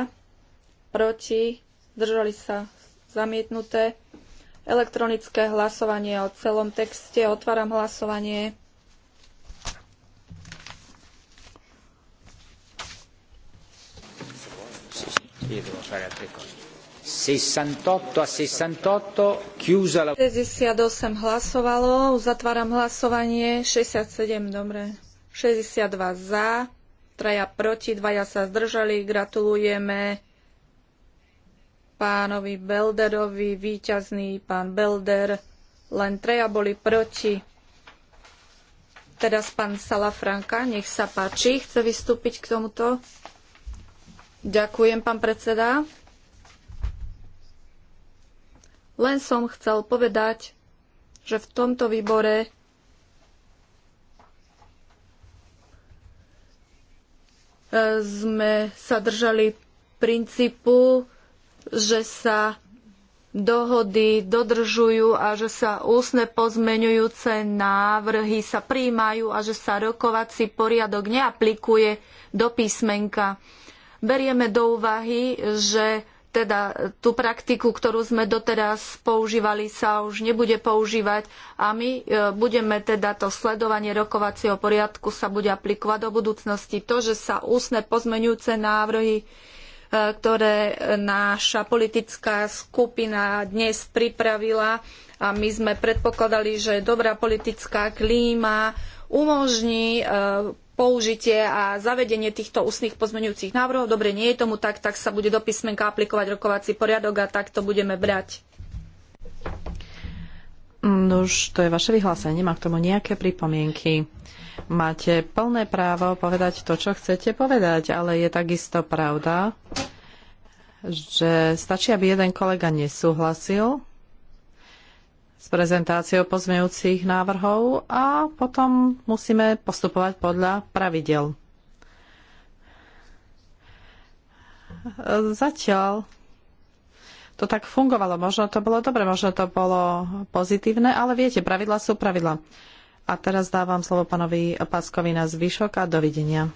[SPEAKER 19] proti, zdržali sa zamietnuté. Elektronické hlasovanie o celom texte. Otváram hlasovanie.
[SPEAKER 17] chiedo fare altre cose. 68 a 68, chiusa la...
[SPEAKER 19] 68 hlasovalo, uzatváram hlasovanie, 67, dobre, 62 za, traja proti, dvaja sa zdržali, gratulujeme pánovi Belderovi, víťazný pán Belder, len Treja boli proti. Teraz pán Salafranka, nech sa páči, chce vystúpiť k tomuto. Ďakujem, pán predseda. Len som chcel povedať, že v tomto výbore sme sa držali princípu, že sa dohody dodržujú a že sa úsne pozmeňujúce návrhy sa príjmajú a že sa rokovací poriadok neaplikuje do písmenka berieme do úvahy, že teda tú praktiku, ktorú sme doteraz používali, sa už nebude používať a my e, budeme teda to sledovanie rokovacieho poriadku sa bude aplikovať do budúcnosti. To, že sa ústne pozmenujúce návrhy, e, ktoré naša politická skupina dnes pripravila a my sme predpokladali, že dobrá politická klíma umožní e, použitie a zavedenie týchto ústnych pozmeňujúcich návrhov. Dobre, nie je tomu tak, tak sa bude do písmenka aplikovať rokovací poriadok a tak to budeme brať.
[SPEAKER 16] No už to je vaše vyhlásenie, má k tomu nejaké pripomienky. Máte plné právo povedať to, čo chcete povedať, ale je takisto pravda, že stačí, aby jeden kolega nesúhlasil s prezentáciou pozmejúcich návrhov a potom musíme postupovať podľa pravidel. Zatiaľ to tak fungovalo. Možno to bolo dobre, možno to bolo pozitívne, ale viete, pravidla sú pravidla. A teraz dávam slovo pánovi Paskovi na zvyšok a dovidenia.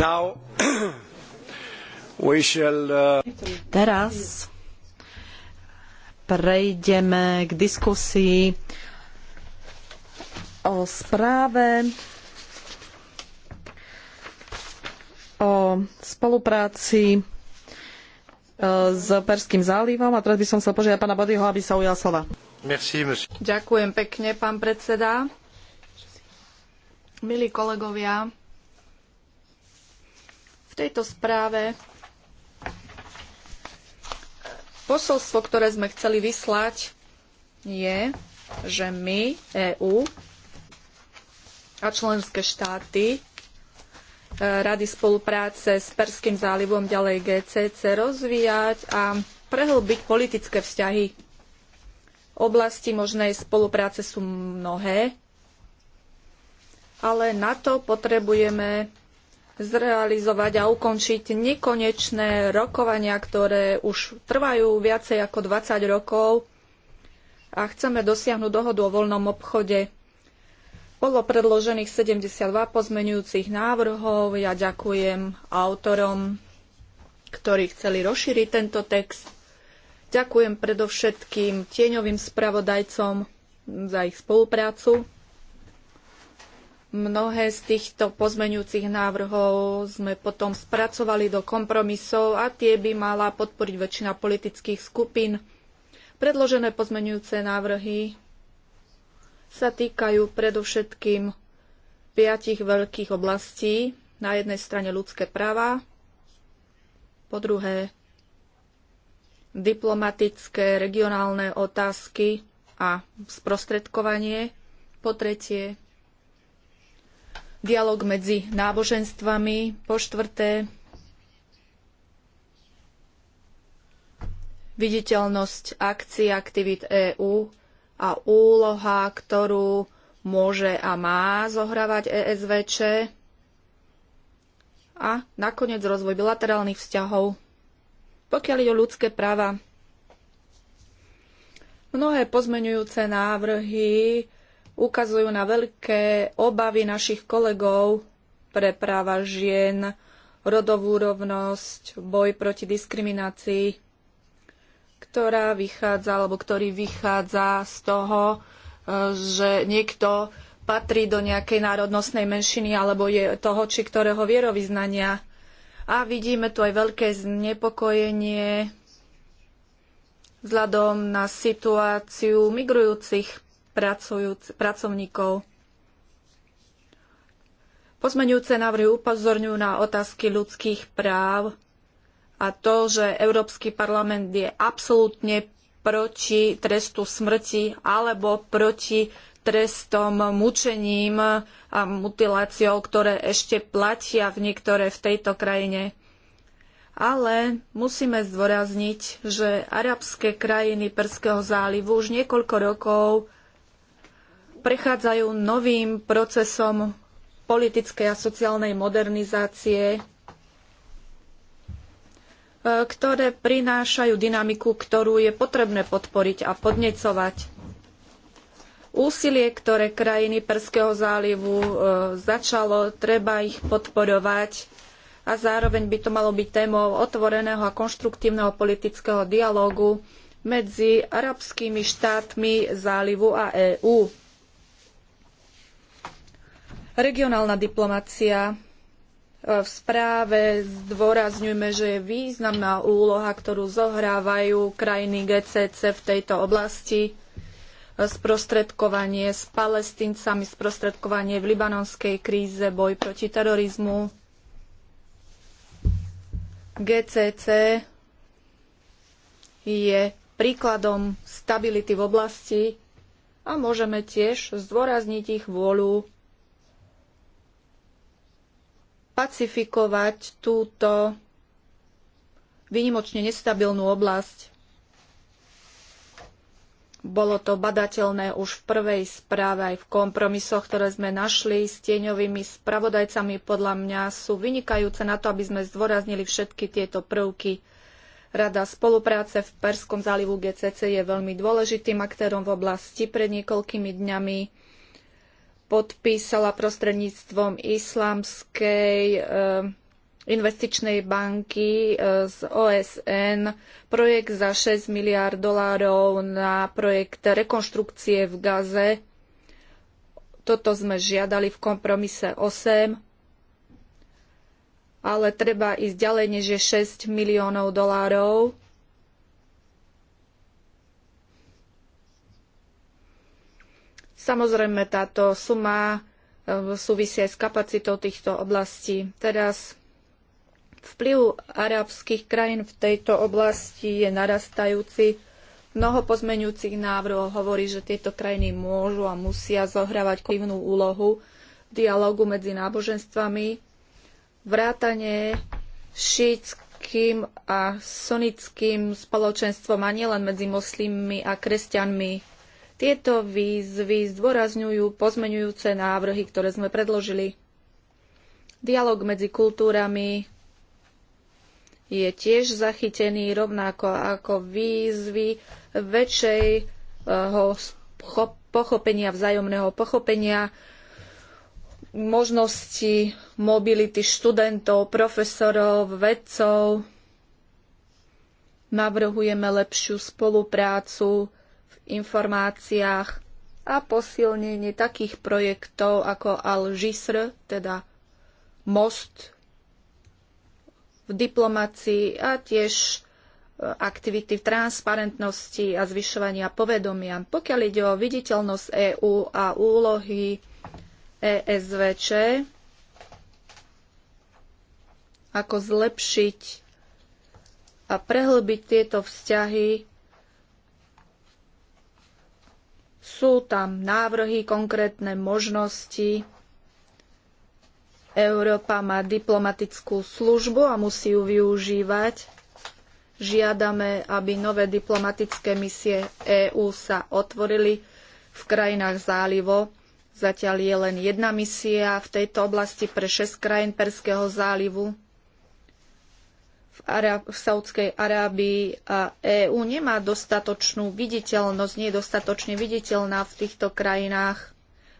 [SPEAKER 4] Uh, teraz
[SPEAKER 16] prejdeme k diskusii o správe o spolupráci uh, s Perským zálivom a teraz by som sa požiadať pána Bodyho, aby sa ujal
[SPEAKER 19] slova. Merci, Ďakujem pekne, pán predseda. Milí kolegovia, tejto správe posolstvo, ktoré sme chceli vyslať, je, že my, EÚ a členské štáty e, Rady spolupráce s Perským zálivom ďalej GCC rozvíjať a prehlbiť politické vzťahy. Oblasti možnej spolupráce sú mnohé, ale na to potrebujeme zrealizovať a ukončiť nekonečné rokovania, ktoré už trvajú viacej ako 20 rokov a chceme dosiahnuť dohodu o voľnom obchode. Bolo predložených 72 pozmenujúcich návrhov. Ja ďakujem autorom, ktorí chceli rozšíriť tento text. Ďakujem predovšetkým tieňovým spravodajcom za ich spoluprácu. Mnohé z týchto pozmeňujúcich návrhov sme potom spracovali do kompromisov a tie by mala podporiť väčšina politických skupín. Predložené pozmeňujúce návrhy sa týkajú predovšetkým piatich veľkých oblastí. Na jednej strane ľudské práva, po druhé diplomatické regionálne otázky a sprostredkovanie, po tretie dialog medzi náboženstvami. Po štvrté, viditeľnosť akcií aktivít EÚ a úloha, ktorú môže a má zohrávať ESVČ a nakoniec rozvoj bilaterálnych vzťahov. Pokiaľ ide o ľudské práva, mnohé pozmenujúce návrhy ukazujú na veľké obavy našich kolegov pre práva žien, rodovú rovnosť, boj proti diskriminácii, ktorá vychádza, alebo ktorý vychádza z toho, e, že niekto patrí do nejakej národnostnej menšiny alebo je toho či ktorého vierovýznania. A vidíme tu aj veľké znepokojenie vzhľadom na situáciu migrujúcich pracujúc, pracovníkov. Pozmeňujúce návrhy upozorňujú na otázky ľudských práv a to, že Európsky parlament je absolútne proti trestu smrti alebo proti trestom, mučením a mutiláciou, ktoré ešte platia v niektoré v tejto krajine. Ale musíme zdôrazniť, že arabské krajiny Perského zálivu už niekoľko rokov prechádzajú novým procesom politickej a sociálnej modernizácie, e, ktoré prinášajú dynamiku, ktorú je potrebné podporiť a podnecovať. Úsilie, ktoré krajiny Perského zálivu e, začalo, treba ich podporovať a zároveň by to malo byť témou otvoreného a konštruktívneho politického dialógu medzi arabskými štátmi zálivu a EÚ. Regionálna diplomácia. E, v správe zdôrazňujeme, že je významná úloha, ktorú zohrávajú krajiny GCC v tejto oblasti e, sprostredkovanie s palestíncami, sprostredkovanie v libanonskej kríze, boj proti terorizmu. GCC je príkladom stability v oblasti a môžeme tiež zdôrazniť ich vôľu pacifikovať túto výnimočne nestabilnú oblasť. Bolo to badateľné už v prvej správe aj v kompromisoch, ktoré sme našli s tieňovými spravodajcami. Podľa mňa sú vynikajúce na to, aby sme zdôraznili všetky tieto prvky. Rada spolupráce v Perskom zálivu GCC je veľmi dôležitým aktérom v oblasti. Pred niekoľkými dňami podpísala prostredníctvom islamskej eh, investičnej banky eh, z OSN projekt za 6 miliárd dolárov na projekt rekonštrukcie v Gaze. Toto sme žiadali v kompromise 8, ale treba ísť ďalej než je 6 miliónov dolárov Samozrejme, táto suma e, súvisí aj s kapacitou týchto oblastí. Teraz vplyv arabských krajín v tejto oblasti je narastajúci. Mnoho pozmeňujúcich návrhov hovorí, že tieto krajiny môžu a musia zohrávať kolektívnu úlohu v dialogu medzi náboženstvami, vrátane šítským a sunnickým spoločenstvom a nielen medzi moslimmi a kresťanmi tieto výzvy zdôrazňujú pozmenujúce návrhy, ktoré sme predložili. Dialóg medzi kultúrami je tiež zachytený rovnako ako výzvy väčšejho pochopenia, vzájomného pochopenia, možnosti mobility študentov, profesorov, vedcov. Navrhujeme lepšiu spoluprácu informáciách a posilnenie takých projektov ako Al-Jisr, teda most v diplomácii a tiež e, aktivity v transparentnosti a zvyšovania povedomia. Pokiaľ ide o viditeľnosť EÚ a úlohy ESVČ, ako zlepšiť a prehlbiť tieto vzťahy Sú tam návrhy, konkrétne možnosti. Európa má diplomatickú službu a musí ju využívať. Žiadame, aby nové diplomatické misie EÚ sa otvorili v krajinách zálivo. Zatiaľ je len jedna misia v tejto oblasti pre šest krajín Perského zálivu v, Saudskej Arábii a EÚ nemá dostatočnú viditeľnosť, nie je dostatočne viditeľná v týchto krajinách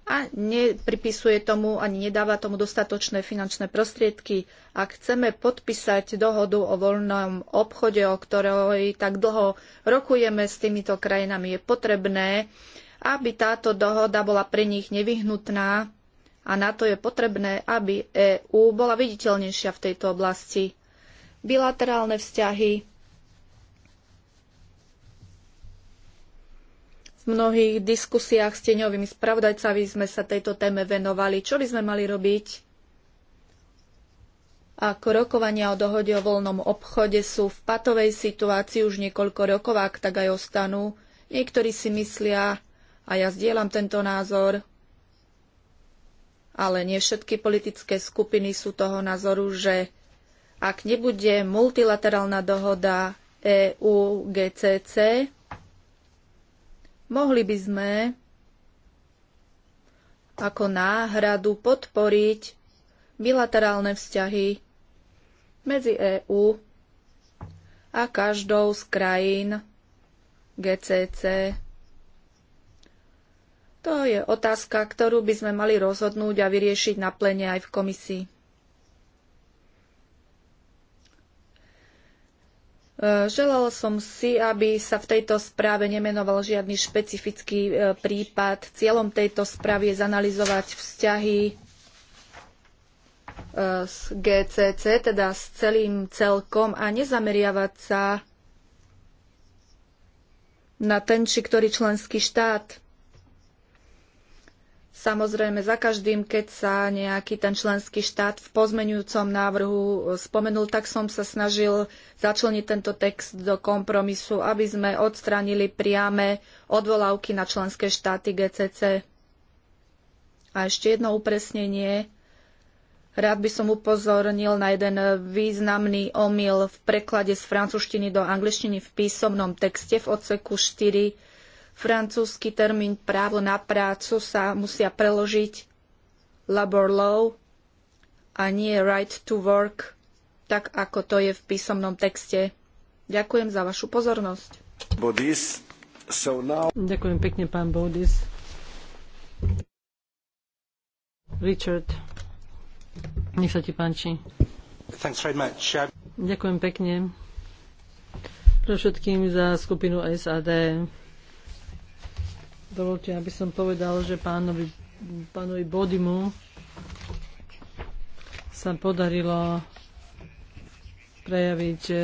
[SPEAKER 19] a nepripisuje tomu ani nedáva tomu dostatočné finančné prostriedky. Ak chceme podpísať dohodu o voľnom obchode, o ktorej tak dlho rokujeme s týmito krajinami, je potrebné, aby táto dohoda bola pre nich nevyhnutná a na to je potrebné, aby EÚ bola viditeľnejšia v tejto oblasti bilaterálne vzťahy. V mnohých diskusiách s teňovými spravodajcami sme sa tejto téme venovali. Čo by sme mali robiť? Ako rokovania o dohode o voľnom obchode sú v patovej situácii už niekoľko rokov, ak tak aj ostanú. Niektorí si myslia, a ja zdieľam tento názor, ale nie všetky politické skupiny sú toho názoru, že ak nebude multilaterálna dohoda EU-GCC, mohli by sme ako náhradu podporiť bilaterálne vzťahy medzi EÚ a každou z krajín GCC. To je otázka, ktorú by sme mali rozhodnúť a vyriešiť na plene aj v komisii. E, želal som si, aby sa v tejto správe nemenoval žiadny špecifický e, prípad. Cieľom tejto správy je zanalizovať vzťahy e, s GCC, teda s celým celkom a nezameriavať sa na ten či ktorý členský štát. Samozrejme, za každým, keď sa nejaký ten členský štát v pozmenujúcom návrhu e, spomenul, tak som sa snažil začleniť tento text do kompromisu, aby sme odstránili priame odvolávky na členské štáty GCC. A ešte jedno upresnenie. Rád by som upozornil na jeden významný omyl v preklade z francúzštiny do angličtiny v písomnom texte v odseku 4 Francúzsky termín právo na prácu sa musia preložiť labor law a nie right to work, tak ako to je v písomnom texte. Ďakujem za vašu pozornosť.
[SPEAKER 4] Bodis, so
[SPEAKER 18] now... Ďakujem pekne, pán Bodis. Richard, nech sa ti páči.
[SPEAKER 15] Thanks very much.
[SPEAKER 18] Ďakujem pekne. Pre všetkým za skupinu SAD. Dovolte, aby som povedal, že pánovi, pánovi Bodimu sa podarilo prejaviť e,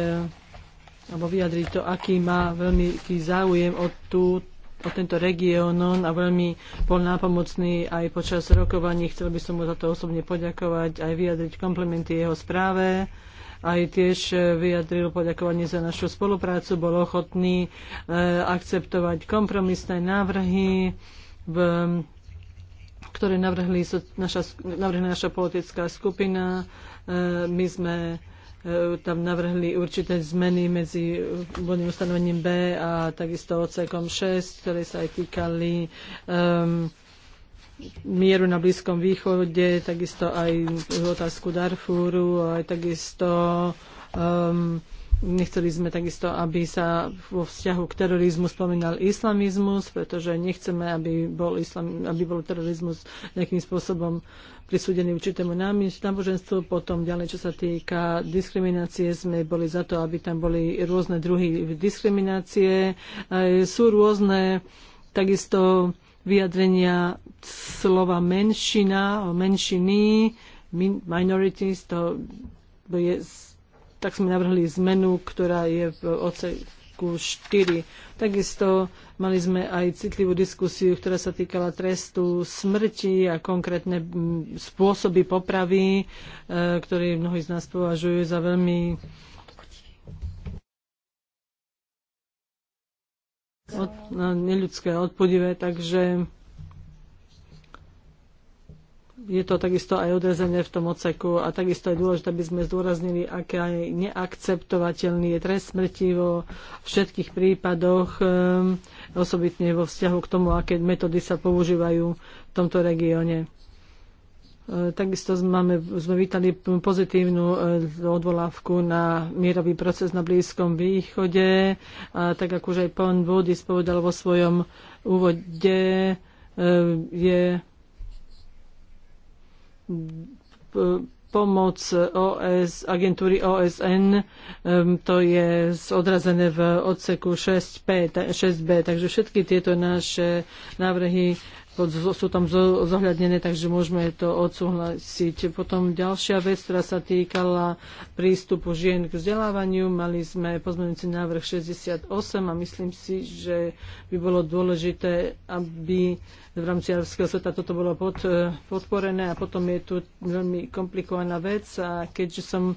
[SPEAKER 18] alebo vyjadriť to, aký má veľmi aký záujem o, tú, o tento región a veľmi bol nápomocný aj počas rokovaní. Chcel by som mu za to osobne poďakovať aj vyjadriť komplimenty jeho správe aj tiež e, vyjadril poďakovanie za našu spoluprácu, bol ochotný e, akceptovať kompromisné návrhy v ktoré navrhli naša, navrhli naša politická skupina. E, my sme tam navrhli určité zmeny medzi úvodným ustanovením B a takisto ocekom 6, ktoré sa aj týkali um, mieru na Blízkom východe, takisto aj otázku Darfúru, aj takisto um, Nechceli sme takisto, aby sa vo vzťahu k terorizmu spomínal islamizmus, pretože nechceme, aby bol, islam, aby bol terorizmus nejakým spôsobom prisúdený určitému náboženstvu. Potom ďalej, čo sa týka diskriminácie, sme boli za to, aby tam boli rôzne druhy diskriminácie. Sú rôzne takisto vyjadrenia slova menšina, menšiny, minorities, to je, tak sme navrhli zmenu, ktorá je v odseku 4. Takisto mali sme aj citlivú diskusiu, ktorá sa týkala trestu smrti a konkrétne spôsoby popravy, e, ktoré mnohí z nás považujú za veľmi od, neľudské a odpudivé, takže je to takisto aj odrezené v tom oceku a takisto je dôležité, aby sme zdôraznili, aké aj neakceptovateľný je trest smrti vo všetkých prípadoch, ehm, osobitne vo vzťahu k tomu, aké metódy sa používajú v tomto regióne. E, takisto máme, sme vítali pozitívnu e, odvolávku na mierový proces na Blízkom východe. A tak ako už aj pán Vodis povedal vo svojom úvode, e, je pomoc OS, agentúry OSN, to je odrazené v odseku 6P, 6B, takže všetky tieto naše návrhy sú tam zohľadnené, takže môžeme to odsúhlasiť. Potom ďalšia vec, ktorá sa týkala prístupu žien k vzdelávaniu, mali sme pozmeňujúci návrh 68 a myslím si, že by bolo dôležité, aby v rámci arabského sveta toto bolo pod, podporené a potom je tu veľmi komplikovaná vec a keďže som uh,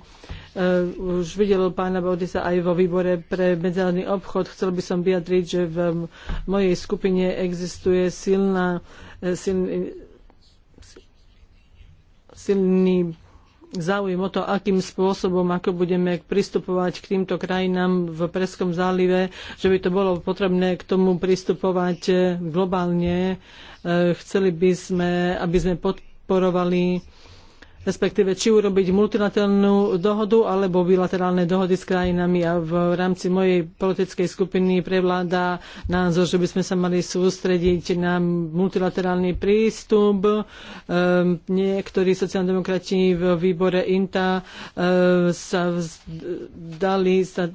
[SPEAKER 18] už videl pána Baudisa aj vo výbore pre medzinárodný obchod, chcel by som vyjadriť, že v mojej skupine existuje silná E, e, silný, záujem o to, akým spôsobom, ako budeme pristupovať k týmto krajinám v Preskom zálive, že by to bolo potrebné k tomu pristupovať e, globálne. Chceli by sme, aby sme podporovali respektíve či urobiť multilaterálnu dohodu alebo bilaterálne dohody s krajinami a v rámci mojej politickej skupiny prevláda názor, že by sme sa mali sústrediť na multilaterálny prístup. Ehm, niektorí sociálnodemokrati v výbore INTA ehm, sa dali sa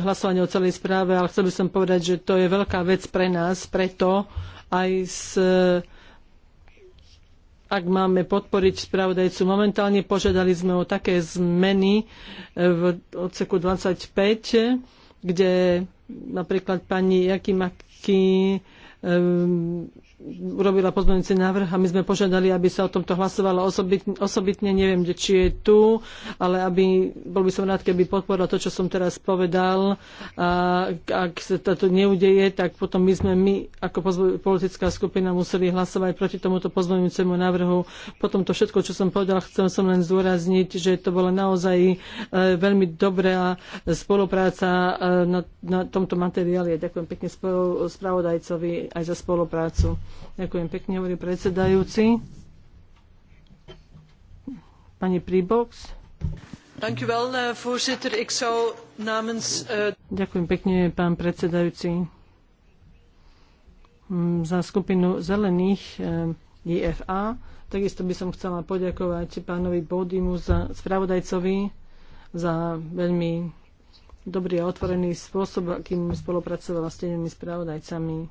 [SPEAKER 18] hlasovanie o celej správe, ale chcel by som povedať, že to je veľká vec pre nás, preto aj s ak máme podporiť spravodajcu. Momentálne požiadali sme o také zmeny v odseku 25, kde napríklad pani Jakimaki um, urobila pozmeňujúci návrh a my sme požiadali, aby sa o tomto hlasovalo osobitne, osobitne neviem, či je tu, ale aby, bol by som rád, keby podporila to, čo som teraz povedal. A ak sa to neudeje, tak potom my sme my ako politická skupina museli hlasovať proti tomuto pozmeňujúcemu návrhu. Potom to všetko, čo som povedal, chcem som len zdôrazniť, že to bola naozaj e, veľmi dobrá spolupráca e, na, na tomto materiáli. Ďakujem pekne spravodajcovi aj za spoluprácu. Ďakujem pekne, hovorí predsedajúci. Pani Príbox. Eh, eh, Ďakujem pekne, pán predsedajúci. Mm, za skupinu zelených eh, IFA. Takisto by som chcela poďakovať pánovi Bodimu za spravodajcovi za veľmi dobrý a otvorený spôsob, akým spolupracovala s tenými spravodajcami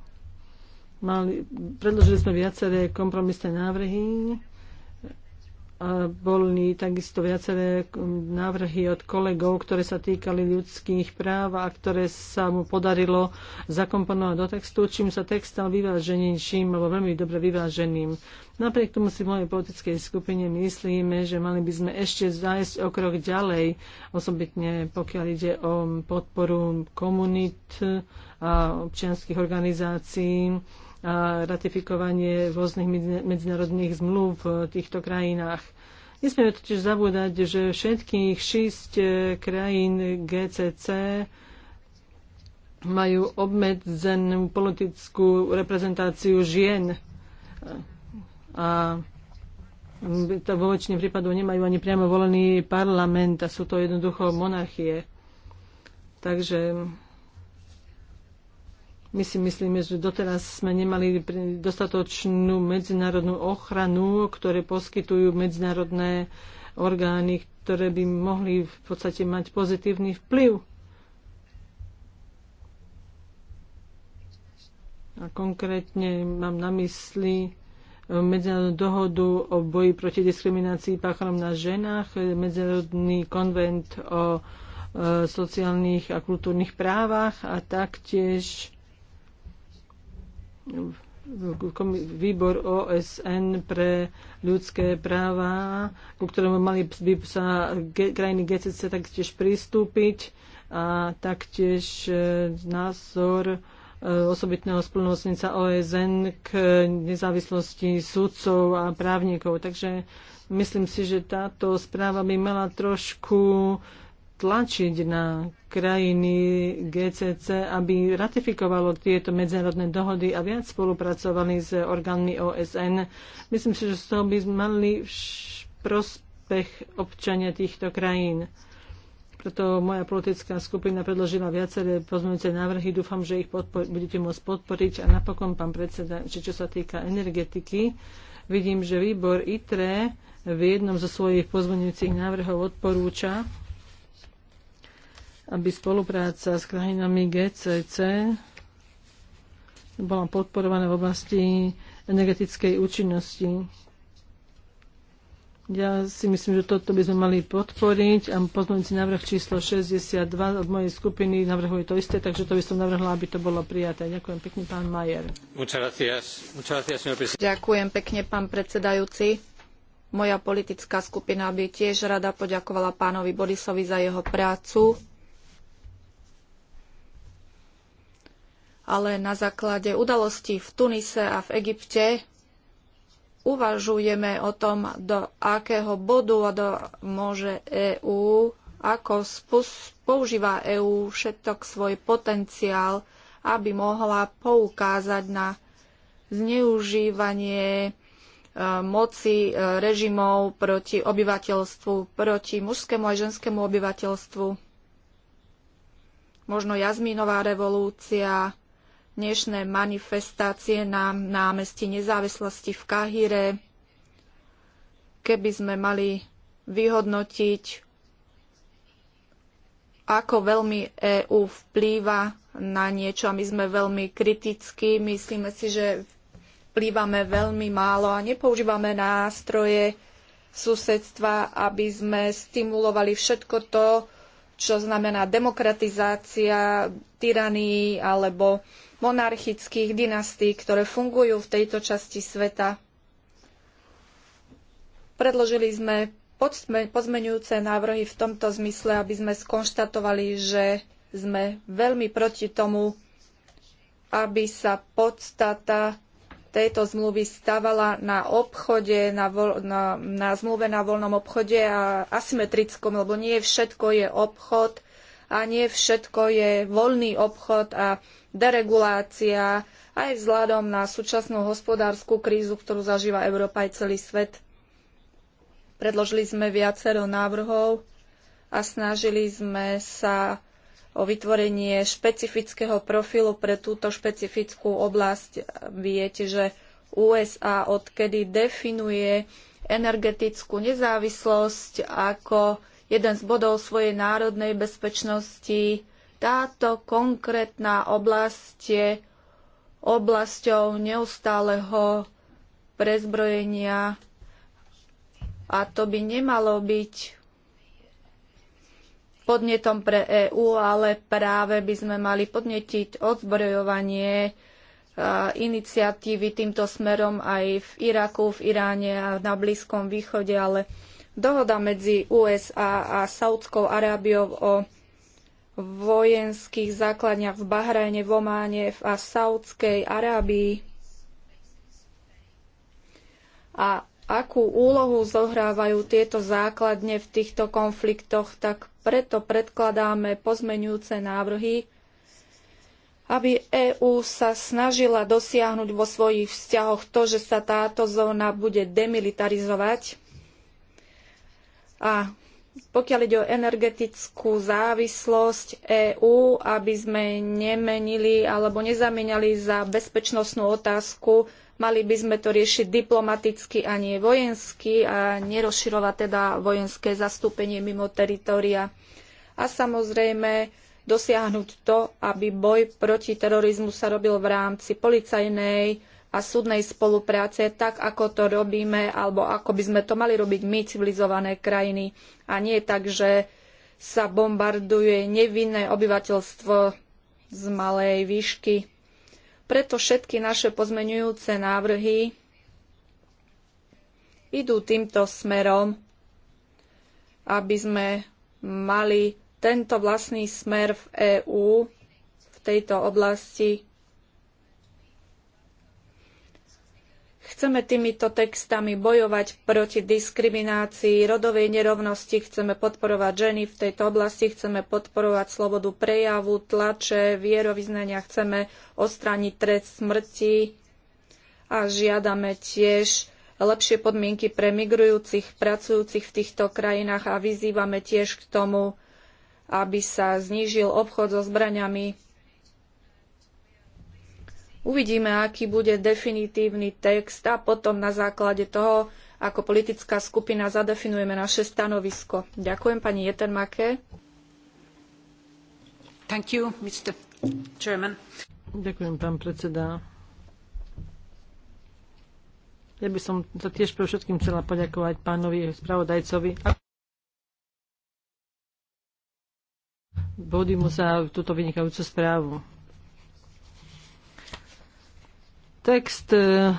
[SPEAKER 18] mali, predložili sme viaceré kompromisné návrhy. A boli takisto viaceré mm, návrhy od kolegov, ktoré sa týkali ľudských práv a ktoré sa mu podarilo zakomponovať do textu, čím sa text stal vyváženejším alebo veľmi dobre vyváženým. Napriek tomu si v mojej politickej skupine myslíme, že mali by sme ešte zájsť o krok ďalej, osobitne pokiaľ ide o podporu komunít a občianských organizácií a ratifikovanie rôznych medzinárodných zmluv v týchto krajinách. Nesmieme totiž zabúdať, že všetkých šesť e, krajín GCC majú obmedzenú politickú reprezentáciu žien a to vo väčšine prípadov nemajú ani priamo volený parlament a sú to jednoducho monarchie. Takže my si myslíme, že doteraz sme nemali dostatočnú medzinárodnú ochranu, ktoré poskytujú medzinárodné orgány, ktoré by mohli v podstate mať pozitívny vplyv. A konkrétne mám na mysli e, medzinárodnú dohodu o boji proti diskriminácii páchanom na ženách, e, medzinárodný konvent o e, sociálnych a kultúrnych právach a taktiež výbor OSN pre ľudské práva, ku ktorému mali by sa krajiny GCC taktiež pristúpiť a taktiež e, názor e, osobitného spolnomocnica OSN k nezávislosti sudcov a právnikov. Takže myslím si, že táto správa by mala trošku tlačiť na krajiny GCC, aby ratifikovalo tieto medzinárodné dohody a viac spolupracovali s orgánmi OSN. Myslím si, že z toho by mali prospech občania týchto krajín. Preto moja politická skupina predložila viaceré pozmeňujúce návrhy. Dúfam, že ich budete môcť podporiť. A napokon, pán predseda, či čo sa týka energetiky, vidím, že výbor ITRE v jednom zo svojich pozmeňujúcich návrhov odporúča aby spolupráca s krajinami GCC bola podporovaná v oblasti energetickej účinnosti. Ja si myslím, že toto by sme mali podporiť a pozmeňujúci návrh číslo 62 od mojej skupiny navrhuje to isté, takže to by som navrhla, aby to bolo prijaté. Ďakujem pekne, pán Majer.
[SPEAKER 19] Ďakujem pekne, pán predsedajúci. Moja politická skupina by tiež rada poďakovala pánovi Borisovi za jeho prácu ale na základe udalostí v Tunise a v Egypte uvažujeme o tom, do akého bodu a do môže EÚ, ako používa EÚ všetok svoj potenciál, aby mohla poukázať na zneužívanie e, moci e, režimov proti obyvateľstvu, proti mužskému a ženskému obyvateľstvu. Možno jazmínová revolúcia, dnešné manifestácie na námestí nezávislosti v Kahire, keby sme mali vyhodnotiť, ako veľmi EÚ vplýva na niečo a my sme veľmi kritickí. Myslíme si, že vplývame veľmi málo a nepoužívame nástroje susedstva, aby sme stimulovali všetko to, čo znamená demokratizácia tyranii alebo monarchických dynastí, ktoré fungujú v tejto časti sveta. Predložili sme pozmenujúce návrhy v tomto zmysle, aby sme skonštatovali, že sme veľmi proti tomu, aby sa podstata tejto zmluvy stavala na obchode, na, voľ, na, na zmluve na voľnom obchode a asymetrickom, lebo nie všetko je obchod a nie všetko je voľný obchod a deregulácia aj vzhľadom na súčasnú hospodárskú krízu, ktorú zažíva Európa aj celý svet. Predložili sme viacero návrhov a snažili sme sa o vytvorenie špecifického profilu pre túto špecifickú oblasť. Viete, že USA odkedy definuje energetickú nezávislosť ako jeden z bodov svojej národnej bezpečnosti. Táto konkrétna oblasť je oblasťou neustáleho prezbrojenia a to by nemalo byť podnetom pre EÚ, ale práve by sme mali podnetiť odzbrojovanie e, iniciatívy týmto smerom aj v Iraku, v Iráne a na Blízkom východe, ale Dohoda medzi USA a Saudskou Arábiou o vojenských základniach v Bahrajne, v Ománe a v Saudskej Arábii a akú úlohu zohrávajú tieto základne v týchto konfliktoch, tak preto predkladáme pozmenujúce návrhy, aby EÚ sa snažila dosiahnuť vo svojich vzťahoch to, že sa táto zóna bude demilitarizovať a pokiaľ ide o energetickú závislosť EÚ, aby sme nemenili alebo nezamieňali za bezpečnostnú otázku, mali by sme to riešiť diplomaticky a nie vojensky a nerozširovať teda vojenské zastúpenie mimo teritoria. A samozrejme dosiahnuť to, aby boj proti terorizmu sa robil v rámci policajnej, a súdnej spolupráce, tak ako to robíme, alebo ako by sme to mali robiť my, civilizované krajiny. A nie tak, že sa bombarduje nevinné obyvateľstvo z malej výšky. Preto všetky naše pozmenujúce návrhy idú týmto smerom, aby sme mali tento vlastný smer v EÚ v tejto oblasti Chceme týmito textami bojovať proti diskriminácii, rodovej nerovnosti, chceme podporovať ženy v tejto oblasti, chceme podporovať slobodu prejavu, tlače, vierovýznania, chceme odstrániť trest smrti a žiadame tiež lepšie podmienky pre migrujúcich, pracujúcich v týchto krajinách a vyzývame tiež k tomu, aby sa znížil obchod so zbraňami Uvidíme, aký bude definitívny text a potom na základe toho, ako politická skupina zadefinujeme naše stanovisko. Ďakujem pani Jetermake. Thank you, Mr.
[SPEAKER 18] Chairman. Ďakujem, pán predseda. Ja by som sa tiež pre všetkým chcela poďakovať pánovi spravodajcovi. Bodimu za túto vynikajúcu správu. Text e,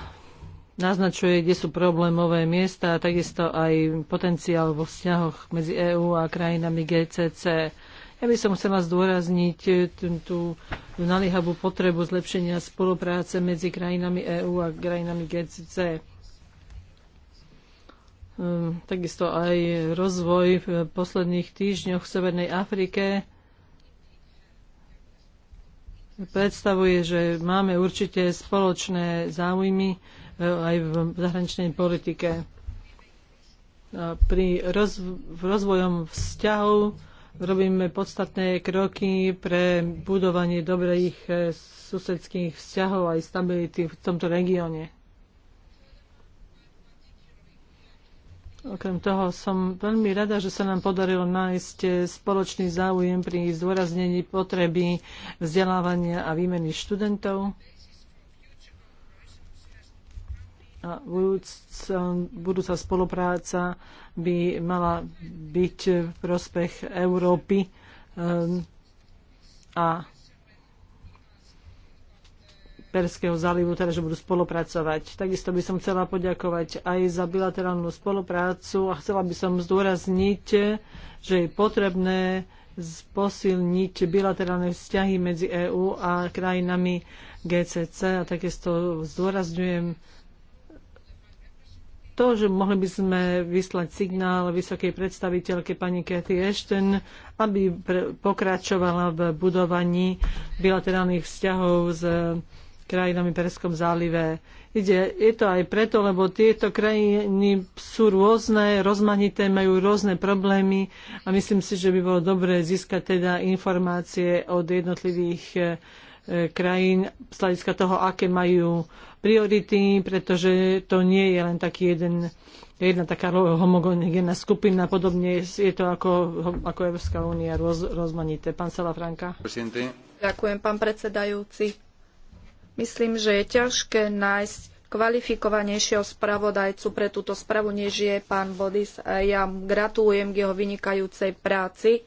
[SPEAKER 18] naznačuje, kde sú problémové miesta a takisto aj potenciál vo vzťahoch medzi EÚ a krajinami GCC. Ja by som chcela zdôrazniť e, tú naliehavú potrebu zlepšenia spolupráce medzi krajinami EÚ a krajinami GCC. E, takisto aj rozvoj v posledných týždňoch v Severnej Afrike predstavuje, že máme určite spoločné záujmy e, aj v zahraničnej politike. Pri rozv- rozvojom vzťahov robíme podstatné kroky pre budovanie dobrých e, susedských vzťahov aj stability v tomto regióne. Okrem toho som veľmi rada, že sa nám podarilo nájsť spoločný záujem pri zdôraznení potreby vzdelávania a výmeny študentov. A budúca, budúca spolupráca by mala byť v prospech Európy ehm, a Perského zálivu, teda že budú spolupracovať. Takisto by som chcela poďakovať aj za bilaterálnu spoluprácu a chcela by som zdôrazniť, že je potrebné posilniť bilaterálne vzťahy medzi EÚ a krajinami GCC a takisto zdôrazňujem to, že mohli by sme vyslať signál vysokej predstaviteľke pani Cathy Ashton, aby pokračovala v budovaní bilaterálnych vzťahov s krajinami Perskom zálive. Ide, je to aj preto, lebo tieto krajiny sú rôzne, rozmanité, majú rôzne problémy a myslím si, že by bolo dobré získať teda informácie od jednotlivých e, krajín z hľadiska toho, aké majú priority, pretože to nie je len taký jeden jedna taká homogénna skupina, podobne je to ako, ako Európska únia roz, rozmanité. Pán
[SPEAKER 19] Sala Franka. Ďakujem, pán predsedajúci Myslím, že je ťažké nájsť kvalifikovanejšieho spravodajcu pre túto spravu, než je pán Bodis. Ja gratulujem k jeho vynikajúcej práci.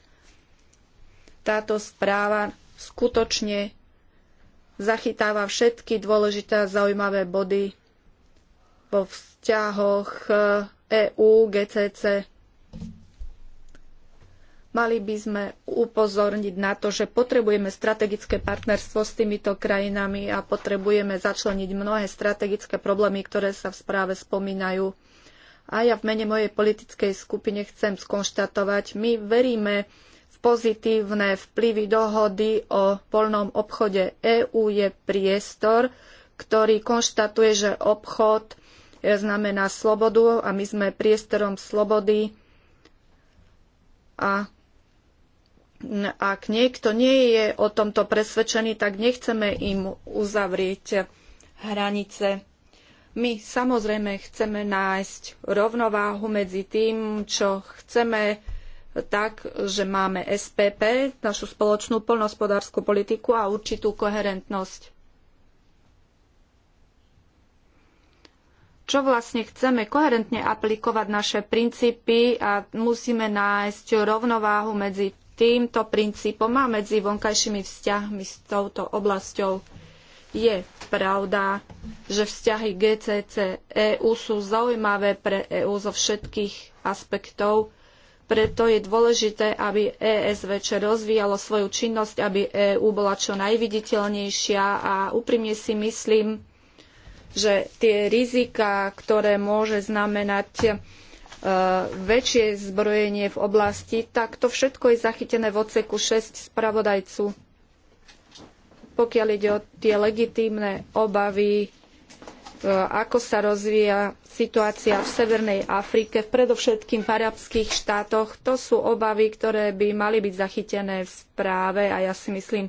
[SPEAKER 19] Táto správa skutočne zachytáva všetky dôležité a zaujímavé body vo vzťahoch EÚ, eh, e GCC. Mali by sme upozorniť na to, že potrebujeme strategické partnerstvo s týmito krajinami a potrebujeme začleniť mnohé strategické problémy, ktoré sa v správe spomínajú. A ja v mene mojej politickej skupine chcem skonštatovať, my veríme v pozitívne vplyvy dohody o voľnom obchode. EÚ je priestor, ktorý konštatuje, že obchod znamená slobodu a my sme priestorom slobody a ak niekto nie je o tomto presvedčený, tak nechceme im uzavrieť hranice. My samozrejme chceme nájsť rovnováhu medzi tým, čo chceme tak, že máme SPP, našu spoločnú poľnohospodárskú politiku a určitú koherentnosť. Čo vlastne chceme koherentne aplikovať naše princípy a musíme nájsť rovnováhu medzi týmto princípom a medzi vonkajšími vzťahmi s touto oblasťou. Je pravda, že vzťahy GCC EU sú zaujímavé pre EU zo všetkých aspektov, preto je dôležité, aby ESVČ rozvíjalo svoju činnosť, aby EÚ bola čo najviditeľnejšia a úprimne si myslím, že tie riziká, ktoré môže znamenať E, väčšie zbrojenie v oblasti, tak to všetko je zachytené v odseku 6 spravodajcu. Pokiaľ ide o tie legitímne obavy, e, ako sa rozvíja situácia v Severnej Afrike, predovšetkým v arabských štátoch, to sú obavy, ktoré by mali byť zachytené v správe a ja si myslím,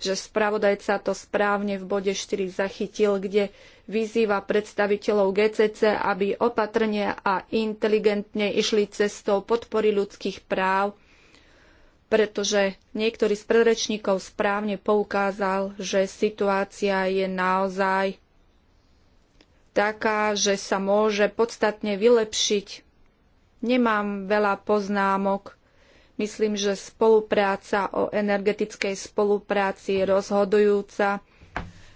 [SPEAKER 19] že spravodajca to správne v bode 4 zachytil, kde vyzýva predstaviteľov GCC, aby opatrne a inteligentne išli cestou podpory ľudských práv, pretože niektorý z predrečníkov správne poukázal, že situácia je naozaj taká, že sa môže podstatne vylepšiť. Nemám veľa poznámok Myslím, že spolupráca o energetickej spolupráci je rozhodujúca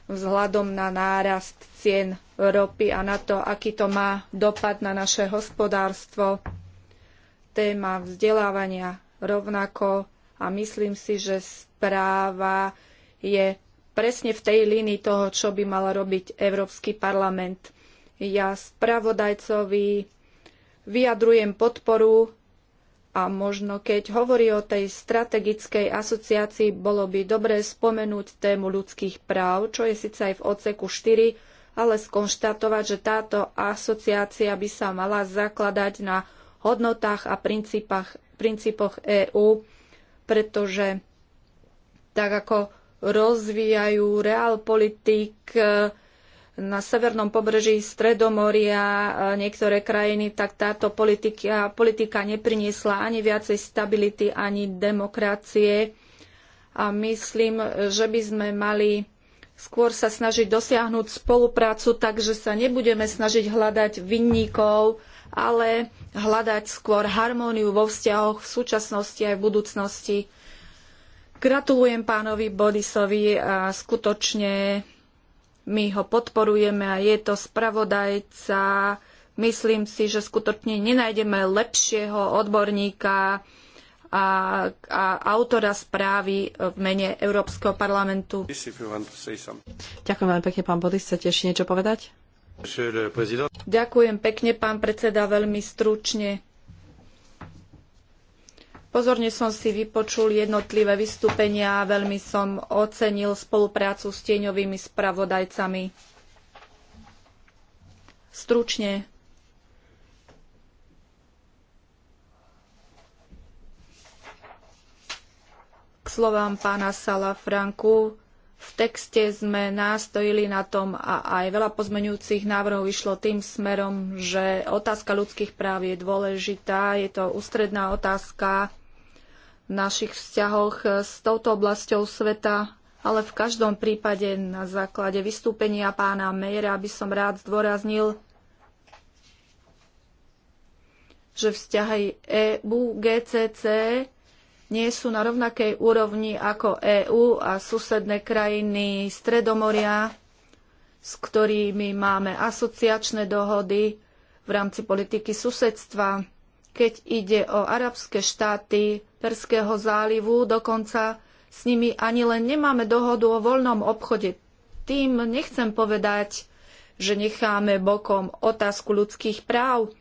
[SPEAKER 19] vzhľadom na nárast cien ropy a na to, aký to má dopad na naše hospodárstvo. Téma vzdelávania rovnako a myslím si, že správa je presne v tej línii toho, čo by mal robiť Európsky parlament. Ja spravodajcovi vyjadrujem podporu a možno keď hovorí o tej strategickej asociácii, bolo by dobré spomenúť tému ľudských práv, čo je síce aj v odseku 4, ale skonštatovať, že táto asociácia by sa mala zakladať na hodnotách a princípoch EÚ, pretože tak ako rozvíjajú realpolitik, politik na severnom pobreží Stredomoria niektoré krajiny, tak táto politika, politika nepriniesla ani viacej stability, ani demokracie. A myslím, že by sme mali skôr sa snažiť dosiahnuť spoluprácu, takže sa nebudeme snažiť hľadať vinníkov, ale hľadať skôr harmóniu vo vzťahoch v súčasnosti aj v budúcnosti. Gratulujem pánovi Bodisovi a skutočne my ho podporujeme a je to spravodajca. Myslím si, že skutočne nenájdeme lepšieho odborníka a, a autora správy v mene Európskeho parlamentu. Ďakujem veľmi pekne, pán Bodis. Chcete ešte niečo povedať? Ďakujem pekne, pán predseda, veľmi stručne. Pozorne som si vypočul jednotlivé vystúpenia a veľmi som ocenil spoluprácu s tieňovými spravodajcami. Stručne. K slovám pána Sala Franku, v texte sme nástojili na tom a aj veľa pozmeňujúcich návrhov išlo tým smerom, že otázka ľudských práv je dôležitá, je to ústredná otázka našich vzťahoch e, s touto oblasťou sveta, ale v každom prípade na základe vystúpenia pána Mejera by som rád zdôraznil, že vzťahy EU, GCC nie sú na rovnakej úrovni ako EÚ a susedné krajiny Stredomoria, s ktorými máme asociačné dohody v rámci politiky susedstva keď ide o arabské štáty Perského zálivu, dokonca s nimi ani len nemáme dohodu o voľnom obchode. Tým nechcem povedať, že necháme bokom otázku ľudských práv,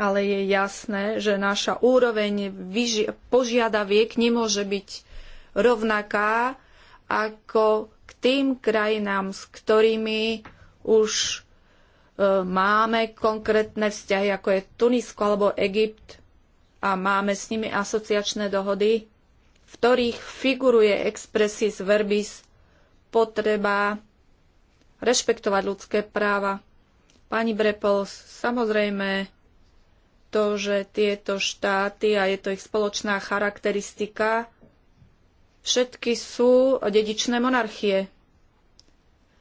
[SPEAKER 19] ale je jasné, že naša úroveň požiadaviek nemôže byť rovnaká ako k tým krajinám, s ktorými už E, máme konkrétne vzťahy, ako je Tunisko alebo Egypt a máme s nimi asociačné dohody, v ktorých figuruje expressis verbis potreba rešpektovať ľudské práva. Pani Brepol, samozrejme, to, že tieto štáty a je to ich spoločná charakteristika, všetky sú dedičné monarchie.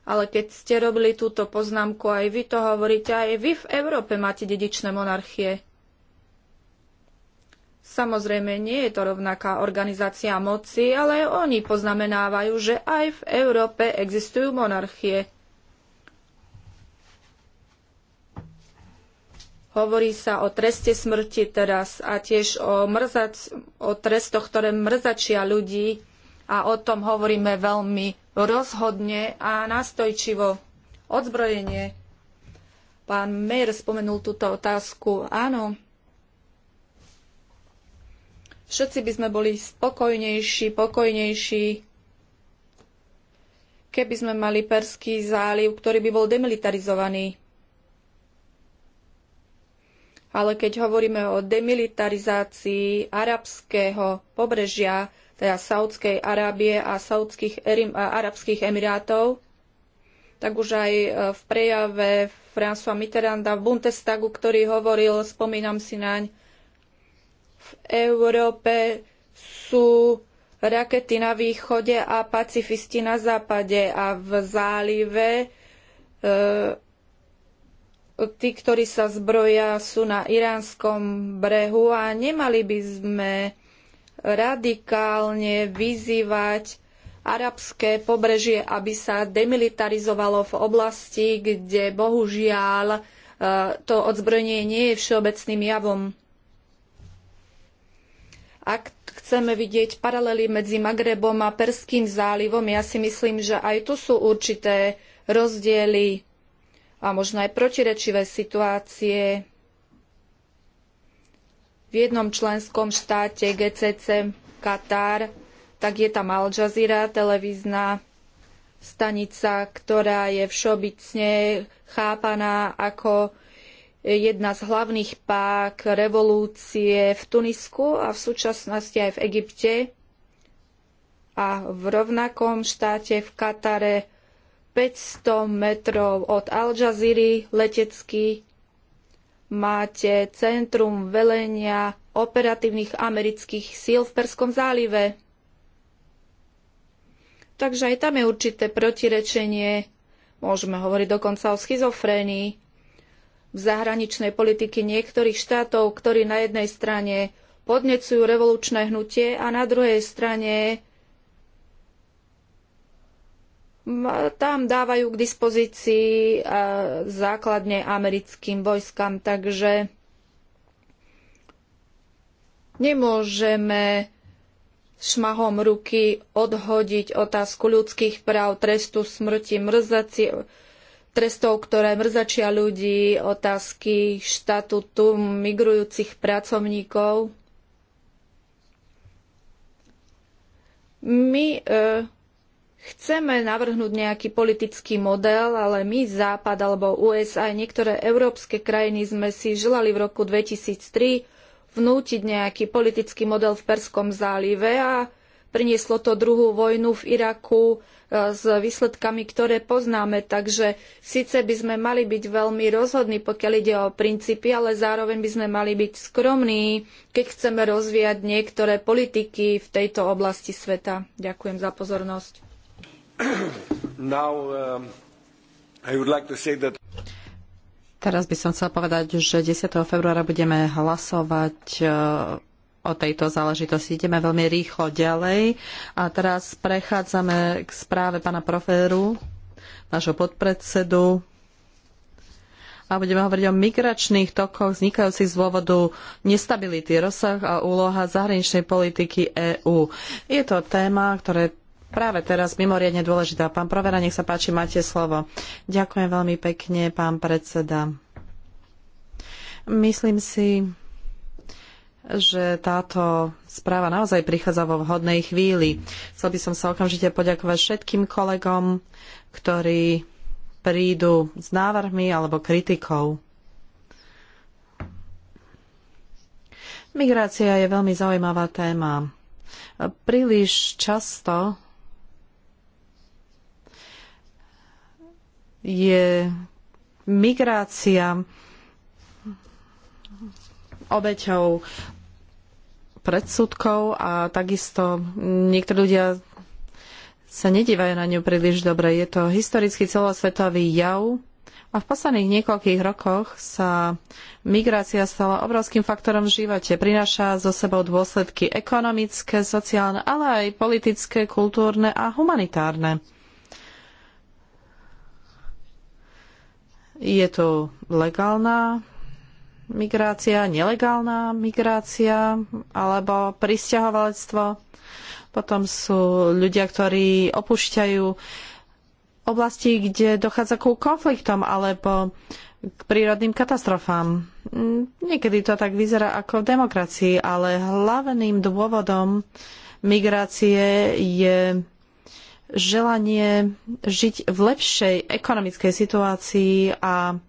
[SPEAKER 19] Ale keď ste robili túto poznámku, aj vy to hovoríte, aj vy v Európe máte dedičné monarchie. Samozrejme, nie je to rovnaká organizácia moci, ale oni poznamenávajú, že aj v Európe existujú monarchie. Hovorí sa o treste smrti teraz a tiež o, mrzac, o trestoch, ktoré mrzačia ľudí a o tom hovoríme veľmi rozhodne a nástojčivo. Odzbrojenie. Pán Mayer spomenul túto otázku. Áno, všetci by sme boli spokojnejší, pokojnejší, keby sme mali Perský záliv, ktorý by bol demilitarizovaný. Ale keď hovoríme o demilitarizácii arabského pobrežia, teda Saudskej Arábie a Saudských Arabských Emirátov, tak už aj e, v prejave François Mitterranda v Bundestagu, ktorý hovoril, spomínam si naň, v Európe sú rakety na východe a pacifisti na západe a v zálive e, tí, ktorí sa zbroja, sú na iránskom brehu a nemali by sme radikálne vyzývať arabské pobrežie, aby sa demilitarizovalo v oblasti, kde bohužiaľ e, to odzbrojenie nie je všeobecným javom. Ak chceme vidieť paralely medzi Magrebom a Perským zálivom, ja si myslím, že aj tu sú určité rozdiely a možno aj protirečivé situácie v jednom členskom štáte GCC Katar, tak je tam Al Jazeera, televízna stanica, ktorá je všeobecne chápaná ako jedna z hlavných pák revolúcie v Tunisku a v súčasnosti aj v Egypte. A v rovnakom štáte v Katare 500 metrov od Al Jazeera letecký máte centrum velenia operatívnych amerických síl v Perskom zálive. Takže aj tam je určité protirečenie. Môžeme hovoriť dokonca o schizofrénii v zahraničnej politiky niektorých štátov, ktorí na jednej strane podnecujú revolučné hnutie a na druhej strane tam dávajú k dispozícii e, základne americkým vojskám, takže nemôžeme šmahom ruky odhodiť otázku ľudských práv, trestu smrti, mrzaci, trestov, ktoré mrzačia ľudí, otázky štatutu migrujúcich pracovníkov. My e, chceme navrhnúť nejaký politický model, ale my, Západ alebo USA aj niektoré európske krajiny sme si želali v roku 2003 vnútiť nejaký politický model v Perskom zálive a prinieslo to druhú vojnu v Iraku e, s výsledkami, ktoré poznáme. Takže síce by sme mali byť veľmi rozhodní, pokiaľ ide o princípy, ale zároveň by sme mali byť skromní, keď chceme rozvíjať niektoré politiky v tejto oblasti sveta. Ďakujem za pozornosť.
[SPEAKER 4] Now, um, I would like to say that...
[SPEAKER 16] Teraz by som chcela povedať, že 10. februára budeme hlasovať uh, o tejto záležitosti. Ideme veľmi rýchlo ďalej. A teraz prechádzame k správe pána proféru, nášho podpredsedu. A budeme hovoriť o migračných tokoch vznikajúcich z dôvodu nestability, rozsah a úloha zahraničnej politiky EÚ. Je to téma, ktoré práve teraz mimoriadne dôležitá. Pán Provera, nech sa páči, máte slovo. Ďakujem veľmi pekne, pán predseda. Myslím si, že táto správa naozaj prichádza vo vhodnej chvíli. Chcel by som sa okamžite poďakovať všetkým kolegom, ktorí prídu s návrhmi alebo kritikou. Migrácia je veľmi zaujímavá téma. Príliš často je migrácia obeťou predsudkov a takisto niektorí ľudia sa nedívajú na ňu príliš dobre. Je to historicky celosvetový jav a v posledných niekoľkých rokoch sa migrácia stala obrovským faktorom v živote. Prináša so sebou dôsledky ekonomické, sociálne, ale aj politické, kultúrne a humanitárne. Je to legálna migrácia, nelegálna migrácia alebo pristahovalectvo. Potom sú ľudia, ktorí opúšťajú oblasti, kde dochádza ku konfliktom alebo k prírodným katastrofám. Niekedy to tak vyzerá ako v demokracii, ale hlavným dôvodom migrácie je želanie žiť v lepšej ekonomickej situácii a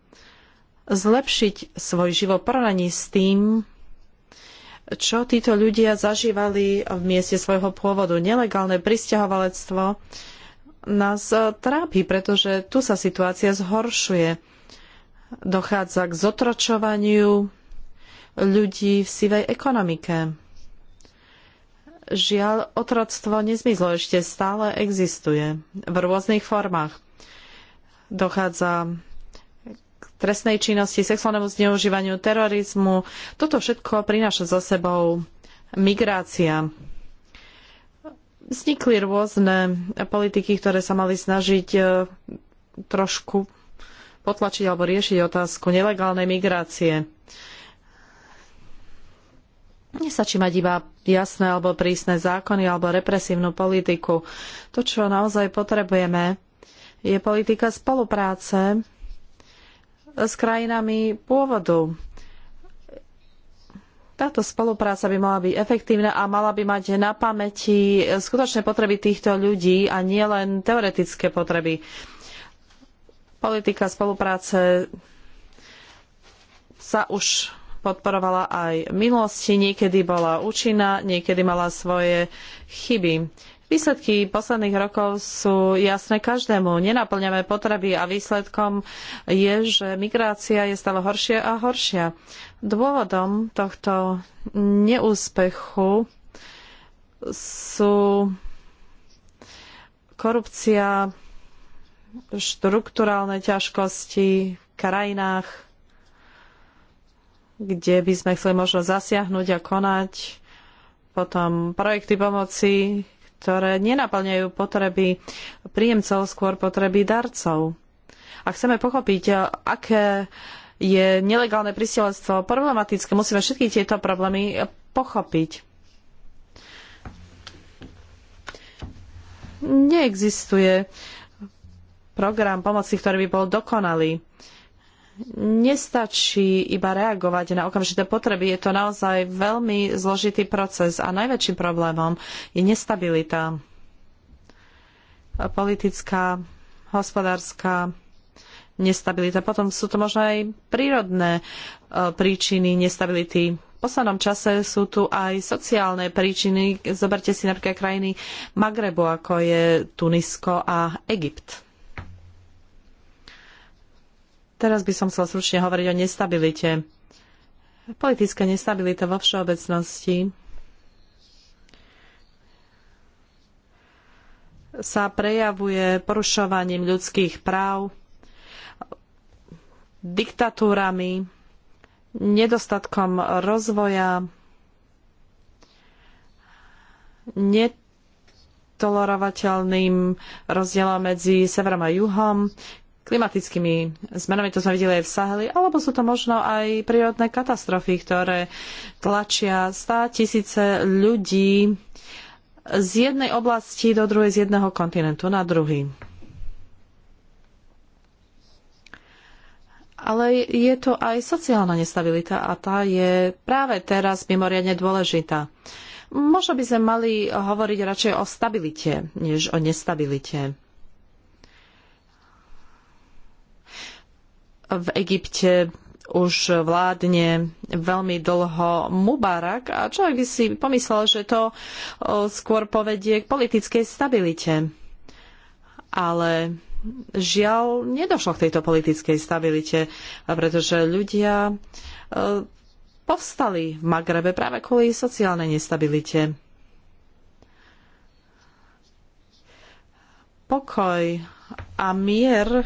[SPEAKER 16] zlepšiť svoj život porovnaní s tým, čo títo ľudia zažívali v mieste svojho pôvodu. Nelegálne pristahovalectvo nás trápi, pretože tu sa situácia zhoršuje. Dochádza k zotročovaniu ľudí v sivej ekonomike Žiaľ, otroctvo nezmizlo, ešte stále existuje v rôznych formách. Dochádza k trestnej činnosti, sexuálnemu zneužívaniu, terorizmu. Toto všetko prináša so sebou migrácia. Vznikli rôzne politiky, ktoré sa mali snažiť e, trošku potlačiť alebo riešiť otázku nelegálnej migrácie. Nestačí mať iba jasné alebo prísne zákony alebo represívnu politiku. To, čo naozaj potrebujeme, je politika spolupráce s krajinami pôvodu. Táto spolupráca by mala byť efektívna a mala by mať na pamäti skutočné potreby týchto ľudí a nielen teoretické potreby. Politika spolupráce sa už podporovala aj v minulosti, niekedy bola účinná, niekedy mala svoje chyby. Výsledky posledných rokov sú jasné každému. Nenaplňame potreby a výsledkom je, že migrácia je stále horšia a horšia. Dôvodom tohto neúspechu sú korupcia, štrukturálne ťažkosti v krajinách, kde by sme chceli možno zasiahnuť a konať. Potom projekty pomoci, ktoré nenaplňajú potreby príjemcov, skôr potreby darcov. A chceme pochopiť, aké je nelegálne prisielectvo problematické, musíme všetky tieto problémy pochopiť. Neexistuje program pomoci, ktorý by bol dokonalý nestačí iba reagovať na okamžité potreby. Je to naozaj veľmi zložitý proces a najväčším problémom je nestabilita politická, hospodárska nestabilita. Potom sú to možno aj prírodné e, príčiny nestability. V poslednom čase sú tu aj sociálne príčiny. Zoberte si napríklad krajiny Magrebu, ako je Tunisko a Egypt. Teraz by som chcel stručne hovoriť o nestabilite. Politická nestabilita vo všeobecnosti sa prejavuje porušovaním ľudských práv, diktatúrami, nedostatkom rozvoja, netolerovateľným rozdielom medzi severom a juhom, klimatickými zmenami, to sme videli aj v Saheli, alebo sú to možno aj prírodné katastrofy, ktoré tlačia stá tisíce ľudí z jednej oblasti do druhej, z jedného kontinentu na druhý. Ale je to aj sociálna nestabilita a tá je práve teraz mimoriadne dôležitá. Možno by sme mali hovoriť radšej o stabilite, než o nestabilite v Egypte už vládne veľmi dlho Mubarak a človek by si pomyslel, že to skôr povedie k politickej stabilite. Ale žiaľ, nedošlo k tejto politickej stabilite, pretože ľudia povstali v Magrebe práve kvôli sociálnej nestabilite. Pokoj a mier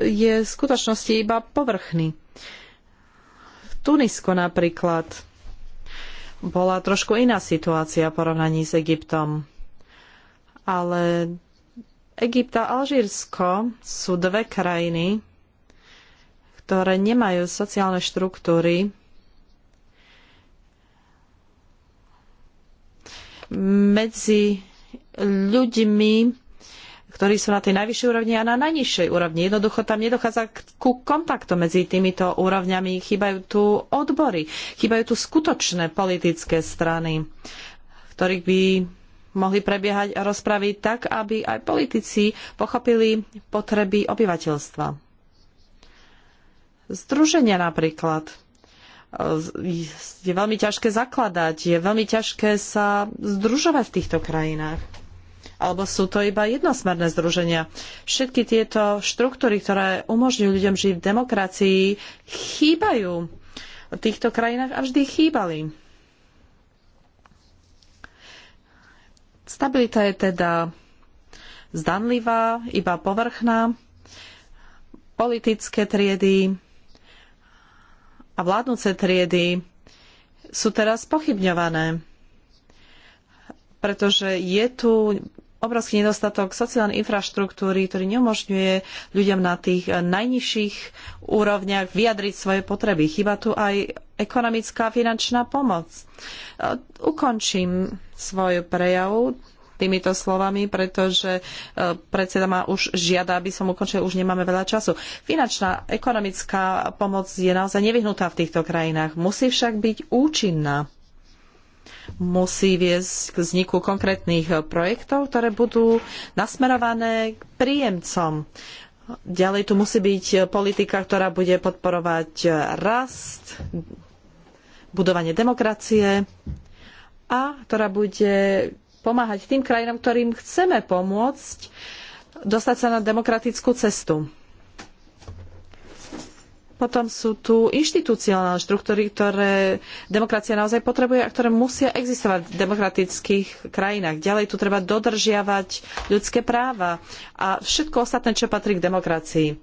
[SPEAKER 16] je v skutočnosti iba povrchný. V Tunisko napríklad bola trošku iná situácia v porovnaní s Egyptom. Ale Egypt a Alžírsko sú dve krajiny, ktoré nemajú sociálne štruktúry, medzi ľuďmi ktorí sú na tej najvyššej úrovni a na najnižšej úrovni. Jednoducho tam nedochádza ku kontaktu medzi týmito úrovňami. Chýbajú tu odbory, chýbajú tu skutočné politické strany, v ktorých by mohli prebiehať rozpravy tak, aby aj politici pochopili potreby obyvateľstva. Združenia napríklad. E, je veľmi ťažké zakladať, je veľmi ťažké sa združovať v týchto krajinách alebo sú to iba jednosmerné združenia. Všetky tieto štruktúry, ktoré umožňujú ľuďom žiť v demokracii, chýbajú v týchto krajinách a vždy chýbali. Stabilita je teda zdanlivá, iba povrchná. Politické triedy a vládnúce triedy sú teraz pochybňované, pretože je tu obrovský nedostatok sociálnej infraštruktúry, ktorý neumožňuje ľuďom na tých eh, najnižších úrovniach vyjadriť svoje potreby. Chyba tu aj ekonomická finančná pomoc. Eh, ukončím svoj prejav týmito slovami, pretože eh, predseda ma už žiada, aby som ukončil, už nemáme veľa času. Finančná ekonomická pomoc je naozaj nevyhnutá v týchto krajinách. Musí však byť účinná musí viesť k vzniku konkrétnych eh, projektov, ktoré budú nasmerované k príjemcom. Ďalej tu musí byť eh, politika, ktorá bude podporovať eh, rast, budovanie demokracie a ktorá bude pomáhať tým krajinám, ktorým chceme pomôcť dostať sa na demokratickú cestu. Potom sú tu inštitúciálne štruktúry, ktoré demokracia naozaj potrebuje a ktoré musia existovať v demokratických krajinách. Ďalej tu treba dodržiavať ľudské práva a všetko ostatné, čo patrí k demokracii.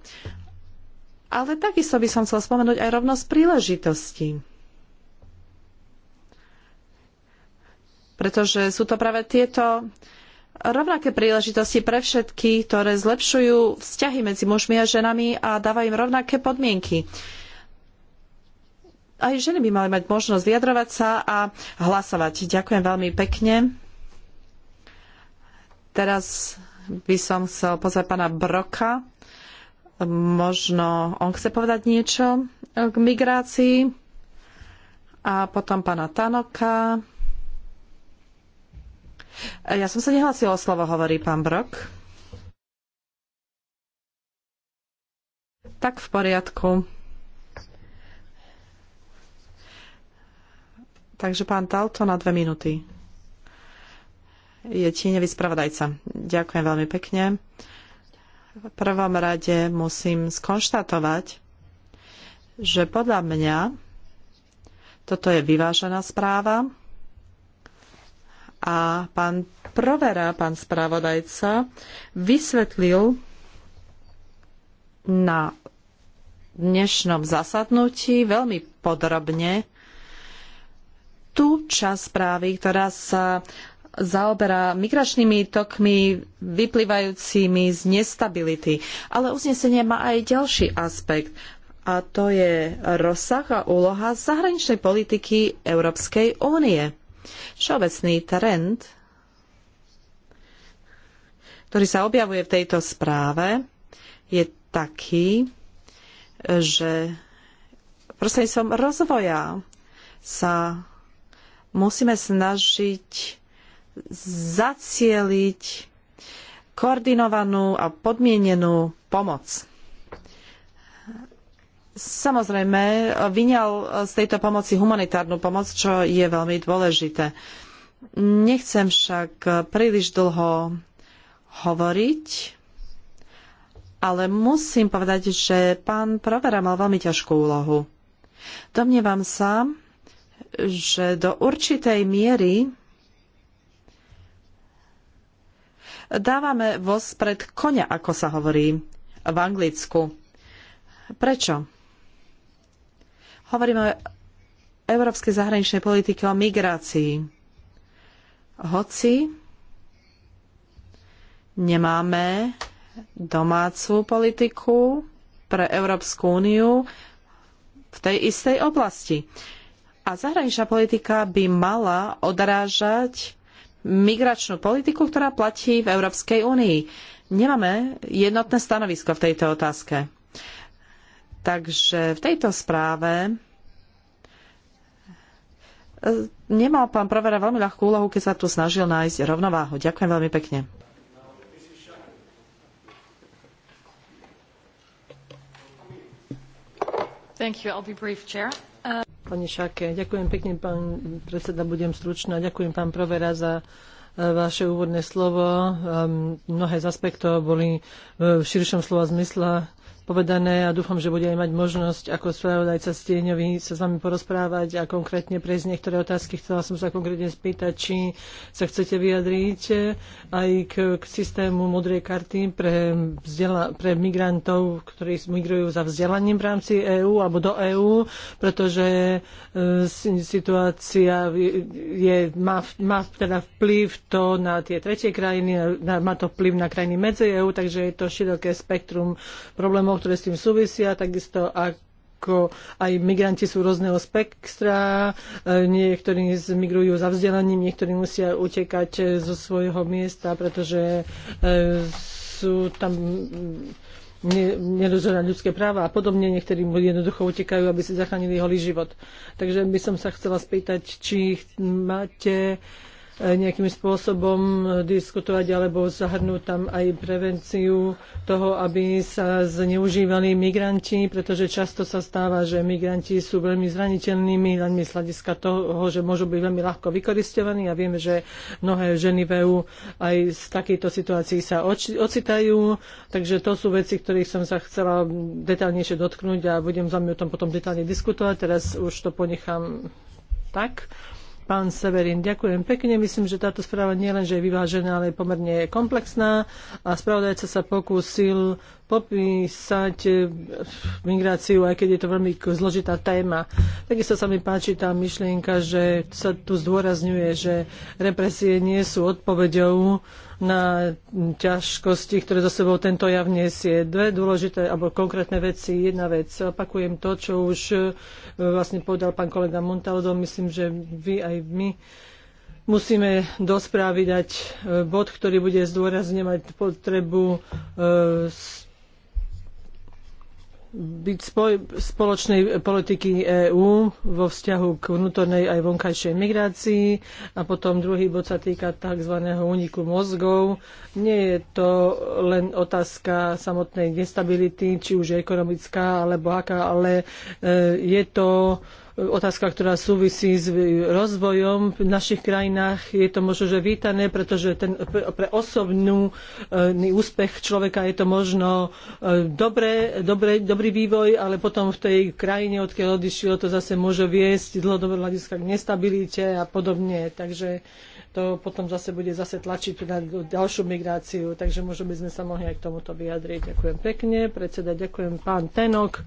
[SPEAKER 16] Ale takisto by som chcel spomenúť aj rovnosť príležitostí. Pretože sú to práve tieto rovnaké príležitosti pre všetky, ktoré zlepšujú vzťahy medzi mužmi a ženami a dávajú im rovnaké podmienky. Aj ženy by mali mať možnosť vyjadrovať sa a hlasovať. Ďakujem veľmi pekne. Teraz by som chcel pozvať pána Broka. Možno on chce povedať niečo k migrácii. A potom pána Tanoka E, ja som sa nehlásila o slovo, hovorí pán Brok. Tak v poriadku. Takže pán Talto na dve minúty. Je tieňový spravodajca. Ďakujem veľmi pekne. V prvom rade musím skonštatovať, že podľa mňa toto je vyvážená správa a pán Provera, pán spravodajca, vysvetlil na dnešnom zasadnutí veľmi podrobne tú časť správy, ktorá sa zaoberá migračnými tokmi vyplývajúcimi z nestability. Ale uznesenie má aj ďalší aspekt a to je rozsah a úloha zahraničnej politiky Európskej únie. Všeobecný trend, ktorý sa objavuje v tejto správe, je taký, že prostredníctvom rozvoja sa musíme snažiť zacieliť koordinovanú a podmienenú pomoc samozrejme vyňal z tejto pomoci humanitárnu pomoc, čo je veľmi dôležité. Nechcem však príliš dlho hovoriť, ale musím povedať, že pán Provera mal veľmi ťažkú úlohu. Domnievam sa, že do určitej miery dávame voz pred konia, ako sa hovorí v Anglicku. Prečo? Hovoríme o európskej zahraničnej politike o migrácii. Hoci nemáme domácu politiku pre Európsku úniu v tej istej oblasti. A zahraničná politika by mala odrážať migračnú politiku, ktorá platí v Európskej únii. Nemáme jednotné stanovisko v tejto otázke. Takže v tejto správe e, nemal pán Provera veľmi ľahkú úlohu, keď sa tu snažil nájsť rovnováhu. Ďakujem veľmi pekne.
[SPEAKER 13] Brief, uh...
[SPEAKER 18] Pani Šake, ďakujem pekne, pán predseda, budem stručná. Ďakujem pán Provera za e, vaše úvodné slovo. Ehm, mnohé z aspektov boli e, v širšom slova zmysle povedané a dúfam, že budeme mať možnosť ako spravodajca Stieňovi sa s vami porozprávať a konkrétne prejsť niektoré otázky. Chcela som sa konkrétne spýtať, či sa chcete vyjadriť aj k, k systému modrej karty pre, vzdela, pre migrantov, ktorí migrujú za vzdelaním v rámci EÚ alebo do EÚ, pretože e, situácia je, má, má teda vplyv to na tie tretie krajiny, na, má to vplyv na krajiny medzi EÚ, takže je to široké spektrum problémov, ktoré s tým súvisia, takisto ako aj migranti sú rôzneho spektra, e, niektorí migrujú za vzdelaním, niektorí musia utekať e, zo svojho miesta, pretože e, sú tam mm, nedozorná ľudské práva a podobne. Niektorí jednoducho utekajú, aby si zachránili holý život. Takže by som sa chcela spýtať, či máte Eh, nejakým spôsobom eh, diskutovať alebo zahrnúť tam aj prevenciu toho, aby sa zneužívali migranti, pretože často sa stáva, že migranti sú veľmi zraniteľnými, len z hľadiska toho, že môžu byť veľmi ľahko vykoristovaní a vieme, že mnohé ženy v EU aj z takejto situácii sa ocitajú, takže to sú veci, ktorých som sa chcela detálnejšie dotknúť a budem za mňa o tom potom detálne diskutovať. Teraz už to ponechám tak pán Severin. Ďakujem pekne. Myslím, že táto správa nie len, že je vyvážená, ale je pomerne komplexná a spravodajca sa pokúsil popísať eh, migráciu, aj keď je to veľmi zložitá téma. Takisto sa mi páči tá myšlienka, že sa tu zdôrazňuje, že represie nie sú odpoveďou na ťažkosti, ktoré za sebou tento jav nesie. Dve dôležité alebo konkrétne veci. Jedna vec, opakujem to, čo už e, vlastne povedal pán kolega Montaldo, myslím, že vy aj my musíme do správy dať e, bod, ktorý bude zdôrazňovať potrebu e, byť spoj, spoločnej politiky EÚ vo vzťahu k vnútornej aj vonkajšej migrácii a potom druhý bod sa týka tzv. úniku mozgov. Nie je to len otázka samotnej nestability, či už ekonomická alebo aká, ale e, je to otázka, ktorá súvisí s rozvojom v našich krajinách. Je to možno, že vítané, pretože ten, pre osobnú e, úspech človeka je to možno e, dobré, dobré, dobrý vývoj, ale potom v tej krajine, odkiaľ odišiel, to zase môže viesť dlhodobé hľadiska k nestabilite a podobne. Takže to potom zase bude zase tlačiť na ďalšiu migráciu, takže možno by sme sa mohli aj k tomuto vyjadriť. Ďakujem pekne, predseda, ďakujem pán Tenok.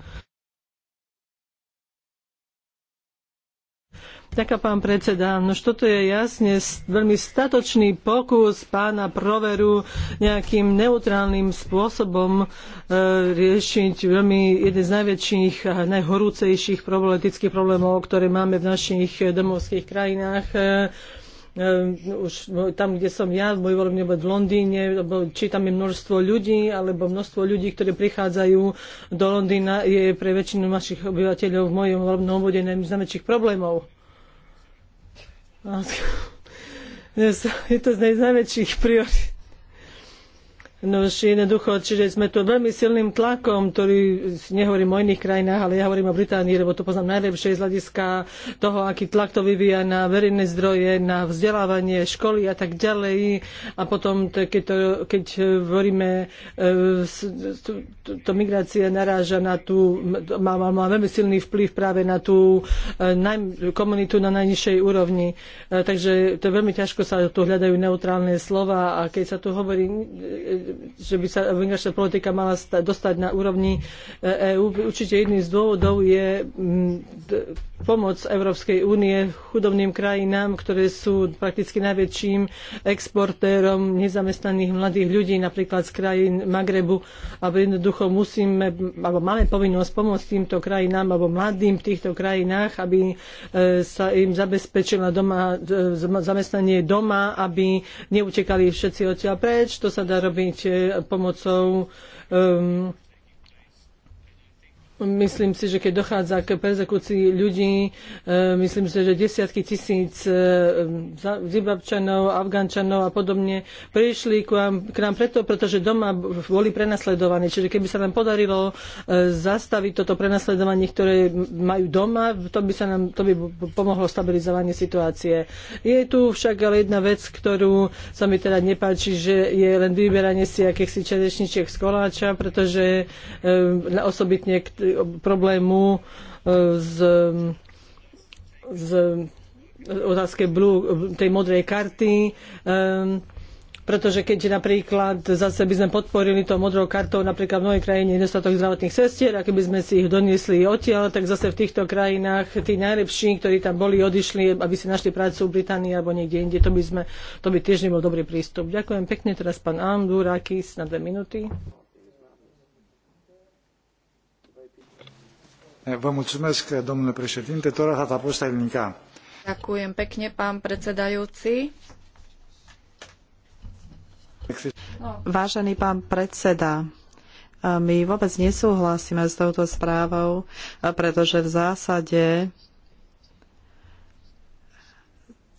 [SPEAKER 18] Ďakujem, pán predseda. Nož toto je jasne veľmi statočný pokus pána Proveru nejakým neutrálnym spôsobom e, riešiť veľmi jeden z najväčších a najhorúcejších problematických problémov, ktoré máme v našich domovských krajinách. E, e už tam, kde som ja, môj volebný v Londýne, lebo tam je množstvo ľudí, alebo množstvo ľudí, ktorí prichádzajú do Londýna, je pre väčšinu našich obyvateľov v mojom volebnom obvode najväčších problémov je to z najväčších priorit No jednoducho, čiže sme tu veľmi silným tlakom, ktorý nehovorím o iných krajinách, ale ja hovorím o Británii, lebo to poznám najlepšie z hľadiska toho, aký tlak to vyvíja na verejné zdroje, na vzdelávanie, školy a tak ďalej. A potom, keď, to, keď hovoríme, e, to, to migrácia naráža na tú, má, má, má veľmi silný vplyv práve na tú e, naj, komunitu na najnižšej úrovni. E, takže to je veľmi ťažko sa tu hľadajú neutrálne slova a keď sa tu hovorí že by sa migračná politika mala dostať na úrovni EÚ. E Určite jedným z dôvodov je mm, pomoc Európskej únie chudobným krajinám, ktoré sú prakticky najväčším exportérom nezamestnaných mladých ľudí, napríklad z krajín Magrebu. A jednoducho musíme, alebo máme povinnosť pomôcť týmto krajinám, alebo mladým v týchto krajinách, aby e, sa im zabezpečila doma, e, zamestnanie doma, aby neutekali všetci odtiaľ preč. To sa dá robiť pomocou um, Myslím si, že keď dochádza k persekúcii ľudí, e, myslím si, že desiatky tisíc e, Zimbabčanov, Afgančanov a podobne prišli k nám, k nám preto, pretože doma boli prenasledovaní. Čiže keby sa nám podarilo e, zastaviť toto prenasledovanie, ktoré majú doma, to by, sa nám, to by pomohlo stabilizovanie situácie. Je tu však ale jedna vec, ktorú sa mi teda nepáči, že je len vyberanie si akýchsi čerešničiek z koláča, pretože osobitne problému e, z, z otázke blue, tej modrej karty. Um, pretože keď napríklad zase by sme podporili to modrou kartou napríklad v mojej krajine nedostatok zdravotných sestier a keby sme si ich doniesli odtiaľ, tak zase v týchto krajinách tí najlepší, ktorí tam boli, odišli, aby si našli prácu v Británii alebo niekde inde. To by, sme, to by tiež nebol dobrý prístup. Ďakujem pekne. Teraz pán Andu Rakis na dve minúty.
[SPEAKER 4] Vă mulțumesc, domnule președinte.
[SPEAKER 19] Ďakujem pekne, pán predsedajúci.
[SPEAKER 16] Vážený pán predseda, my vôbec nesúhlasíme s touto správou, pretože v zásade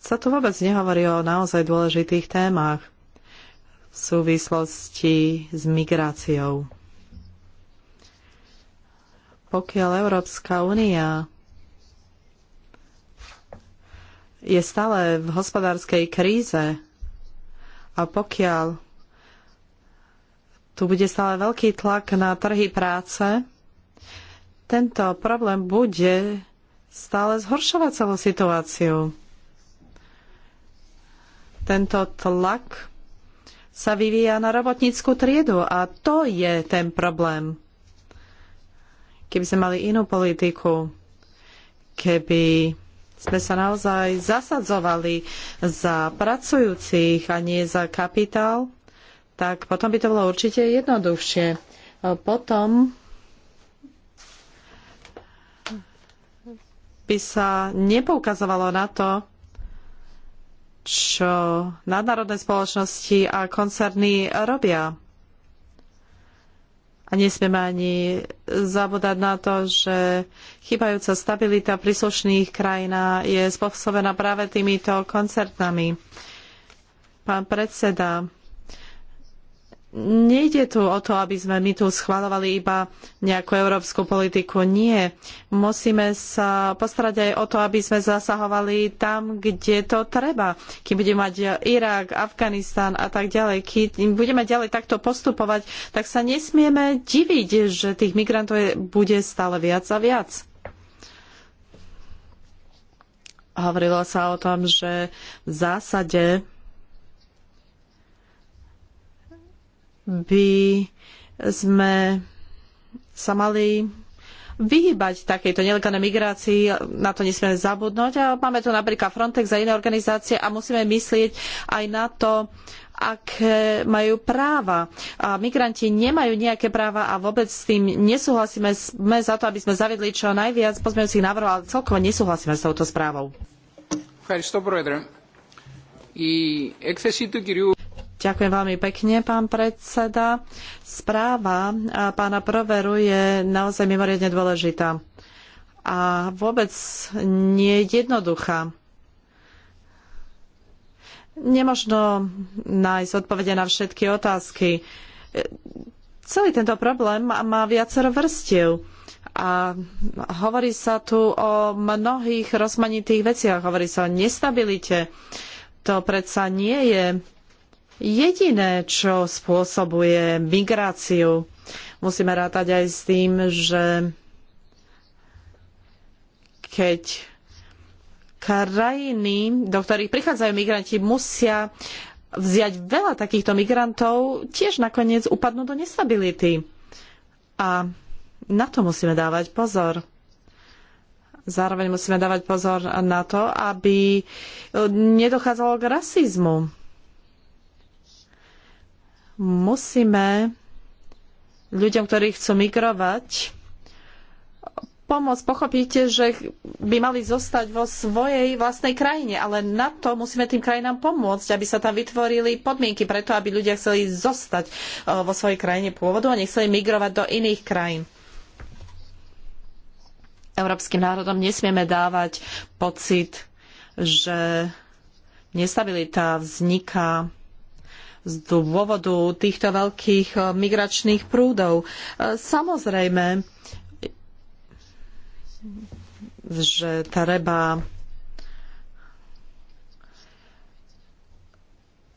[SPEAKER 16] sa tu vôbec nehovorí o naozaj dôležitých témach v súvislosti s migráciou. Pokiaľ Európska únia je stále v hospodárskej kríze a pokiaľ tu bude stále veľký tlak na trhy práce, tento problém bude stále zhoršovať celú situáciu. Tento tlak sa vyvíja na robotníckú triedu a to je ten problém keby sme mali inú politiku, keby sme sa naozaj zasadzovali za pracujúcich a nie za kapitál, tak potom by to bolo určite jednoduchšie. Potom by sa nepoukazovalo na to, čo nadnárodné spoločnosti a koncerny robia. A nesmieme ani zabúdať na to, že chýbajúca stabilita príslušných krajín je spôsobená práve týmito koncertami. Pán predseda, Nejde tu o to, aby sme my tu schválovali iba nejakú európsku politiku. Nie. Musíme sa postarať aj o to, aby sme zasahovali tam, kde to treba. Keď budeme mať Irak, Afganistan a tak ďalej, keď budeme ďalej takto postupovať, tak sa nesmieme diviť, že tých migrantov bude stále viac a viac. Hovorilo sa o tom, že v zásade by sme sa mali vyhýbať takejto nelegálnej migrácii, na to nesmieme zabudnúť. A máme tu napríklad Frontex a iné organizácie a musíme myslieť aj na to, aké majú práva. A migranti nemajú nejaké práva a vôbec s tým nesúhlasíme. Sme za to, aby sme zavedli čo najviac pozmeňujúcich návrhov, ale celkovo nesúhlasíme s touto správou. Ďakujem veľmi pekne, pán predseda. Správa pána Proveru je naozaj mimoriadne dôležitá a vôbec nie je jednoduchá. Nemožno nájsť odpovede na všetky otázky. Celý tento problém má viacero vrstiev a hovorí sa tu o mnohých rozmanitých veciach. Hovorí sa o nestabilite. To predsa nie je jediné, čo spôsobuje migráciu. Musíme rátať aj s tým, že keď krajiny, do ktorých prichádzajú migranti, musia vziať veľa takýchto migrantov, tiež nakoniec upadnú do nestability. A na to musíme dávať pozor. Zároveň musíme dávať pozor na to, aby eh, nedochádzalo k rasizmu musíme ľuďom, ktorí chcú migrovať, pomôcť pochopiť, že by mali zostať vo svojej vlastnej krajine, ale na to musíme tým krajinám pomôcť, aby sa tam vytvorili podmienky preto, aby ľudia chceli zostať vo svojej krajine pôvodu a nechceli migrovať do iných krajín. Európskym národom nesmieme dávať pocit, že nestabilita vzniká z dôvodu týchto veľkých eh, migračných prúdov. Eh, samozrejme, že treba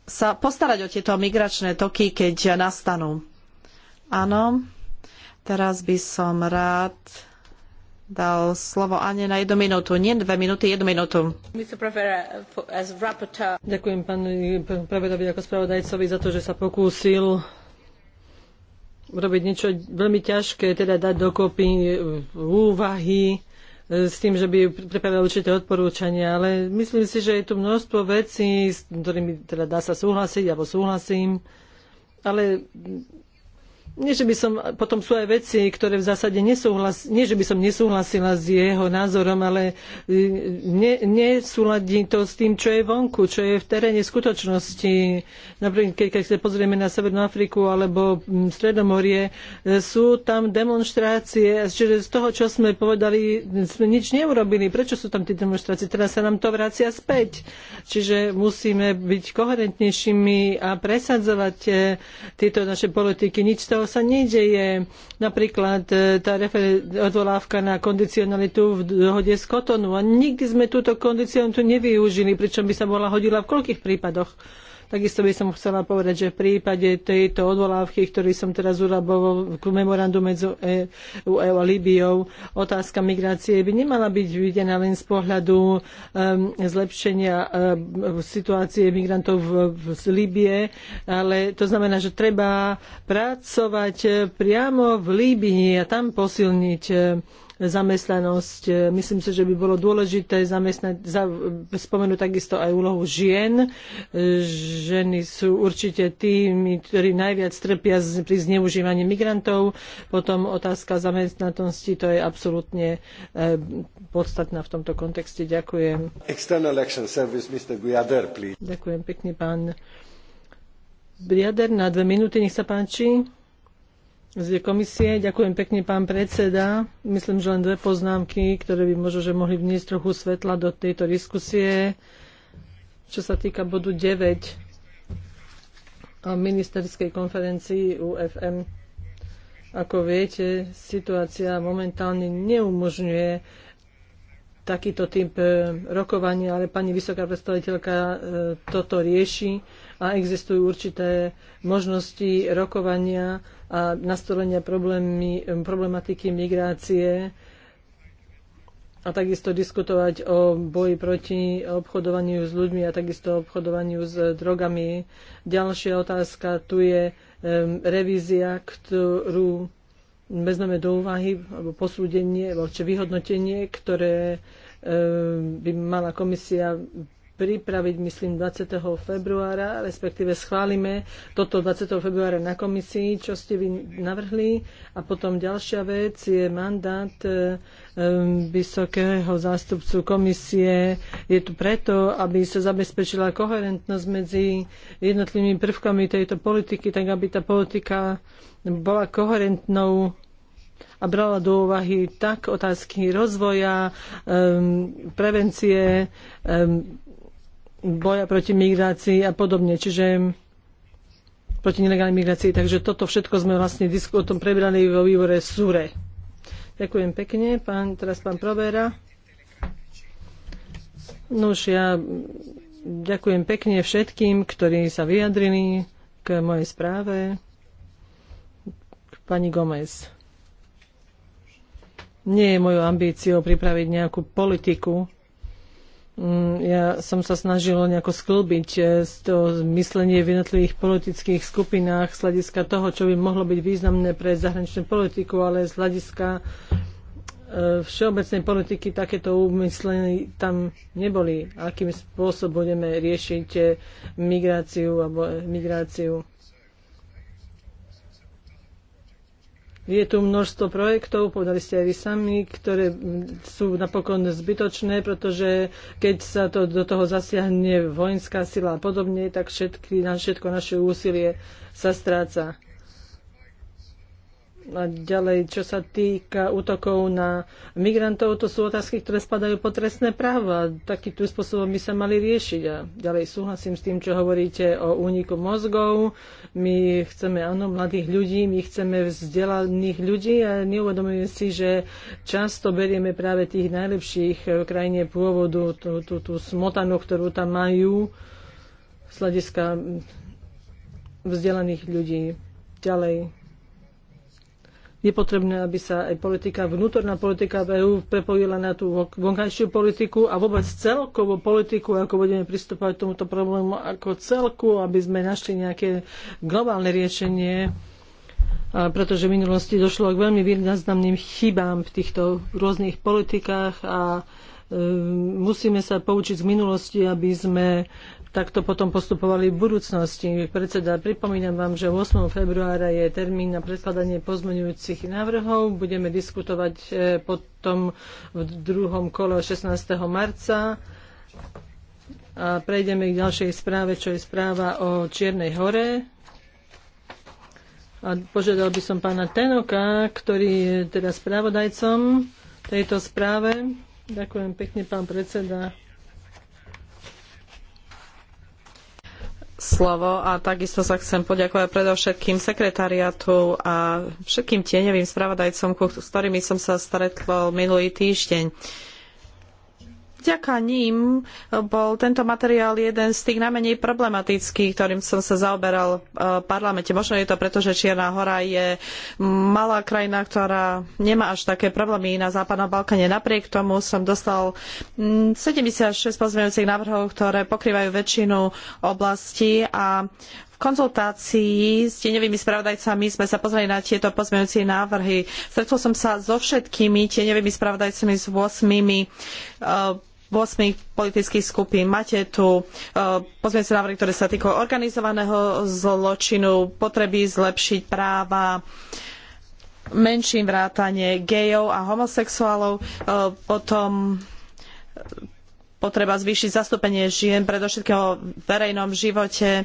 [SPEAKER 16] sa postarať o tieto migračné toky, keď nastanú. Áno, teraz by som rád dal slovo Ane na jednu minútu. Nie dve minúty, jednu minútu.
[SPEAKER 18] Ďakujem pánovi Pravedovi ako spravodajcovi za to, že sa pokúsil robiť niečo veľmi ťažké, teda dať dokopy e, úvahy e, s tým, že by pripravil určité odporúčania, ale myslím si, že je tu množstvo vecí, s ktorými teda dá sa súhlasiť, alebo súhlasím, ale nie, že by som, potom sú aj veci, ktoré v zásade nesúhlas, nie, že by som nesúhlasila s jeho názorom, ale e, ne, nesúladí to s tým, čo je vonku, čo je v teréne skutočnosti. Napríklad, keď, keď sa pozrieme na Severnú Afriku alebo Stredomorie, e, sú tam demonstrácie, čiže z toho, čo sme povedali, sme nič neurobili. Prečo sú tam tie demonstrácie? Teraz sa nám to vracia späť. Čiže musíme byť koherentnejšími a presadzovať e, tieto naše politiky. Nič toho sa nedeje. Napríklad e, tá odvolávka na kondicionalitu v dohode z Kotonu. A nikdy sme túto kondicionalitu nevyužili, pričom by sa bola hodila v koľkých prípadoch. Takisto by som chcela povedať, že v prípade tejto odvolávky, ktorý som teraz urobil k memorandu medzi EU a Líbiou, otázka migrácie by nemala byť videná len z pohľadu um, zlepšenia um, situácie migrantov v, v ale to znamená, že treba pracovať priamo v Líbii a tam posilniť ehm, zamestnanosť. Myslím si, že by bolo dôležité zamestnať, za, spomenúť takisto aj úlohu žien. Ženy sú určite tými, ktorí najviac trpia pri zneužívaní migrantov. Potom otázka zamestnanosti, to je absolútne e, podstatná v tomto kontexte. Ďakujem.
[SPEAKER 4] Service, Guyader,
[SPEAKER 18] Ďakujem pekne, pán Briader. Na dve minúty, nech sa páči z komisie. Ďakujem pekne, pán predseda. Myslím, že len dve poznámky, ktoré by možno, že mohli vniesť trochu svetla do tejto diskusie. Čo sa týka bodu 9 o ministerskej konferencii UFM. Ako viete, situácia momentálne neumožňuje takýto typ e, rokovania, ale pani vysoká predstaviteľka e, toto rieši a existujú určité možnosti rokovania a nastolenia problémy, problematiky migrácie a takisto diskutovať o boji proti obchodovaniu s ľuďmi a takisto obchodovaniu s drogami. Ďalšia otázka tu je um, revízia, ktorú vezmeme do úvahy, alebo posúdenie, alebo vyhodnotenie, ktoré um, by mala komisia pripraviť, myslím, 20. februára, respektíve schválime toto 20. februára na komisii, čo ste vy navrhli. A potom ďalšia vec je mandát eh, vysokého zástupcu komisie. Je tu preto, aby sa zabezpečila koherentnosť medzi jednotlivými prvkami tejto politiky, tak aby tá politika bola koherentnou a brala do úvahy tak otázky rozvoja, prevencie, boja proti migrácii a podobne. Čiže proti nelegálnej migrácii. Takže toto všetko sme vlastne o tom prebrali vo výbore SURE. Ďakujem pekne. Pán, teraz pán Provera. No už ja ďakujem pekne všetkým, ktorí sa vyjadrili k mojej správe. pani Gomez. Nie je mojou ambíciou pripraviť nejakú politiku, Mm, ja som sa snažila nejako sklbiť e, to myslenie v jednotlivých politických skupinách z hľadiska toho, čo by mohlo byť významné pre zahraničnú politiku, ale z hľadiska e, všeobecnej politiky takéto úmyslení tam neboli. Akým spôsobom budeme riešiť e, migráciu alebo migráciu. Je tu množstvo projektov, povedali ste aj vy sami, ktoré sú napokon zbytočné, pretože keď sa to do toho zasiahne vojenská sila a podobne, tak všetky, na všetko naše úsilie sa stráca. A ďalej, čo sa týka útokov na migrantov, to sú otázky, ktoré spadajú pod trestné právo a takýmto spôsobom by sa mali riešiť. A ďalej súhlasím s tým, čo hovoríte o úniku mozgov. My chceme, áno, mladých ľudí, my chceme vzdelaných ľudí a neuvedomujeme si, že často berieme práve tých najlepších v krajine pôvodu, tú, tú, tú smotanu, ktorú tam majú z hľadiska vzdelaných ľudí. Ďalej je potrebné, aby sa aj politika, vnútorná politika v EÚ prepojila na tú vonkajšiu politiku a vôbec celkovú politiku, ako budeme pristúpať k tomuto problému ako celku, aby sme našli nejaké globálne riešenie, pretože v minulosti došlo k veľmi významným chybám v týchto rôznych politikách a e, musíme sa poučiť z minulosti, aby sme takto potom postupovali v budúcnosti. Predseda, pripomínam vám, že 8. februára je termín na predkladanie pozmeňujúcich návrhov. Budeme diskutovať e, potom v druhom kole 16. marca. A prejdeme k ďalšej správe, čo je správa o Čiernej hore. A požiadal by som pána Tenoka, ktorý je teda správodajcom tejto správe. Ďakujem pekne, pán predseda. slovo a takisto sa chcem poďakovať
[SPEAKER 16] predovšetkým sekretariatu a všetkým tieňovým spravodajcom, s ktorými som sa stretol minulý týždeň. Uh, Vďaka ním bol tento materiál jeden z tých najmenej problematických, ktorým som sa zaoberal eh, v parlamente. Možno je to preto, že Čierna hora je malá krajina, ktorá nemá až také problémy na Západnom Balkáne. Napriek tomu som dostal 76 mm, pozmeňujúcich návrhov, ktoré pokrývajú väčšinu oblastí a konzultácii s tieňovými spravodajcami sme sa pozreli na tieto pozmeňujúce návrhy. Stretol som sa so všetkými tieňovými spravodajcami s 8 uh, eh, 8 politických skupín. Máte tu e, pozmeňujúce návrhy, ktoré sa týkajú organizovaného zločinu, potreby zlepšiť práva menším vrátanie gejov a homosexuálov, e, potom potreba zvýšiť zastúpenie žien, predovšetkým vo verejnom živote, e,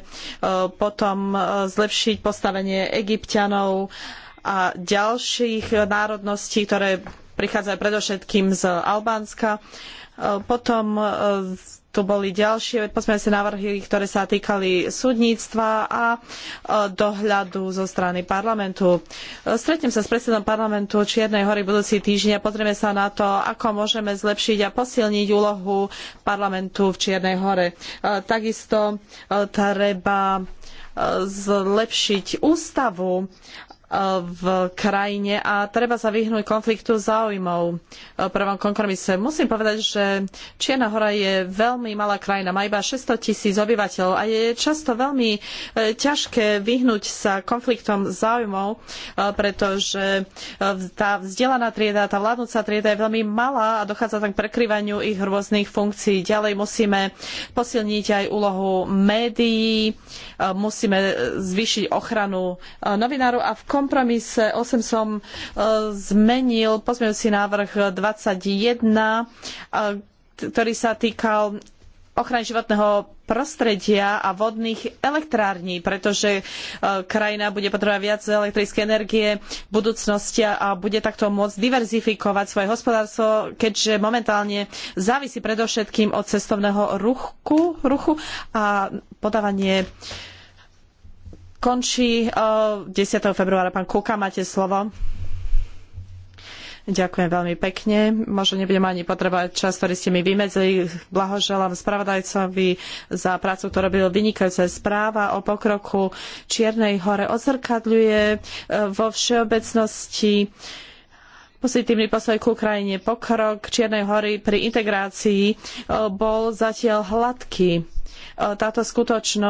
[SPEAKER 16] potom zlepšiť postavenie egyptianov a ďalších národností, ktoré prichádzajú predovšetkým z Albánska. Uh, potom e, tu boli ďalšie pozmeňujúce návrhy, ktoré sa týkali súdnictva a e, dohľadu zo strany parlamentu. E, stretnem sa s predsedom parlamentu Čiernej hory budúci týždeň a pozrieme sa na to, ako môžeme zlepšiť a posilniť úlohu parlamentu v Čiernej hore. Takisto treba zlepšiť ústavu v krajine a treba sa vyhnúť konfliktu záujmov v prvom kompromise. Musím povedať, že Čierna hora je veľmi malá krajina, má iba 600 tisíc obyvateľov a je často veľmi e, ťažké vyhnúť sa konfliktom záujmov, e, pretože e, tá vzdelaná trieda, tá vládnúca trieda je veľmi malá a dochádza tam k prekryvaniu ich rôznych funkcií. Ďalej musíme posilniť aj úlohu médií, musíme zvýšiť ochranu novinárov a v kom- kompromise 8 som e, zmenil pozmeňujúci návrh 21, e, ktorý sa týkal ochrany životného prostredia a vodných elektrární, pretože e, krajina bude potrebovať viac elektrickej energie v budúcnosti a bude takto môcť diverzifikovať svoje hospodárstvo, keďže momentálne závisí predovšetkým od cestovného ruchu, ruchu a podávanie uh, končí 10. Eh, februára. Pán Kuka, máte slovo. Ďakujem veľmi pekne. Možno nebudem ani potrebovať čas, ktorý ste mi vymedzili. Blahoželám spravodajcovi za prácu, ktorú robil vynikajúca správa o pokroku Čiernej hore. Odzrkadľuje eh, vo všeobecnosti pozitívny postoj k Ukrajine. Pokrok Čiernej hory pri integrácii eh, bol zatiaľ hladký. Táto skutočnosť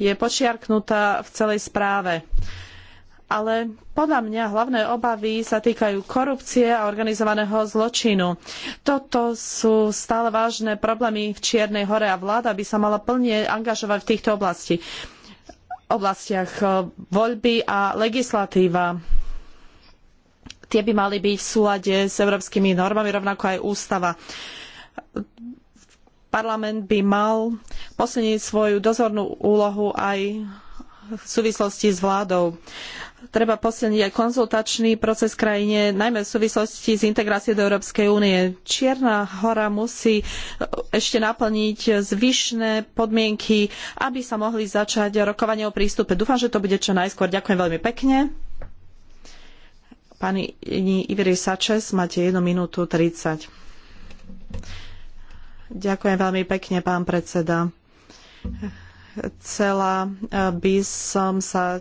[SPEAKER 16] je počiarknutá v celej správe. Ale podľa mňa hlavné obavy sa týkajú korupcie a organizovaného zločinu. Toto sú stále vážne problémy v Čiernej hore a vláda by sa mala plne angažovať v týchto oblasti. oblastiach e, voľby a legislatíva tie by mali byť v súlade s európskymi normami, rovnako aj ústava. Parlament by mal posilniť svoju dozornú úlohu aj v súvislosti s vládou. Treba posilniť aj konzultačný proces v krajine, najmä v súvislosti s integráciou do Európskej únie. Čierna hora musí ešte naplniť zvyšné podmienky, aby sa mohli začať rokovanie o prístupe. Dúfam, že to bude čo najskôr. Ďakujem veľmi pekne. Pani Iviri Sačes, máte 1 minútu 30. Ďakujem veľmi pekne, pán predseda. Chcela eh, by som sa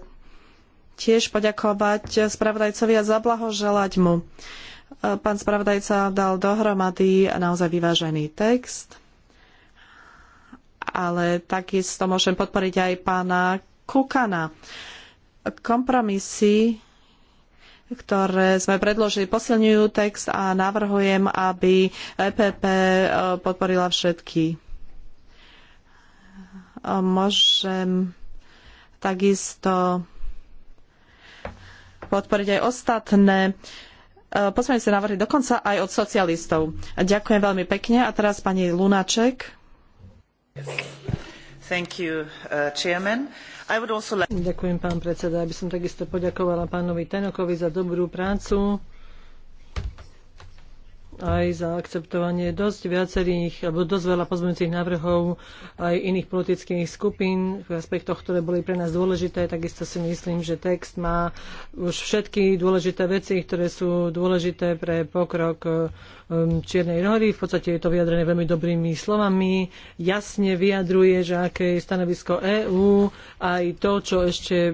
[SPEAKER 16] tiež poďakovať spravodajcovi a zablahoželať mu. Eh, pán spravodajca dal dohromady naozaj vyvážený text, ale takisto môžem podporiť aj pána Kukana. Kompromisy ktoré sme predložili, posilňujú text a navrhujem, aby EPP e, podporila všetky. E, môžem takisto podporiť aj ostatné e, pozmeňujúce návrhy, dokonca aj od socialistov. Ďakujem veľmi pekne. A teraz pani Lunaček.
[SPEAKER 18] Uh, Ďakujem, pán predseda. Ja by som takisto poďakovala pánovi Tenokovi za dobrú prácu aj za akceptovanie dosť viacerých, alebo dosť veľa pozmeňujúcich návrhov aj iných politických skupín v aspektoch, ktoré boli pre nás dôležité. Takisto si myslím, že text má už všetky dôležité veci, ktoré sú dôležité pre pokrok um, Čiernej hory. V podstate je to vyjadrené veľmi dobrými slovami. Jasne vyjadruje, že aké je stanovisko EÚ, aj to, čo ešte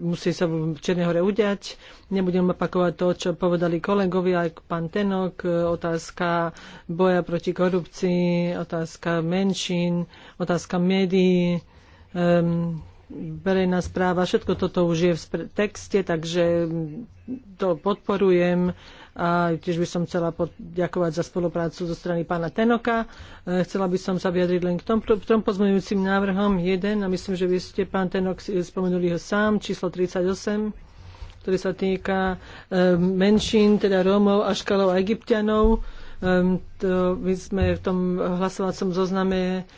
[SPEAKER 18] musí sa v Čiernej hore udiať Nebudem opakovať to, čo povedali kolegovia, aj pán Tenok, otázka boja proti korupcii, otázka menšín, otázka médií, um, verejná správa, všetko toto už je v texte, takže to podporujem a tiež by som chcela poďakovať za spoluprácu zo strany pána Tenoka. E, chcela by som sa vyjadriť len k tom, tom pozmeňujúcim návrhom jeden a myslím, že vy ste, pán Tenok, spomenuli ho sám, číslo 38 ktorý sa týka e, menšín, teda Rómov, Aškalov a Egyptianov. To my sme v tom hlasovacom zozname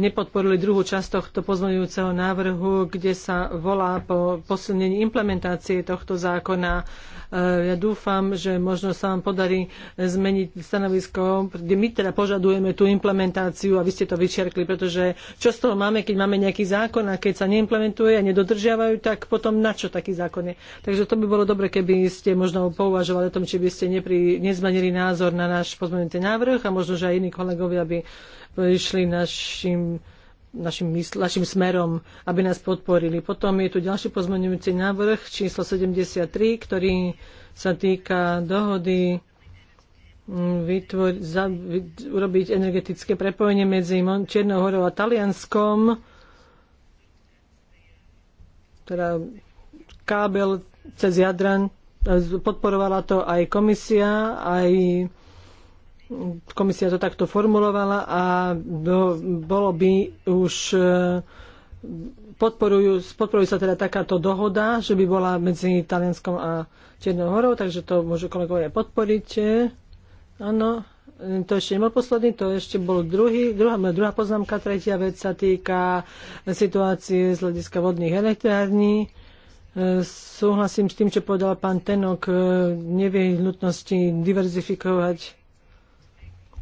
[SPEAKER 18] nepodporili druhú časť tohto pozmeňujúceho návrhu, kde sa volá po posilnení implementácie tohto zákona. E, ja dúfam, že možno sa vám podarí zmeniť stanovisko, kde my teda požadujeme tú implementáciu a vy ste to vyčerkli, pretože čo z toho máme, keď máme nejaký zákon a keď sa neimplementuje a nedodržiavajú, tak potom na čo taký zákon je? Takže to by bolo dobre, keby ste možno pouvažovali o tom, či by ste nepri, nezmenili názor na náš pozmeňujúci návrh a možno, že aj iní kolegovia by išli našim našim, našim smerom, aby nás podporili. Potom je tu ďalší pozmeňujúci návrh číslo 73, ktorý sa týka dohody mm, vytvor, za, vy, urobiť energetické prepojenie medzi Čiernou horou a Talianskom, teda kábel cez Jadran, e, podporovala to aj komisia, aj komisia to takto formulovala a bolo by už e, podporujú, podporuje sa teda takáto dohoda, že by bola medzi Talianskom a Čiernou horou, takže to môžu kolegovia podporiť. Áno, to ešte nebol posledný, to ešte bol druhý, druhá, druhá poznámka, tretia vec sa týka situácie z hľadiska vodných elektrární. E, súhlasím s tým, čo povedal pán Tenok, e, nevyhnutnosti diverzifikovať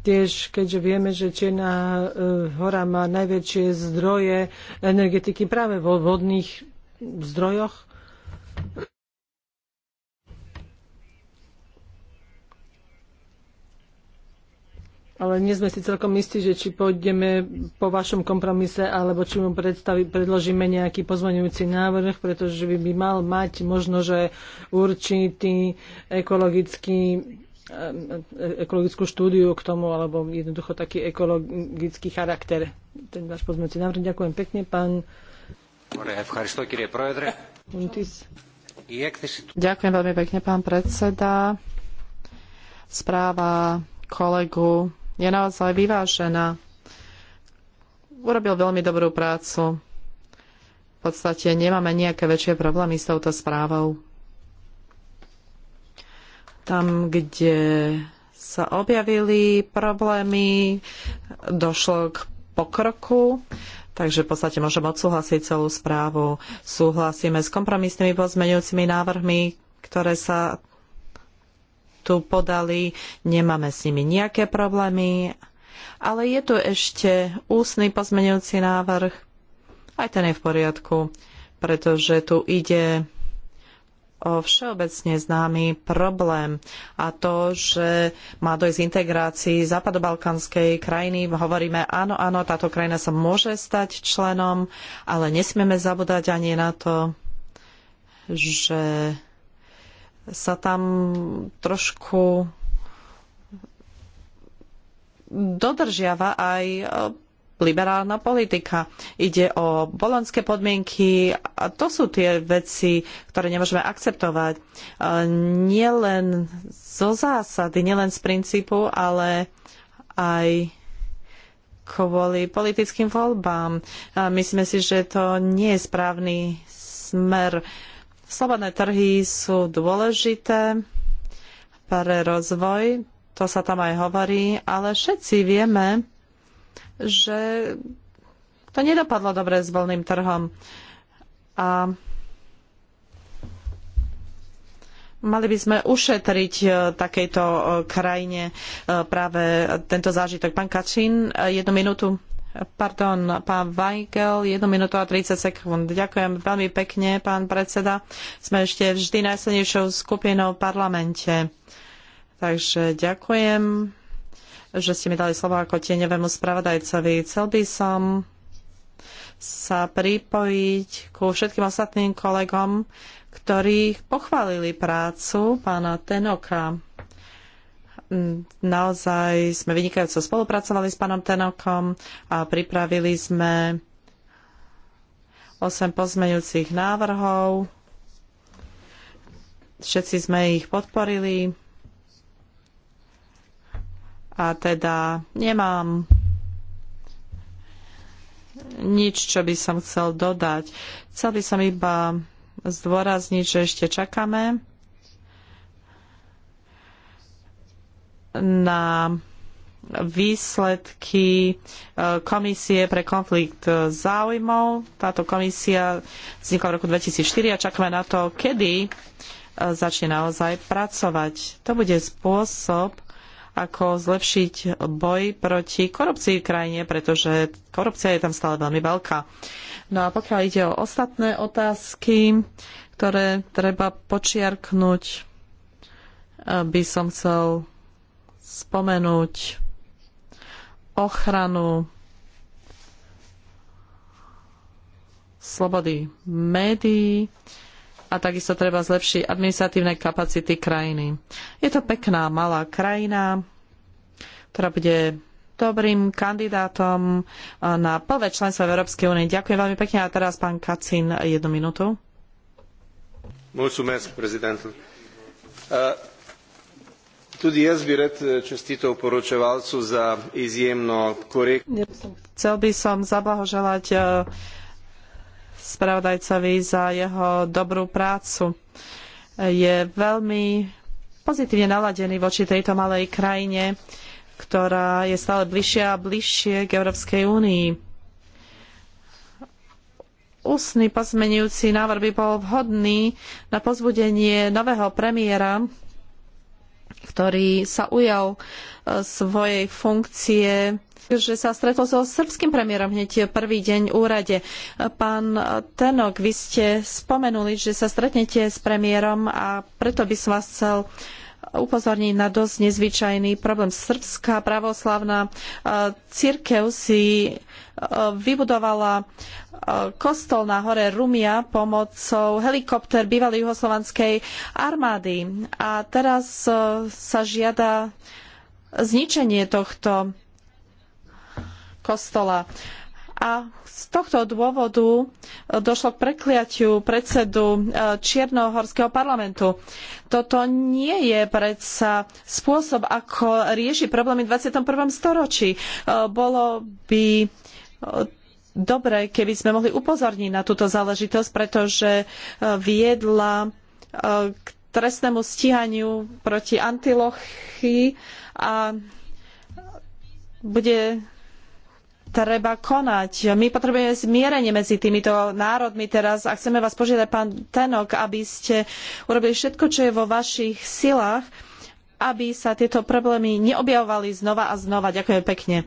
[SPEAKER 18] Tiež keďže vieme, že Čierna e, hora má najväčšie zdroje energetiky práve vo vodných zdrojoch. Ale nie sme si celkom istí, že či pôjdeme po vašom kompromise, alebo či mu predložíme nejaký pozvaňujúci návrh, pretože by, by mal mať možno, že určitý ekologický E, e, ekologickú štúdiu k tomu, alebo jednoducho taký ekologický charakter. Ten váš pozmeňujúci návrh. Ďakujem pekne, pán. Ďakujem veľmi pekne, pán predseda.
[SPEAKER 16] Správa kolegu je naozaj vyvážená. Urobil veľmi dobrú prácu. V podstate nemáme nejaké väčšie problémy s touto správou. Tam, kde sa objavili problémy, došlo k pokroku, takže v podstate môžem odsúhlasiť celú správu. Súhlasíme s kompromisnými pozmeňujúcimi návrhmi, ktoré sa tu podali, nemáme s nimi nejaké problémy, ale je tu ešte ústny pozmeňujúci návrh, aj ten je v poriadku, pretože tu ide o všeobecne známy problém a to, že má dojsť integrácii západobalkanskej krajiny. Hovoríme, áno, áno, táto krajina sa môže stať členom, ale nesmieme zabúdať ani na to, že sa tam trošku dodržiava aj liberálna politika. Ide o bolonské podmienky a to sú tie veci, ktoré nemôžeme akceptovať. Nielen zo zásady, nielen z princípu, ale aj kvôli politickým voľbám. Myslíme si, že to nie je správny smer. Slobodné trhy sú dôležité pre rozvoj, to sa tam aj hovorí, ale všetci vieme, že to nedopadlo dobre s voľným trhom. A mali by sme ušetriť e, takejto e, krajine e, práve tento zážitok. Pán Kačín, jednu minútu. Pardon, pán Weigel, 1 minútu a 30 sekúnd. Ďakujem veľmi pekne, pán predseda. Sme ešte vždy najsilnejšou skupinou v parlamente. Takže ďakujem že ste mi dali slovo ako tieňovému spravodajcovi. Chcel by som sa pripojiť ku všetkým ostatným kolegom, ktorí pochválili prácu pána Tenoka. Naozaj sme vynikajúco spolupracovali s pánom Tenokom a pripravili sme 8 pozmeňujúcich návrhov. Všetci sme ich podporili. A teda nemám nič, čo by som chcel dodať. Chcel by som iba zdôrazniť, že ešte čakáme na výsledky e, komisie pre konflikt záujmov. Táto komisia vznikla v roku 2004 a čakáme na to, kedy e, začne naozaj pracovať. To bude spôsob, ako zlepšiť boj proti korupcii v krajine, pretože korupcia je tam stále veľmi veľká. No a pokiaľ ide o ostatné otázky, ktoré treba počiarknúť, eh, by som chcel spomenúť ochranu slobody médií, a takisto treba zlepšiť administratívne kapacity krajiny. Je to pekná malá krajina, ktorá bude dobrým kandidátom na plné členstvo v Európskej únie. Ďakujem veľmi pekne a teraz pán Kacin jednu minútu.
[SPEAKER 4] Mulțumesc, prezidentul. Tudi jaz bi rad e, čestitev poročevalcu za izjemno korektno.
[SPEAKER 16] Chcel by som zablahoželať e, spravodajcovi za jeho dobrú prácu. Je veľmi pozitívne naladený voči tejto malej krajine, ktorá je stále bližšie a bližšie k Európskej únii ústny pozmenujúci návrh by bol vhodný na pozbudenie nového premiéra, ktorý sa ujal e, svojej funkcie že sa stretol so srbským premiérom hneď prvý deň úrade. Pán Tenok, vy ste spomenuli, že sa stretnete s premiérom a preto by som vás chcel upozorniť na dosť nezvyčajný problém. Srbská pravoslavná e, cirkev si e, vybudovala e, kostol na hore Rumia pomocou helikopter bývalej juhoslovanskej armády. A teraz sa žiada zničenie tohto kostola. A z tohto dôvodu e, došlo k prekliatiu predsedu e, Čiernohorského parlamentu. Toto nie je predsa spôsob, ako rieši problémy v 21. storočí. E, bolo by dobre, keby sme mohli upozorniť na túto záležitosť, pretože viedla k trestnému stíhaniu proti Antilochy a bude treba konať. My potrebujeme zmierenie medzi týmito národmi teraz a chceme vás požiadať, pán Tenok, aby ste urobili všetko, čo je vo vašich silách, aby sa tieto problémy neobjavovali znova a znova. Ďakujem pekne.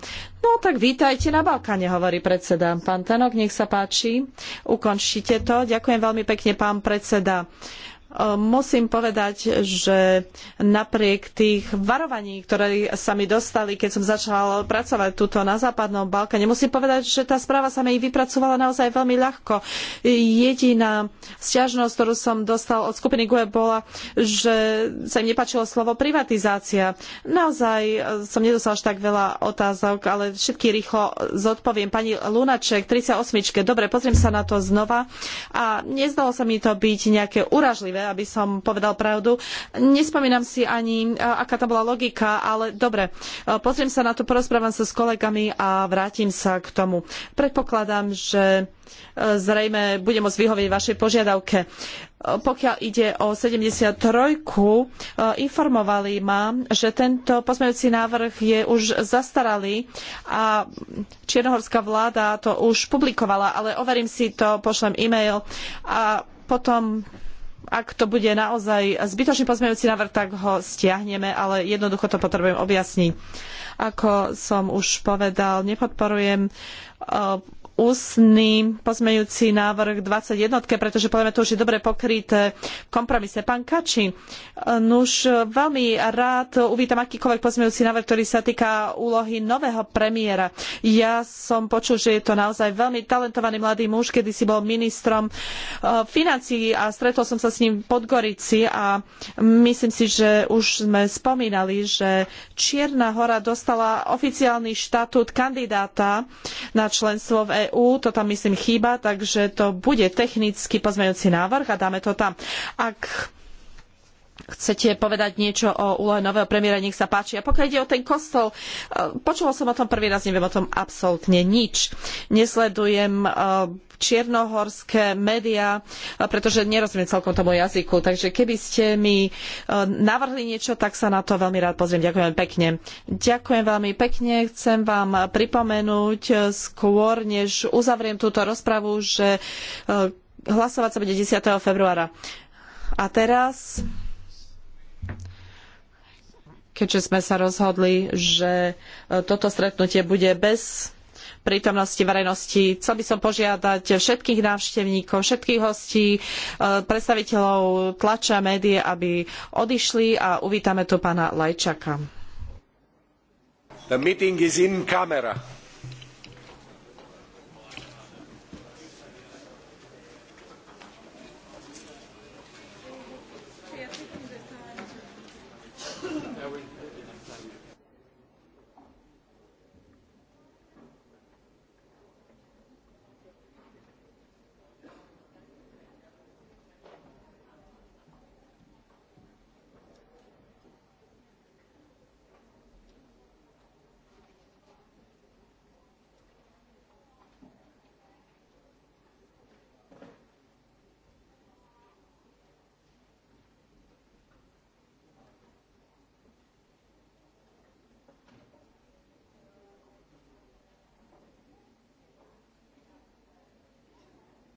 [SPEAKER 16] No tak vítajte na Balkáne, hovorí predseda. Pán Tenok, nech sa páči. Ukončite to. Ďakujem veľmi pekne, pán predseda. Uh, musím povedať, že napriek tých varovaní, ktoré sa mi dostali, keď som začal pracovať tuto na Západnom Balkáne, musím povedať, že tá správa sa mi vypracovala naozaj veľmi ľahko. Jediná sťažnosť, ktorú som dostal od skupiny GUE bola, že sa im nepáčilo slovo privatizácia. Naozaj eh, som nedostal až tak veľa otázok, ale všetky rýchlo zodpoviem. Pani Lunaček, 38. Dobre, pozriem sa na to znova. A nezdalo sa mi to byť nejaké uražlivé aby som povedal pravdu. Nespomínam si ani, e, aká tam bola logika, ale dobre, e, pozriem sa na to, porozprávam sa s kolegami a vrátim sa k tomu. Predpokladám, že e, zrejme budem môcť vyhovieť vašej požiadavke. Pokiaľ ide o 73, informovali ma, že tento pozmeňujúci návrh je už zastaralý a čiernohorská vláda to už publikovala, ale overím si to, pošlem e-mail a potom ak to bude naozaj zbytočný pozmeňujúci návrh, tak ho stiahneme, ale jednoducho to potrebujem objasniť. Ako som už povedal, nepodporujem eh, ústny pozmeňujúci návrh 21, pretože podľa to už je dobre pokryté v kompromise. Pán Kači, nuž veľmi rád uvítam akýkoľvek pozmeňujúci návrh, ktorý sa týka úlohy nového premiéra. Ja som počul, že je to naozaj veľmi talentovaný mladý muž, kedy si bol ministrom eh, financií a stretol som sa s ním v Podgorici a myslím si, že už sme spomínali, že Čierna hora dostala oficiálny štatút kandidáta na členstvo v EÚ. EÚ, to tam myslím chýba, takže to bude technicky pozmeňujúci návrh a dáme to tam. Ak chcete povedať niečo o úlohe nového premiéra, nech sa páči. A pokiaľ ide o ten kostol, e, počula som o tom prvý raz, neviem o tom absolútne nič. Nesledujem e, čiernohorské médiá, e, pretože nerozumiem celkom tomu jazyku. Takže keby ste mi navrhli niečo, tak sa na to veľmi rád pozriem. Ďakujem pekne. Ďakujem veľmi pekne. Chcem vám pripomenúť skôr, než uzavriem túto rozpravu, že hlasovať sa bude 10. februára. A teraz keďže sme sa rozhodli, že e, toto stretnutie bude bez prítomnosti verejnosti. Chcel by som požiadať všetkých návštevníkov, všetkých hostí, e, predstaviteľov tlače a médií, aby odišli a uvítame tu pána Lajčaka.